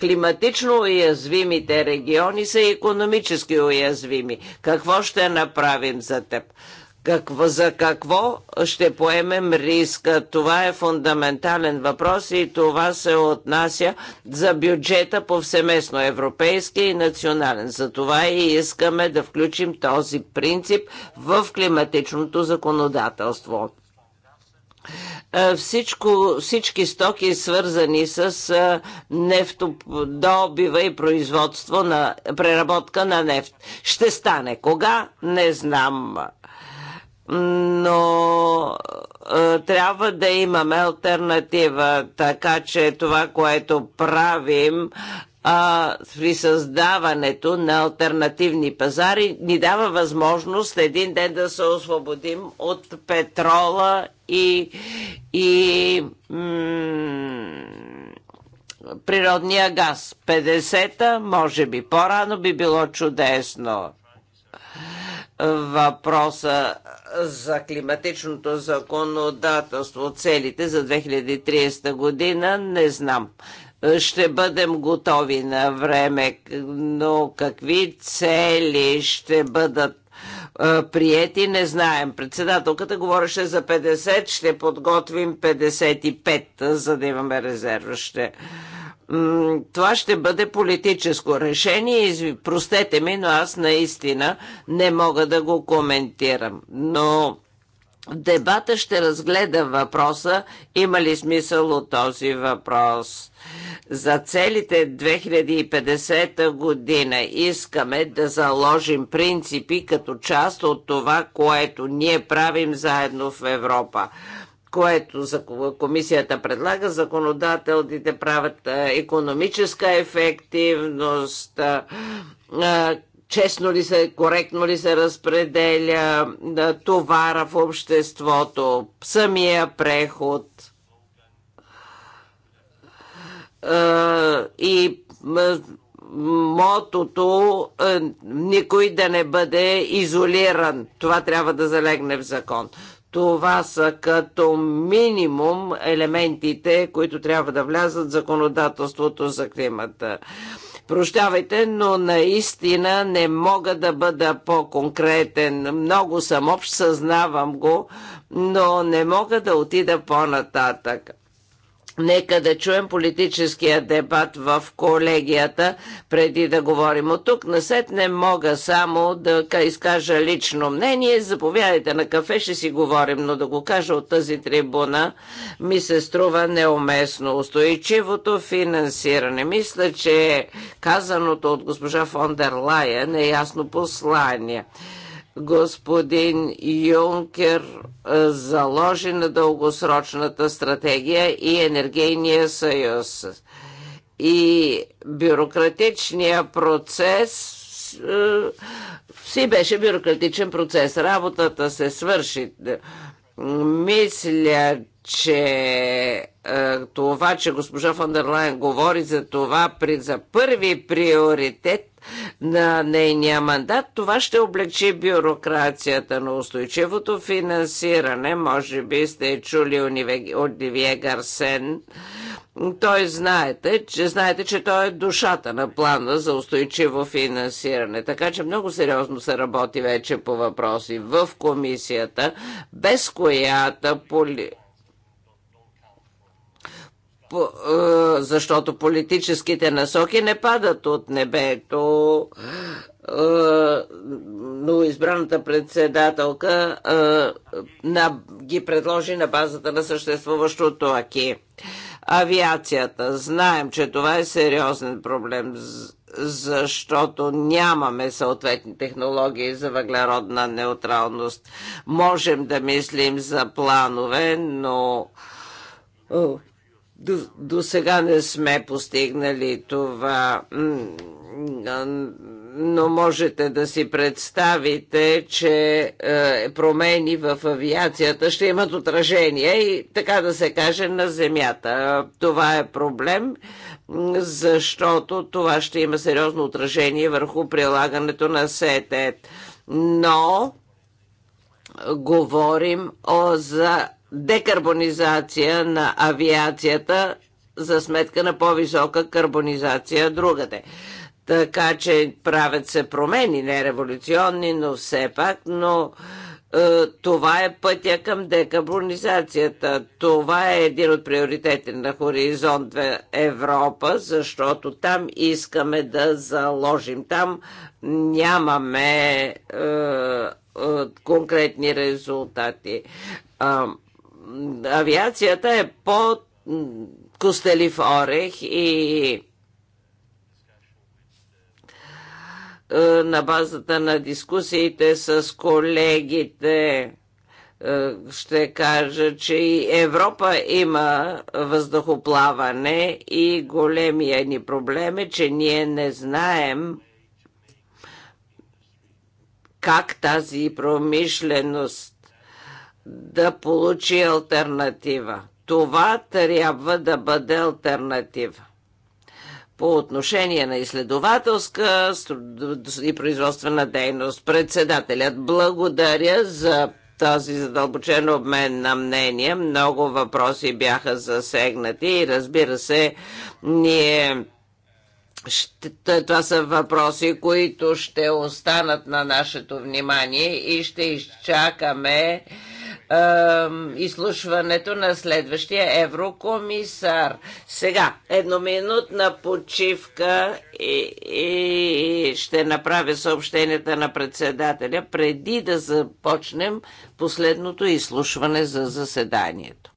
климатично уязвимите региони са економически уязвими. Какво ще направим за теб? какво, за какво ще поемем риска. Това е фундаментален въпрос и това се отнася за бюджета повсеместно европейски и национален. Затова и искаме да включим този принцип в климатичното законодателство е, всичко, всички стоки свързани с е, нефтодобива и производство на преработка на нефт. Ще стане кога? Не знам но е, трябва да имаме альтернатива, така че това, което правим а, при създаването на альтернативни пазари, ни дава възможност един ден да се освободим от петрола и, и природния газ. 50-та, може би по-рано би било чудесно въпроса за климатичното законодателство, целите за 2030 година, не знам. Ще бъдем готови на време, но какви цели ще бъдат приети, не знаем. Председателката говореше за 50, ще подготвим 55, за да имаме резерва. Ще това ще бъде политическо решение. Простете ми, но аз наистина не мога да го коментирам. Но дебата ще разгледа въпроса, има ли смисъл от този въпрос. За целите 2050 година искаме да заложим принципи като част от това, което ние правим заедно в Европа което комисията предлага, законодателните правят економическа ефективност, честно ли се, коректно ли се разпределя товара в обществото, самия преход и мотото никой да не бъде изолиран. Това трябва да залегне в закон. Това са като минимум елементите, които трябва да влязат в законодателството за климата. Прощавайте, но наистина не мога да бъда по-конкретен. Много съм общ, съзнавам го, но не мога да отида по-нататък. Нека да чуем политическия дебат в колегията преди да говорим от тук. Насет не мога само да изкажа лично мнение. Заповядайте на кафе, ще си говорим, но да го кажа от тази трибуна ми се струва неуместно. Устойчивото финансиране. Мисля, че казаното от госпожа Фондер Лайен е ясно послание господин Юнкер заложи на дългосрочната стратегия и енергийния съюз. И бюрократичният процес си беше бюрократичен процес. Работата се свърши. Мисля, че това, че госпожа Фондерлайн говори за това при, за първи приоритет, на нейния мандат, това ще облегчи бюрокрацията на устойчивото финансиране. Може би сте чули Оливие Гарсен. Той знаете, че знаете, че той е душата на плана за устойчиво финансиране. Така че много сериозно се работи вече по въпроси в комисията, без която поли е, защото политическите насоки не падат от небето, е, но избраната председателка е, ги предложи на базата на съществуващото АКИ. Авиацията. Знаем, че това е сериозен проблем, защото нямаме съответни технологии за въглеродна неутралност. Можем да мислим за планове, но до, до сега не сме постигнали това, но можете да си представите, че е, промени в авиацията ще имат отражение и така да се каже на земята. Това е проблем, защото това ще има сериозно отражение върху прилагането на СЕТЕТ. Но говорим о, за декарбонизация на авиацията за сметка на по-висока карбонизация другаде. Така че правят се промени, не революционни, но все пак, но е, това е пътя към декарбонизацията. Това е един от приоритетите на Хоризонт Европа, защото там искаме да заложим. Там нямаме е, е, конкретни резултати авиацията е по Костелив Орех и е, на базата на дискусиите с колегите е, ще кажа, че и Европа има въздухоплаване и големия ни проблем е, че ние не знаем как тази промишленост да получи альтернатива. Това трябва да бъде альтернатива. По отношение на изследователска и производствена дейност, председателят благодаря за този задълбочен обмен на мнения. Много въпроси бяха засегнати и разбира се, ние това са въпроси, които ще останат на нашето внимание и ще изчакаме изслушването на следващия еврокомисар. Сега, едноминутна почивка и, и ще направя съобщенията на председателя преди да започнем последното изслушване за заседанието.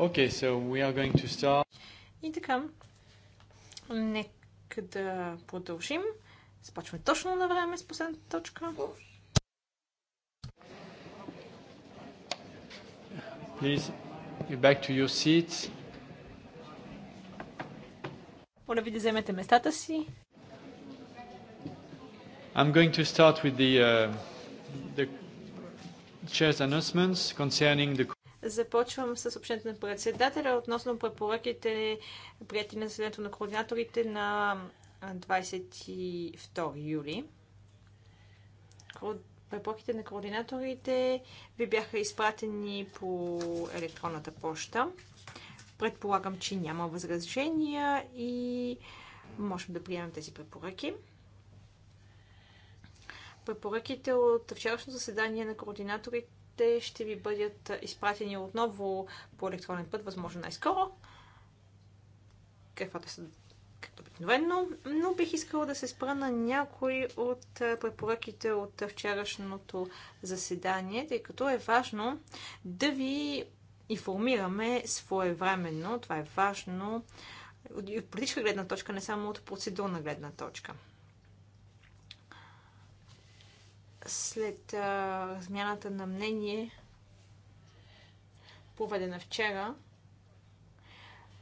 Okay, so we are going to start. И така, нека да продължим. Започваме точно на време с последната точка. Please, be back to your seats. Моля ви да вземете местата си. I'm going to start with the, uh, the chair's announcements concerning the Започвам с общението на председателя относно препоръките, прияти на заседанието на координаторите на 22 юли. Препоръките на координаторите ви бяха изпратени по електронната поща. Предполагам, че няма възражения и можем да приемем тези препоръки. Препоръките от вчерашното заседание на координаторите те ще ви бъдат изпратени отново по електронен път, възможно най-скоро. Каквато е са както обикновено, но бих искала да се спра на някои от препоръките от вчерашното заседание, тъй като е важно да ви информираме своевременно. Това е важно от политическа гледна точка, не само от процедурна гледна точка. след размяната на мнение, проведена вчера,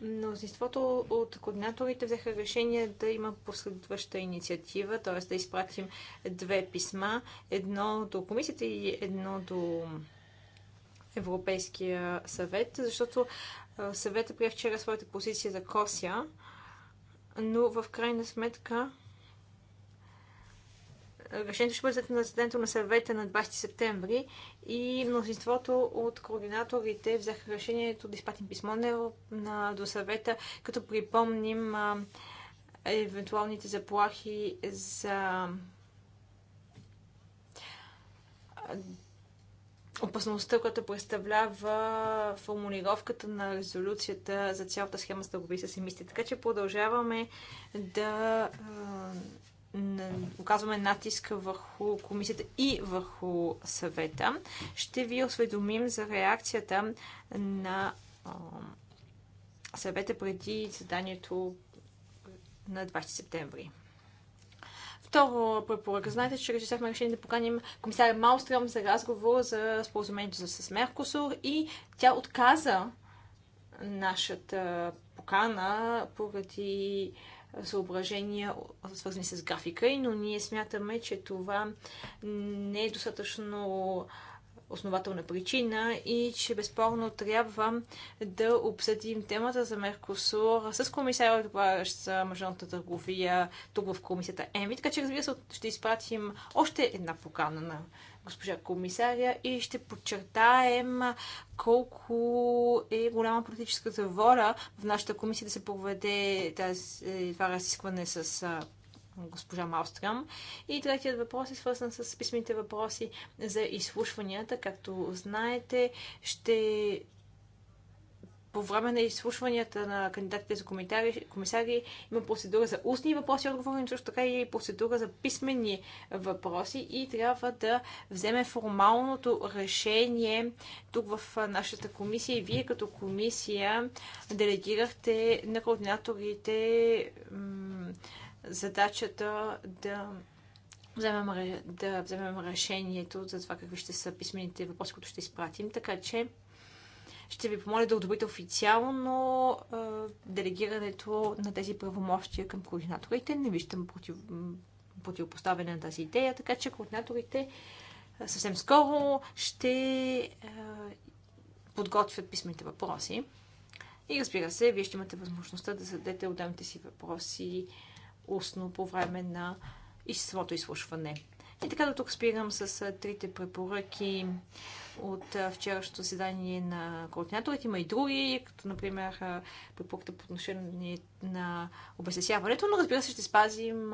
Мнозинството от координаторите взеха решение да има последваща инициатива, т.е. да изпратим две писма, едно до комисията и едно до Европейския съвет, защото съветът прия вчера своята позиция за Косия, но в крайна сметка решението ще бъде на заседанието на съвета на 20 септември и мнозинството от координаторите взеха решението да изпратим писмо на, до съвета, като припомним а, евентуалните заплахи за опасността, която представлява формулировката на резолюцията за цялата схема с търговия с емисии. Така че продължаваме да оказваме натиск върху комисията и върху съвета. Ще ви осведомим за реакцията на съвета преди заданието на 20 септември. Второ препоръка. Знаете, че взехме решение да поканим комисаря Маустрем за разговор за споразумението с Меркосур и тя отказа нашата покана поради съображения, свързани с графика, но ние смятаме, че това не е достатъчно основателна причина и че безспорно трябва да обсъдим темата за Меркосур с комисаря, отговарящ за мъжната търговия тук в комисията ЕМИ. Така че, разбира се, ще изпратим още една покана на госпожа комисаря и ще подчертаем колко е голяма политическата воля в нашата комисия да се проведе тази, това разискване с госпожа Малстрам. И третият въпрос е свързан с писмените въпроси за изслушванията. Както знаете, ще по време на изслушванията на кандидатите за комитари, комисари има процедура за устни въпроси и отговори, но също така и процедура за писмени въпроси и трябва да вземе формалното решение тук в нашата комисия. И вие като комисия делегирахте на координаторите задачата да вземем, да вземем решението за това какви ще са писмените въпроси, които ще изпратим. Така че ще ви помоля да одобрите официално е, делегирането на тези правомощия към координаторите. Не виждам против, противопоставяне на тази идея, така че координаторите съвсем скоро ще е, подготвят писмените въпроси. И разбира се, вие ще имате възможността да зададете отделните си въпроси устно по време на своето изслушване. И така до тук спирам с трите препоръки от вчерашното заседание на координаторите. Има и други, като например препоръката по отношение на обезсясяването, но разбира се ще спазим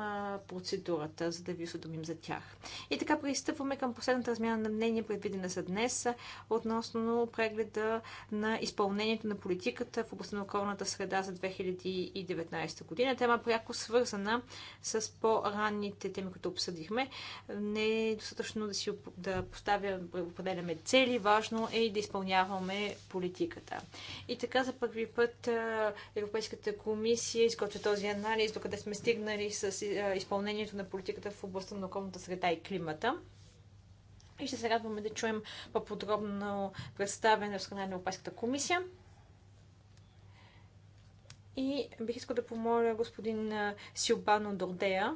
процедурата, за да ви осведомим за тях. И така пристъпваме към последната размяна на мнение, предвидена за днес, относно прегледа на изпълнението на политиката в областта на околната среда за 2019 година. Тема пряко свързана с по-ранните теми, които обсъдихме. Не е достатъчно да, си, да поставя, определяме цели, цели, важно е и да изпълняваме политиката. И така за първи път Европейската комисия изготвя този анализ, докъде сме стигнали с изпълнението на политиката в областта на околната среда и климата. И ще се радваме да чуем по-подробно представяне в страна на Европейската комисия. И бих искал да помоля господин Силбано Дордея,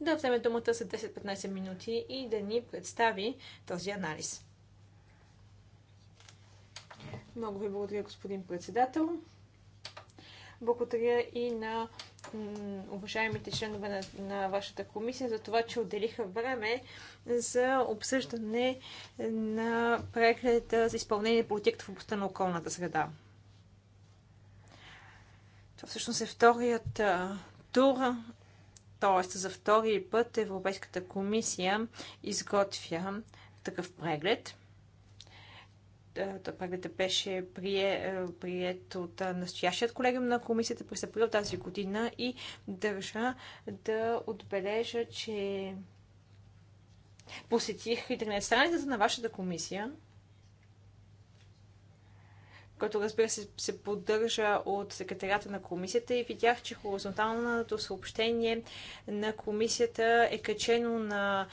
да вземе думата след 10-15 минути и да ни представи този анализ. Много ви благодаря, господин председател. Благодаря и на уважаемите членове на, на вашата комисия за това, че отделиха време за обсъждане на прегледа за изпълнение на политиката в областта на околната среда. Това всъщност е вторият тур Тоест, за втори път Европейската комисия изготвя такъв преглед. преглед беше прие, е, прият от настоящият колегиум на комисията през април тази година и държа да отбележа, че посетих интернет страницата на вашата комисия който разбира се се поддържа от секретарята на комисията и видях, че хоризонталното съобщение на комисията е качено на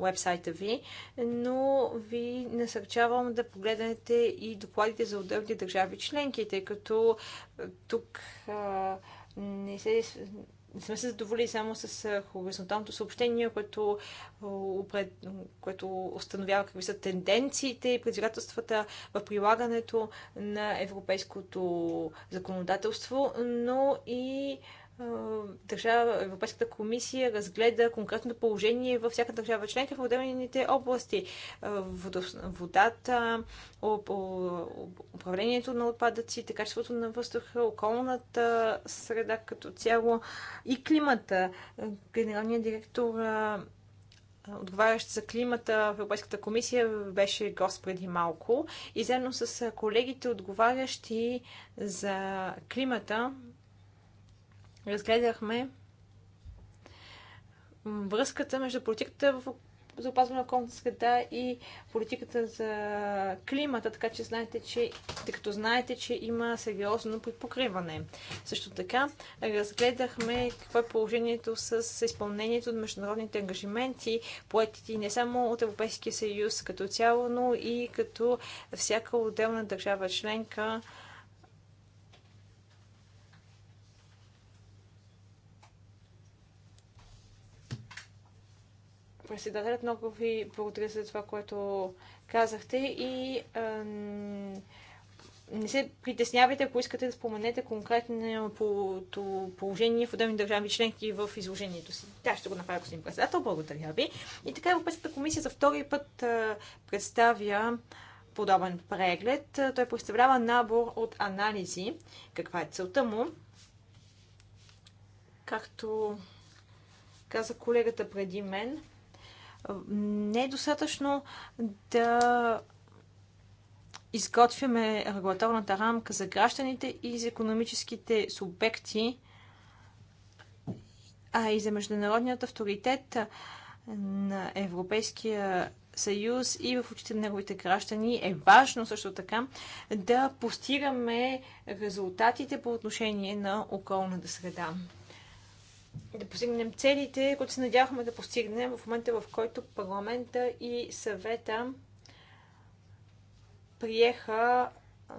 вебсайта ви, но ви насърчавам да погледнете и докладите за отделни държави членки, тъй като тук а, не се не сме се задоволили само с хоризонталното съобщение, което, което установява какви са тенденциите и предизвикателствата в прилагането на европейското законодателство, но и е, държава, Европейската комисия разгледа конкретното положение във всяка държава членка в отделните области. Е, водата, управлението на отпадъци, качеството на въздуха, околната среда като цяло и климата. Генералният директор е, отговарящ за климата в Европейската комисия беше гост преди малко и заедно с колегите отговарящи за климата разгледахме връзката между политиката в за опазване на околната среда и политиката за климата, така че знаете, че, тъй като знаете, че има сериозно предпокриване. Също така разгледахме какво е положението с изпълнението на международните ангажименти, поети не само от Европейския съюз като цяло, но и като всяка отделна държава членка председателят. Много ви благодаря за това, което казахте и а, не се притеснявайте, ако искате да споменете конкретно положение в отделни държави членки в изложението си. Да, ще го направя, господин председател. Благодаря ви. И така Европейската комисия за втори път а, представя подобен преглед. Той представлява набор от анализи. Каква е целта му? Както каза колегата преди мен, не е достатъчно да изготвяме регулаторната рамка за гражданите и за економическите субекти, а и за международният авторитет на Европейския съюз и в очите на неговите граждани е важно също така да постигаме резултатите по отношение на околната среда и да постигнем целите, които се надявахме да постигнем в момента, в който парламента и съвета приеха а,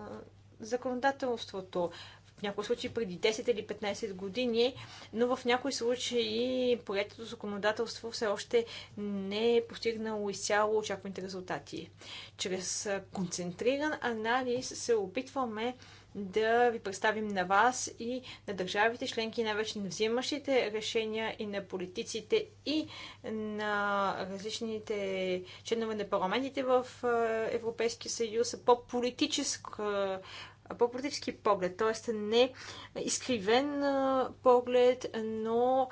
законодателството. В някои случаи преди 10 или 15 години, но в някои случаи проектото законодателство все още не е постигнало изцяло очакваните резултати. Чрез концентриран анализ се опитваме да ви представим на вас и на държавите членки, най-вече на взимащите решения и на политиците и на различните членове на парламентите в Европейския съюз по политическ по политически поглед, т.е. не изкривен поглед, но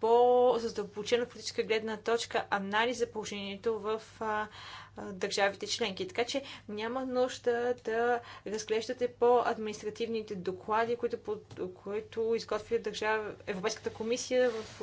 по-задълбочена политическа гледна точка анализ за положението в а, държавите членки. Така че няма нужда да разглеждате по-административните доклади, които, които изготвя държава, Европейската комисия в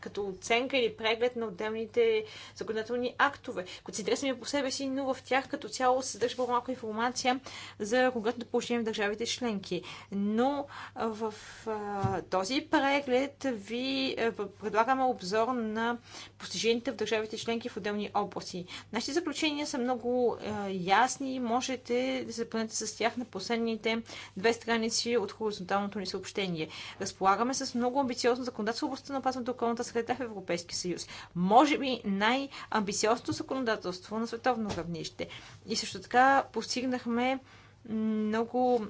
като оценка или преглед на отделните законодателни актове, които се интересни по себе си, но в тях като цяло се съдържа по-малко информация за конкретно положение в държавите членки. Но в а, този преглед ви а, предлагаме обзор на постиженията в държавите членки в отделни области. Нашите заключения са много а, ясни и можете да се запълнете с тях на последните две страници от хоризонталното ни съобщение. Разполагаме с много амбициозно законодателство в областта на опасната околната света в Европейския съюз. Може би най-амбициозното законодателство на световно равнище. И също така постигнахме много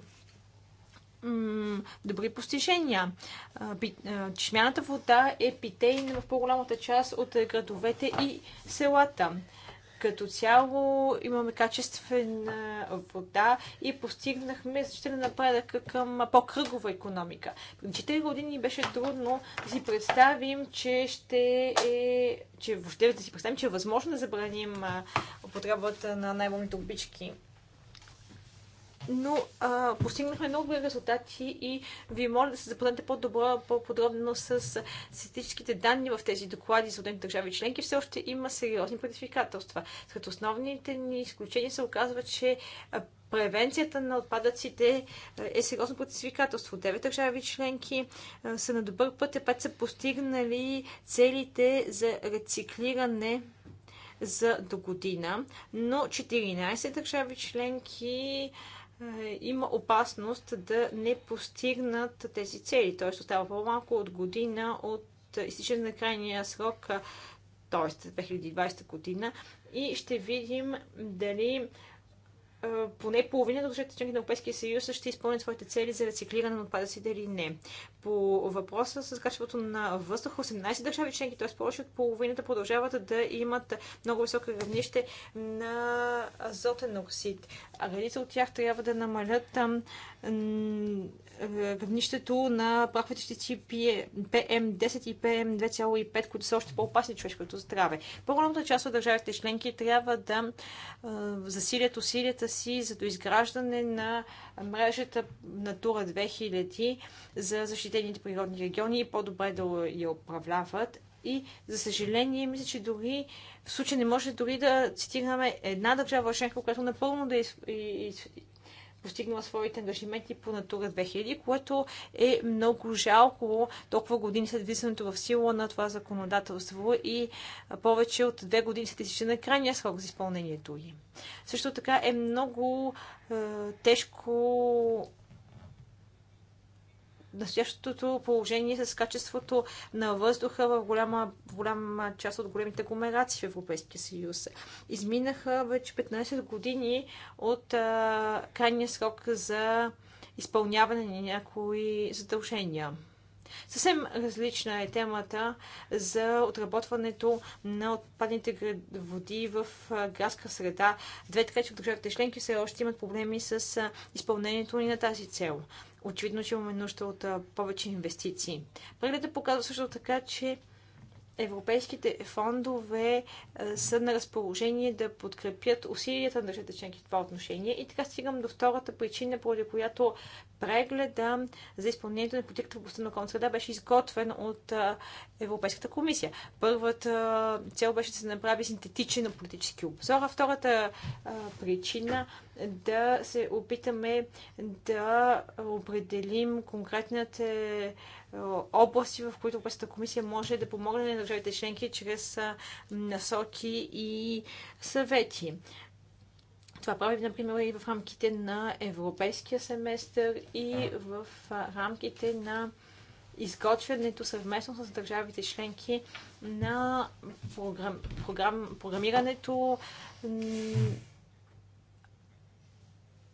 добри постижения. Чешмяната вода е питейна в по-голямата част от градовете и селата. Като цяло имаме качествена вода и постигнахме значителен напредък към по-кръгова економика. Преди 4 години беше трудно да си представим, че ще е, че въобще да си представим, че е възможно да забраним употребата на най вълните обички но а, постигнахме много добри резултати и ви моля да се запознате по-добро, по-подробно с статистическите данни в тези доклади за отделните държави членки. Все още има сериозни предизвикателства. Сред основните ни изключения се оказва, че превенцията на отпадъците е сериозно предизвикателство. Девет държави членки са на добър път, е пет са постигнали целите за рециклиране за до година, но 14 държави членки е, има опасност да не постигнат тези цели. Т.е. остава по-малко от година от изтичане на крайния срок, т.е. 2020 година. И ще видим дали поне половина от държавите членки на Европейския съюз ще изпълнят своите цели за рециклиране на отпадъците или не. По въпроса с качеството на въздух, 18 държави членки, т.е. повече от половината, продължават да имат много високо равнище на азотен оксид. А редица от тях трябва да намалят равнището на праховите частици PM10 и PM2,5, които са още по-опасни човешкото здраве. По-голямата част от държавите членки трябва да засилят усилията си за доизграждане на мрежата Натура 2000 за защитените природни региони и по-добре да я управляват. И, за съжаление, мисля, че дори в случай не може дори да цитираме една държава членка, която напълно да е постигнала своите ангажименти по Натура 2000, което е много жалко толкова години след влизането в сила на това законодателство и повече от две години след изтичане на крайния срок за изпълнението й. Също така е много е, тежко настоящото положение с качеството на въздуха в голяма, в голяма част от големите агломерации в Европейския съюз. Изминаха вече 15 години от а, крайния срок за изпълняване на някои задължения. Съвсем различна е темата за отработването на отпадните води в градска среда. Две трети от държавите членки все още имат проблеми с изпълнението ни на тази цел. Очевидно, че имаме нужда от повече инвестиции. Прегледът показва също така, че европейските фондове е, са на разположение да подкрепят усилията на държавите членки в това отношение. И така стигам до втората причина, поради която прегледа за изпълнението на политиката в областта на околната среда беше изготвен от е, Европейската комисия. Първата е, цел беше да се направи синтетичен политически обзор, а втората причина да се опитаме да определим конкретните е, области, в които Европейската комисия може да помогне на държавите членки чрез е, насоки и съвети. Това правим, например, и в рамките на европейския семестър и в е, рамките на изготвянето съвместно с държавите членки на програм, програм, програмирането,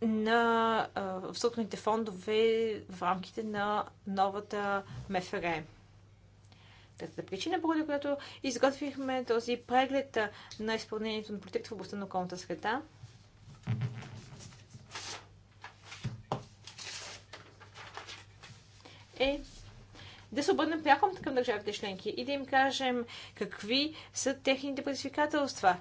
на структурните фондове в рамките на новата МФР. Третата причина, поради която изготвихме този преглед на изпълнението на политиката в областта на околната среда, е да се обърнем пряко към държавите членки и да им кажем какви са техните предизвикателства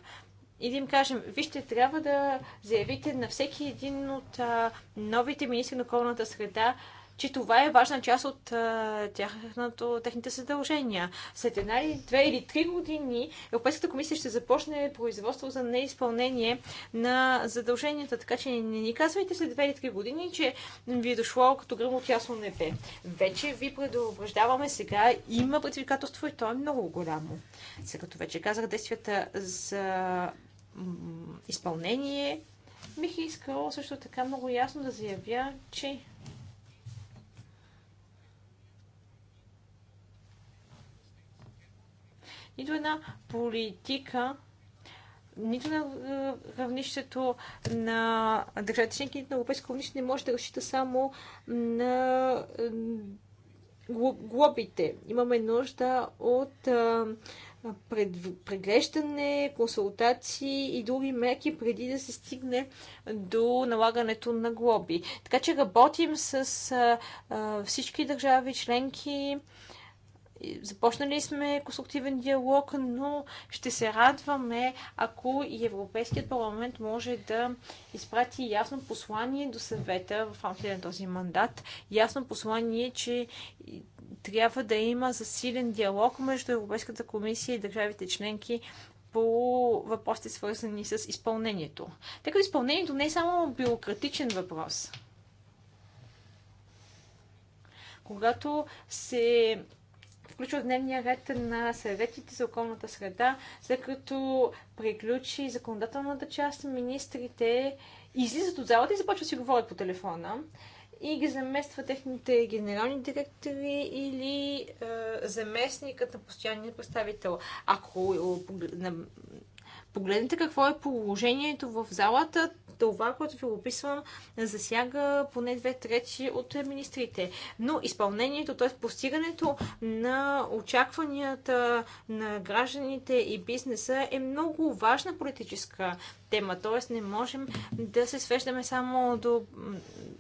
и да им кажем, вижте, трябва да заявите на всеки един от а, новите министри на околната среда че това е важна част от тяхното, техните задължения. След една или две или три години Европейската комисия ще започне производство за неизпълнение на задълженията. Така че не, не ни казвайте след две или три години, че ви е дошло като гръм от ясно небе. Вече ви предупреждаваме сега. Има предизвикателство и то е много голямо. Сега като вече казах действията за изпълнение, бих искала също така много ясно да заявя, че нито една политика нито на е, равнището на държавите членки, нито на европейско комисия не може да разчита само на е, глобите. Имаме нужда от е, преглеждане, консултации и други мерки преди да се стигне до налагането на глоби. Така че работим с всички държави членки, Започнали сме конструктивен диалог, но ще се радваме, ако и Европейският парламент може да изпрати ясно послание до съвета в рамките на този мандат. Ясно послание, че трябва да има засилен диалог между Европейската комисия и държавите членки по въпросите, свързани с изпълнението. Тъй като изпълнението не е само бюрократичен въпрос. Когато се включва дневния ред на съветите за околната среда, след като приключи законодателната част, министрите излизат от залата и започват да си говорят по телефона и ги замества техните генерални директори или е, заместникът на постоянния представител. Ако е, погледнете какво е положението в залата, това, което ви описвам, засяга поне две трети от министрите. Но изпълнението, т.е. постигането на очакванията на гражданите и бизнеса е много важна политическа тема. Т.е. не можем да се свеждаме само до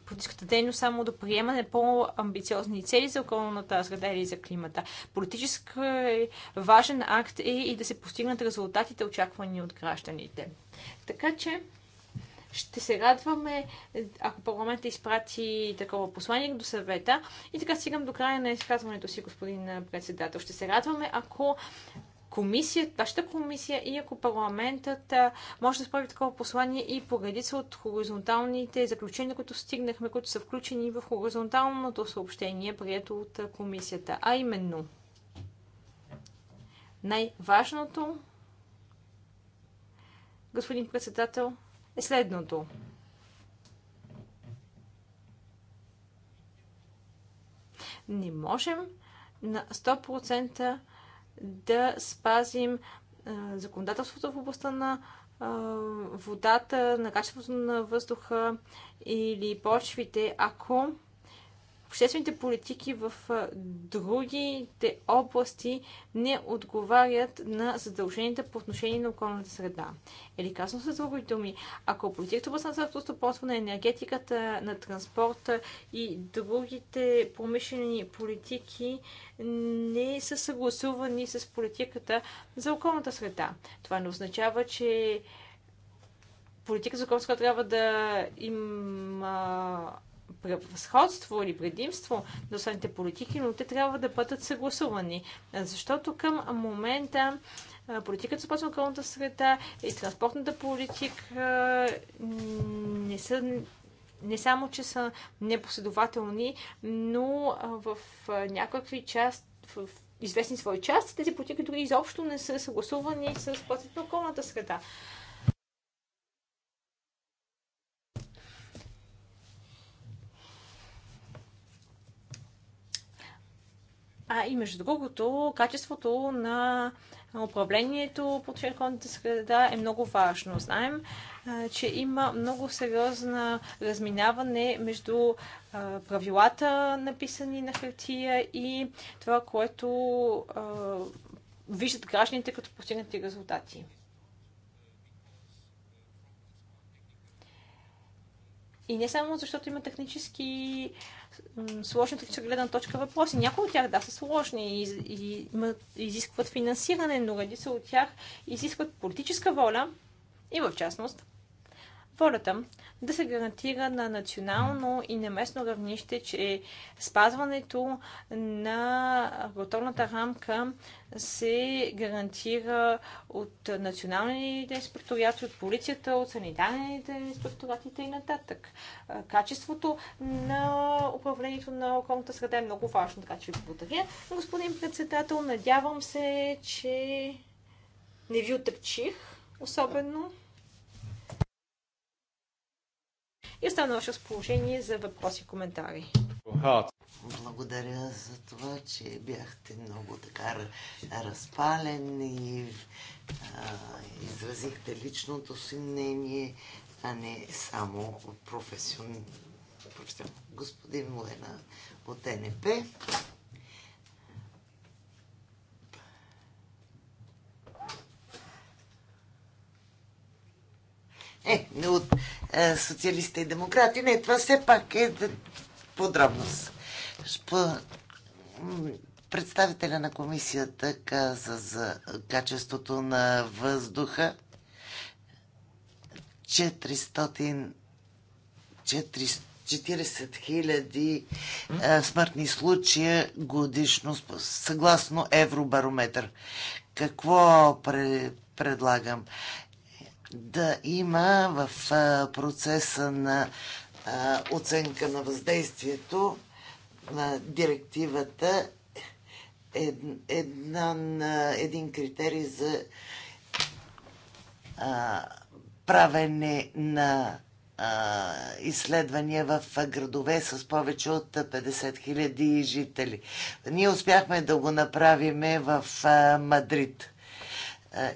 политическата дейност, само до приемане по-амбициозни цели за околната среда или за климата. Политически важен акт е и да се постигнат резултатите, очаквани от гражданите. Така че ще се радваме, ако парламентът изпрати такова послание до съвета. И така стигам до края на изказването си, господин председател. Ще се радваме, ако комисията, вашата комисия и ако парламентът може да справи такова послание и поредица от хоризонталните заключения, които стигнахме, които са включени в хоризонталното съобщение, прието от комисията. А именно, най-важното господин председател, е следното. Не можем на 100% да спазим законодателството в областта на водата, на качеството на въздуха или почвите, ако обществените политики в другите области не отговарят на задълженията по отношение на околната среда. Или казано с други думи, ако политиката в на автостопорство, на енергетиката, на транспорта и другите промишлени политики не са съгласувани с политиката за околната среда. Това не означава, че политика за околната трябва да има превъзходство или предимство на останалите политики, но те трябва да бъдат съгласувани. Защото към момента политиката за опазване околната среда и транспортната политика не са не само, че са непоследователни, но в някакви част, в известни свои части, тези политики дори изобщо не са съгласувани с пътят на околната среда. А и между другото, качеството на управлението под околната среда е много важно. Знаем, че има много сериозна разминаване между правилата, написани на хартия и това, което виждат гражданите като постигнати резултати. И не само защото има технически а, сложни от гледна точка въпроси. Някои от тях, да, са сложни и, и изискват финансиране, но редица от тях изискват политическа воля и в частност волята да се гарантира на национално и на местно равнище, че спазването на регулаторната рамка се гарантира от националните инспекторати, от полицията, от санитарните инспекторати и нататък. Качеството на управлението на околната среда е много важно, така че ви благодаря. Господин председател, надявам се, че не ви отръчих особено. и остана ваше разположение за въпроси и коментари. Благодаря за това, че бяхте много така разпален и изразихте личното си мнение, а не само професионално. Професион. Господин Лена от НП. Е, не, от, е, социалистите и демократи. Не, това все пак е подробност. Представителя на комисията каза за качеството на въздуха. 400 хиляди е, смъртни случая годишно, съгласно Евробарометър. Какво пре, предлагам? да има в процеса на оценка на въздействието на директивата една, един критерий за а, правене на а, изследвания в градове с повече от 50 000 жители. Ние успяхме да го направиме в а, Мадрид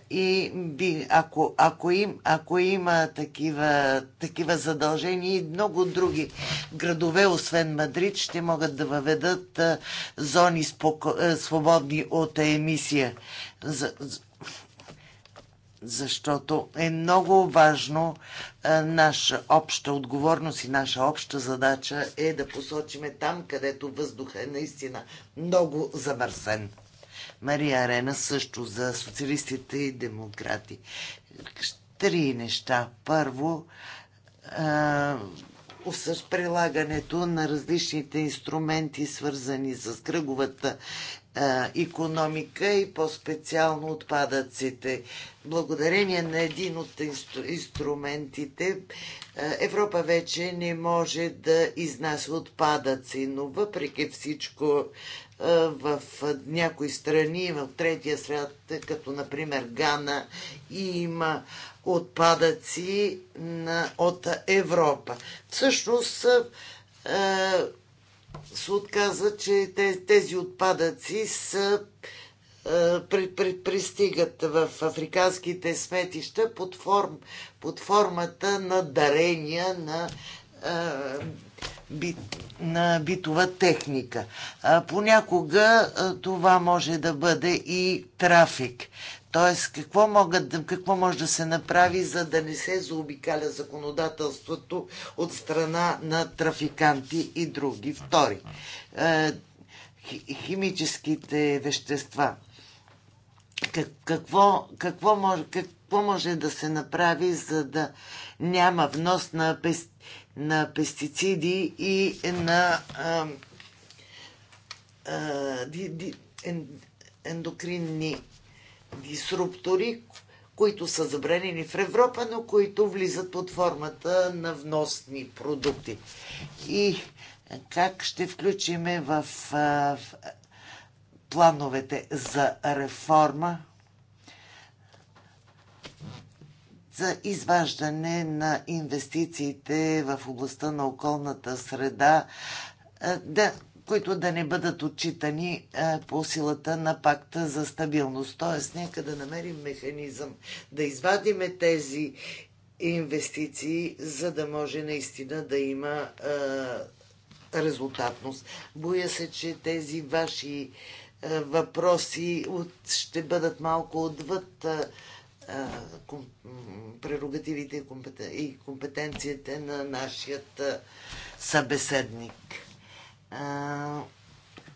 и би, ако, ако, им, ако има такива, такива задължения и много други градове, освен Мадрид, ще могат да въведат зони споко, свободни от емисия. За, защото е много важно наша обща отговорност и наша обща задача е да посочиме там, където въздуха е наистина много замърсен. Мария Арена също за социалистите и демократи. Три неща. Първо, с прилагането на различните инструменти, свързани с кръговата економика и по-специално отпадъците. Благодарение на един от инструментите Европа вече не може да изнася отпадъци, но въпреки всичко в някои страни, в третия свят, като например Гана, има отпадъци от Европа. Всъщност се отказа, че тези отпадъци са е, пристигат в африканските сметища под, форм, под формата на дарения на, е, на битова техника. понякога е, това може да бъде и трафик. Тоест, какво, могат, какво може да се направи, за да не се заобикаля законодателството от страна на трафиканти и други? Втори, е, химическите вещества. Какво, какво, може, какво може да се направи, за да няма внос на, пес, на пестициди и на а, а, ди, ди, ен, ендокринни дисруптори, които са забранени в Европа, но които влизат под формата на вносни продукти. И е, как ще включиме в, е, в е, плановете за реформа за изваждане на инвестициите в областта на околната среда да които да не бъдат отчитани е, по силата на пакта за стабилност. Тоест, нека да намерим механизъм да извадиме тези инвестиции, за да може наистина да има е, резултатност. Боя се, че тези ваши е, въпроси ще бъдат малко отвъд прерогативите и компетенциите на нашият събеседник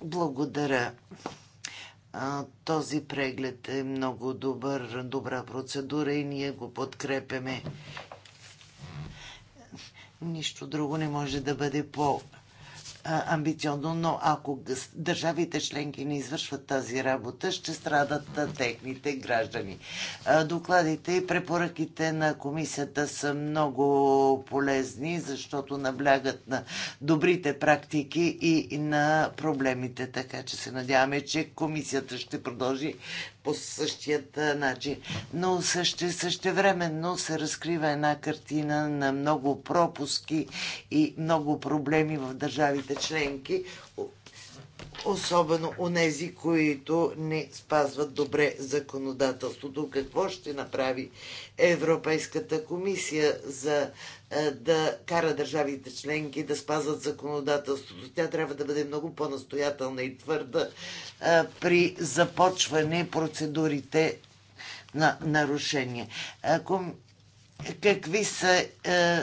благодаря. А, този преглед е много добър, добра процедура и ние го подкрепяме. Нищо друго не може да бъде по амбициозно, но ако държавите членки не извършват тази работа, ще страдат техните граждани. Докладите и препоръките на комисията са много полезни, защото наблягат на добрите практики и на проблемите, така че се надяваме, че комисията ще продължи по същият начин. Но също, същевременно се разкрива една картина на много пропуски и много проблеми в държавите членки, особено у нези, които не спазват добре законодателството. Какво ще направи Европейската комисия за е, да кара държавите членки да спазват законодателството. Тя трябва да бъде много по-настоятелна и твърда е, при започване процедурите на нарушение. Какви са е,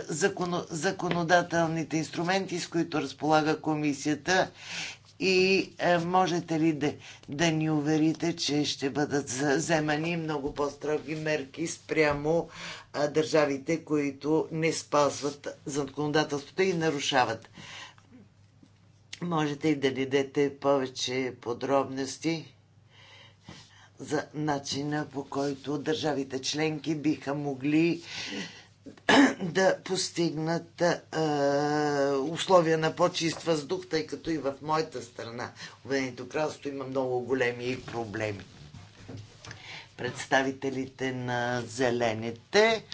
законодателните инструменти, с които разполага комисията и е, можете ли да, да ни уверите, че ще бъдат вземани много по-строги мерки спрямо а, е, държавите, които не спазват законодателството и нарушават? Можете и да ни дадете повече подробности за начина по който държавите членки биха могли [clears throat] да постигнат а, условия на по-чист въздух, тъй като и в моята страна, Обединеното кралство, има много големи проблеми. Представителите на зелените,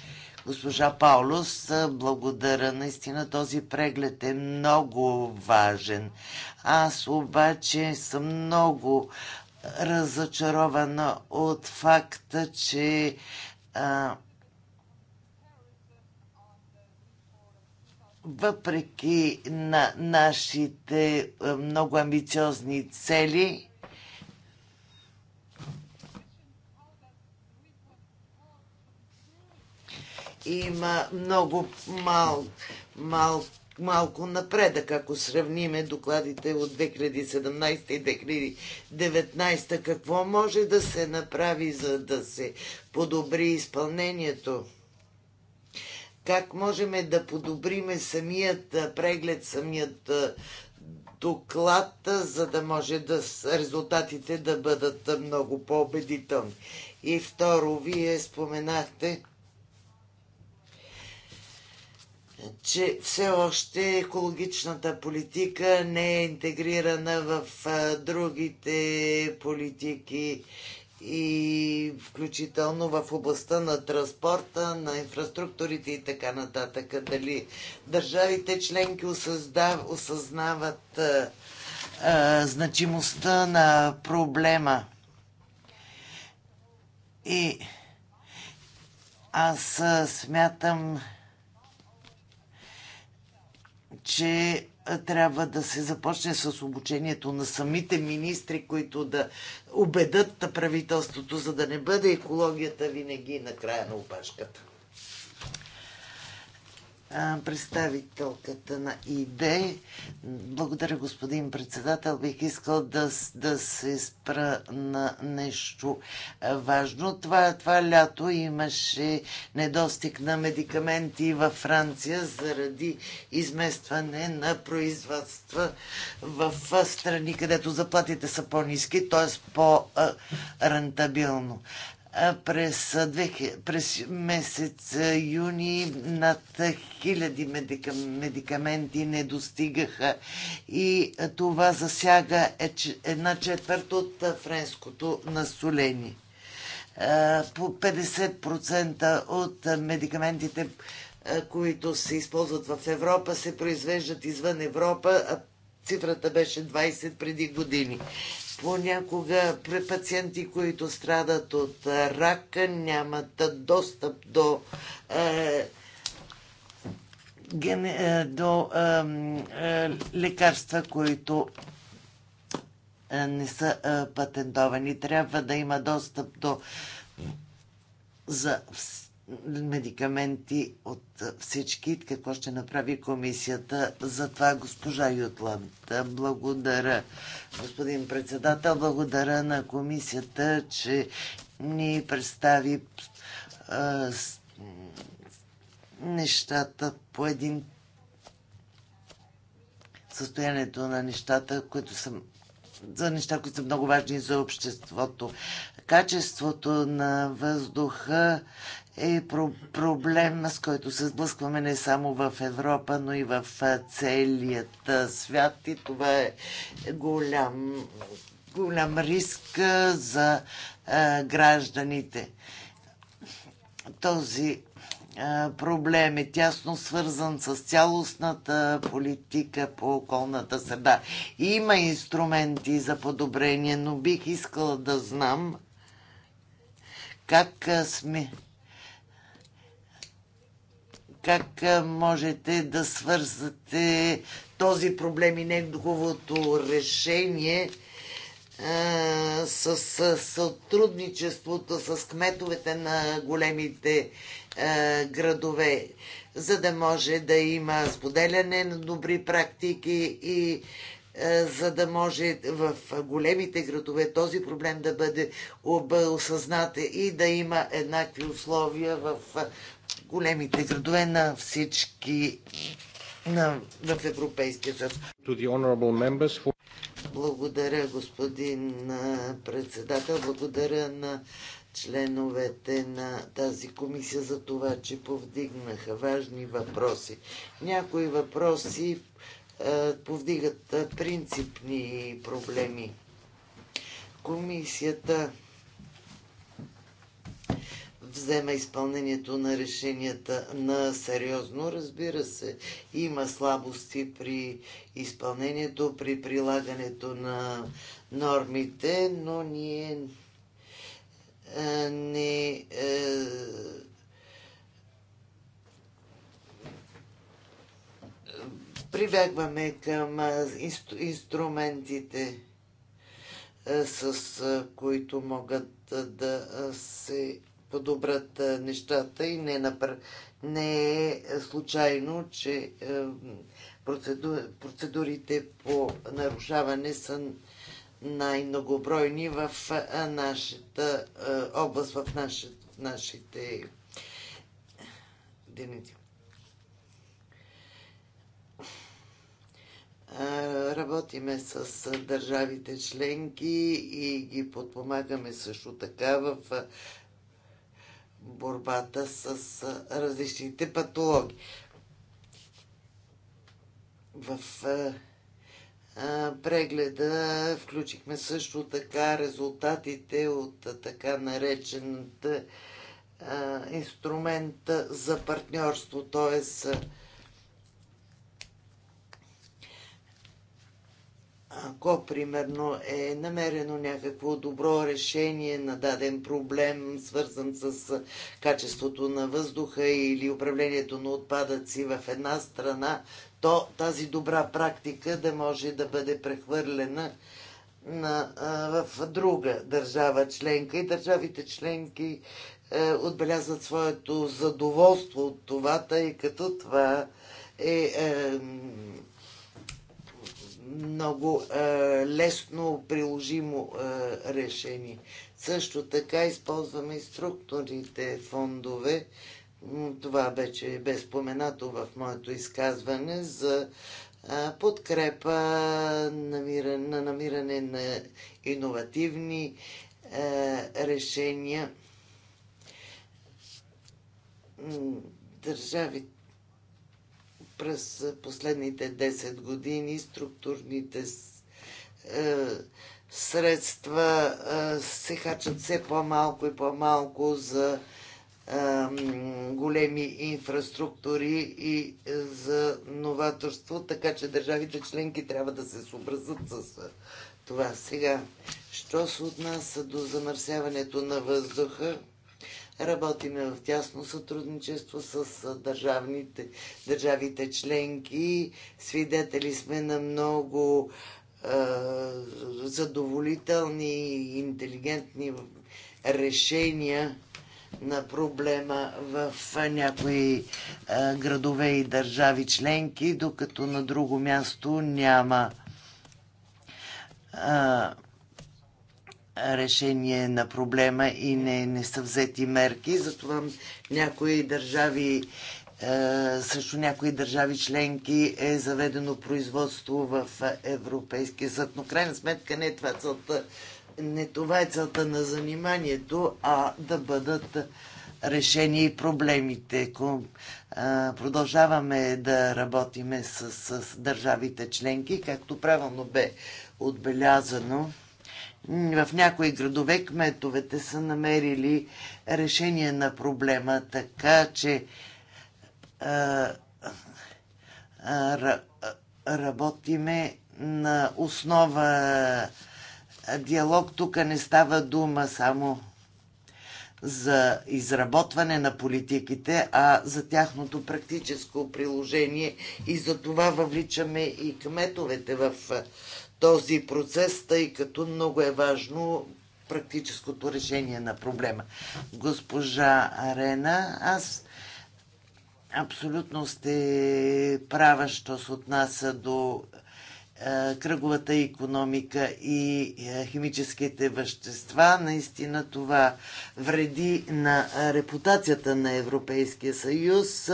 госпожа Паулос, благодаря. Наистина този преглед е много важен. Аз обаче съм много разочарована от факта, че а, въпреки на нашите е, много амбициозни цели, има много мал, мал, малко напредък, ако сравниме докладите от 2017 и 2019. Какво може да се направи, за да се подобри изпълнението? как можем да подобриме самият преглед, самият доклад, за да може да, резултатите да бъдат много по-убедителни. И второ, вие споменахте, че все още екологичната политика не е интегрирана в другите политики и включително в областта на транспорта, на инфраструктурите и така нататък. Дали държавите членки осъздав, осъзнават а, а, значимостта на проблема. И аз смятам, че трябва да се започне с обучението на самите министри, които да убедат правителството, за да не бъде екологията винаги на края на опашката представителката на ИД. Благодаря, господин председател. Бих искал да, да се спра на нещо важно. Това, това лято имаше недостиг на медикаменти във Франция заради изместване на производства в страни, където заплатите са по-низки, т.е. по-рентабилно през, през месец юни над хиляди медикаменти не достигаха и това засяга една четвърт от френското население. По 50% от медикаментите, които се използват в Европа, се произвеждат извън Европа, а цифрата беше 20 преди години. Понякога пациенти, които страдат от рак, нямат достъп до е, до е, е, лекарства, които не са патентовани. Трябва да има достъп до за медикаменти от всички. Какво ще направи комисията за това, госпожа Ютланд? Благодаря, господин председател. Благодаря на комисията, че ни представи а, нещата по един състоянието на нещата, които са за неща, които са много важни за обществото. Качеството на въздуха е про- проблем, с който се сблъскваме не само в Европа, но и в целият свят. И това е голям, голям риск за а, гражданите. Този а, проблем е тясно свързан с цялостната политика по околната среда. Има инструменти за подобрение, но бих искала да знам как сме как можете да свързате този проблем и неговото решение с сътрудничеството с кметовете на големите градове, за да може да има споделяне на добри практики и за да може в големите градове този проблем да бъде осъзнат и да има еднакви условия в големите градове на всички на, в Европейския съюз. For... Благодаря, господин председател. Благодаря на членовете на тази комисия за това, че повдигнаха важни въпроси. Някои въпроси а, повдигат принципни проблеми. Комисията взема изпълнението на решенията на сериозно. Разбира се, има слабости при изпълнението, при прилагането на нормите, но ние е, не е, прибягваме към е, инструментите, с които могат да се подобрат е, нещата и не, напър... не е случайно, че е, процеду... процедурите по нарушаване са най-многобройни в е, нашата област, в нашите, нашите Работиме с държавите членки и ги подпомагаме също така в борбата с различните патологии. В прегледа включихме също така резултатите от така наречената инструмент за партньорство, т.е. ако примерно е намерено някакво добро решение на даден проблем, свързан с качеството на въздуха или управлението на отпадъци в една страна, то тази добра практика да може да бъде прехвърлена на, а, в друга държава членка и държавите членки е, отбелязват своето задоволство от това, тъй като това е, е много е, лесно приложимо е, решение. Също така използваме и структурните фондове. Това вече е споменато в моето изказване за е, подкрепа намиране, на намиране на иновативни е, решения. Държавите през последните 10 години структурните е, средства е, се хачат все по-малко и по-малко за е, големи инфраструктури и за новаторство, така че държавите членки трябва да се съобразят с това. Сега, що се отнася до замърсяването на въздуха, Работим в тясно сътрудничество с държавните, държавите членки. Свидетели сме на много е, задоволителни и интелигентни решения на проблема в някои градове и държави членки, докато на друго място няма Е, решение на проблема и не, не са взети мерки. Затова някои държави е, също някои държави членки е заведено производство в Европейския съд. Но крайна сметка не е това целта. Не това е целта на заниманието, а да бъдат решени и проблемите. Е, продължаваме да работиме с, с държавите членки, както правилно бе отбелязано в някои градове кметовете са намерили решение на проблема, така че а, а, работиме на основа диалог. Тук не става дума само за изработване на политиките, а за тяхното практическо приложение и за това въвличаме и кметовете в този процес, тъй като много е важно практическото решение на проблема. Госпожа Арена, аз абсолютно сте права, що се отнася до е, кръговата економика и е, химическите вещества. Наистина това вреди на репутацията на Европейския съюз.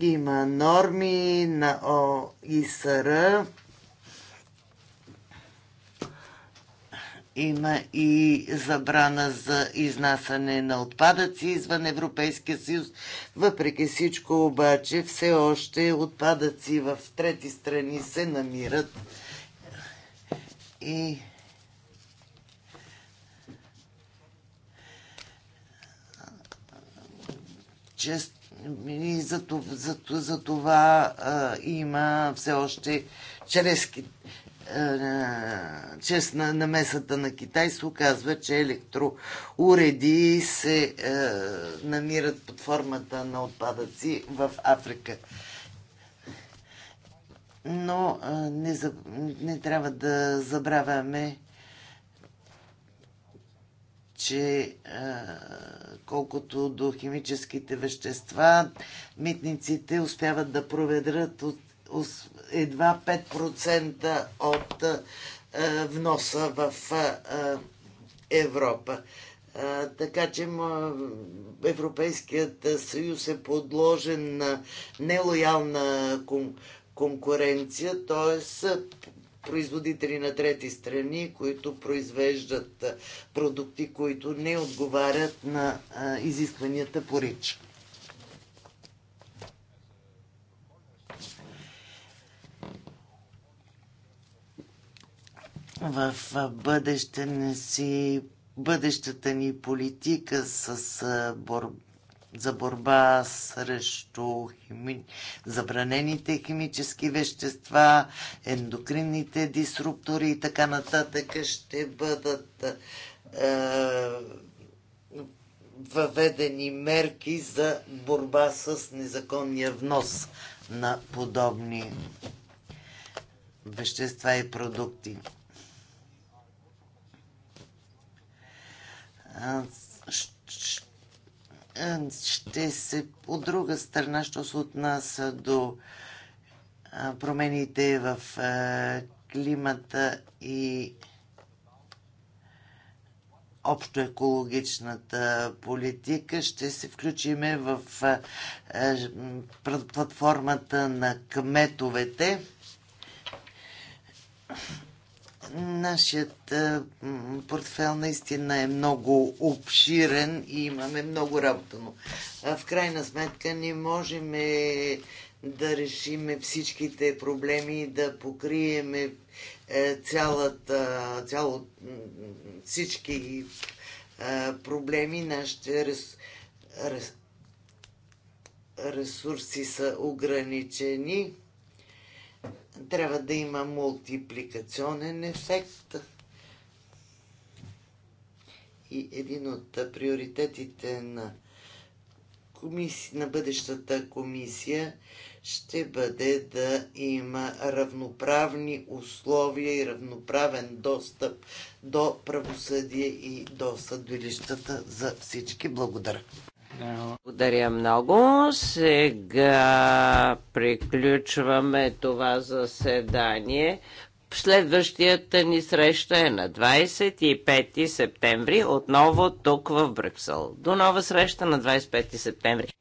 Има норми на ОИСР, Има и забрана за изнасяне на отпадъци извън Европейския съюз. Въпреки всичко обаче все още отпадъци в трети страни се намират и чест и за, за, за това а, има все още чрез е, чрез на намесата на Китай се оказва, че електроуреди се а, е, намират под формата на отпадъци в Африка. Но а, е, не, не трябва да забравяме, че а, колкото до химическите вещества, митниците успяват да проведрат от едва 5% от вноса в Европа. Така че Европейският съюз е подложен на нелоялна конкуренция, т.е. производители на трети страни, които произвеждат продукти, които не отговарят на изискванията по РИЧ. в бъдеще не си, бъдещата ни политика с борба за борба срещу хими... забранените химически вещества, ендокринните дисруптори и така нататък ще бъдат е, въведени мерки за борба с незаконния внос на подобни вещества и продукти. ще се от друга страна, що се отнася до промените в климата и общо екологичната политика. Ще се включиме в платформата на кметовете. Нашият портфел наистина е много обширен и имаме много работа, но в крайна сметка не можем да решиме всичките проблеми, да покриеме е, цялата, цяло, всички проблеми. Нашите рес, рес, ресурси са ограничени трябва да има мултипликационен ефект. И един от приоритетите на, комиси... на бъдещата комисия ще бъде да има равноправни условия и равноправен достъп до правосъдие и до съдилищата за всички. Благодаря. Благодаря много. Сега приключваме това заседание. Следващията ни среща е на 25 септември, отново тук в Брюксел. До нова среща на 25 септември.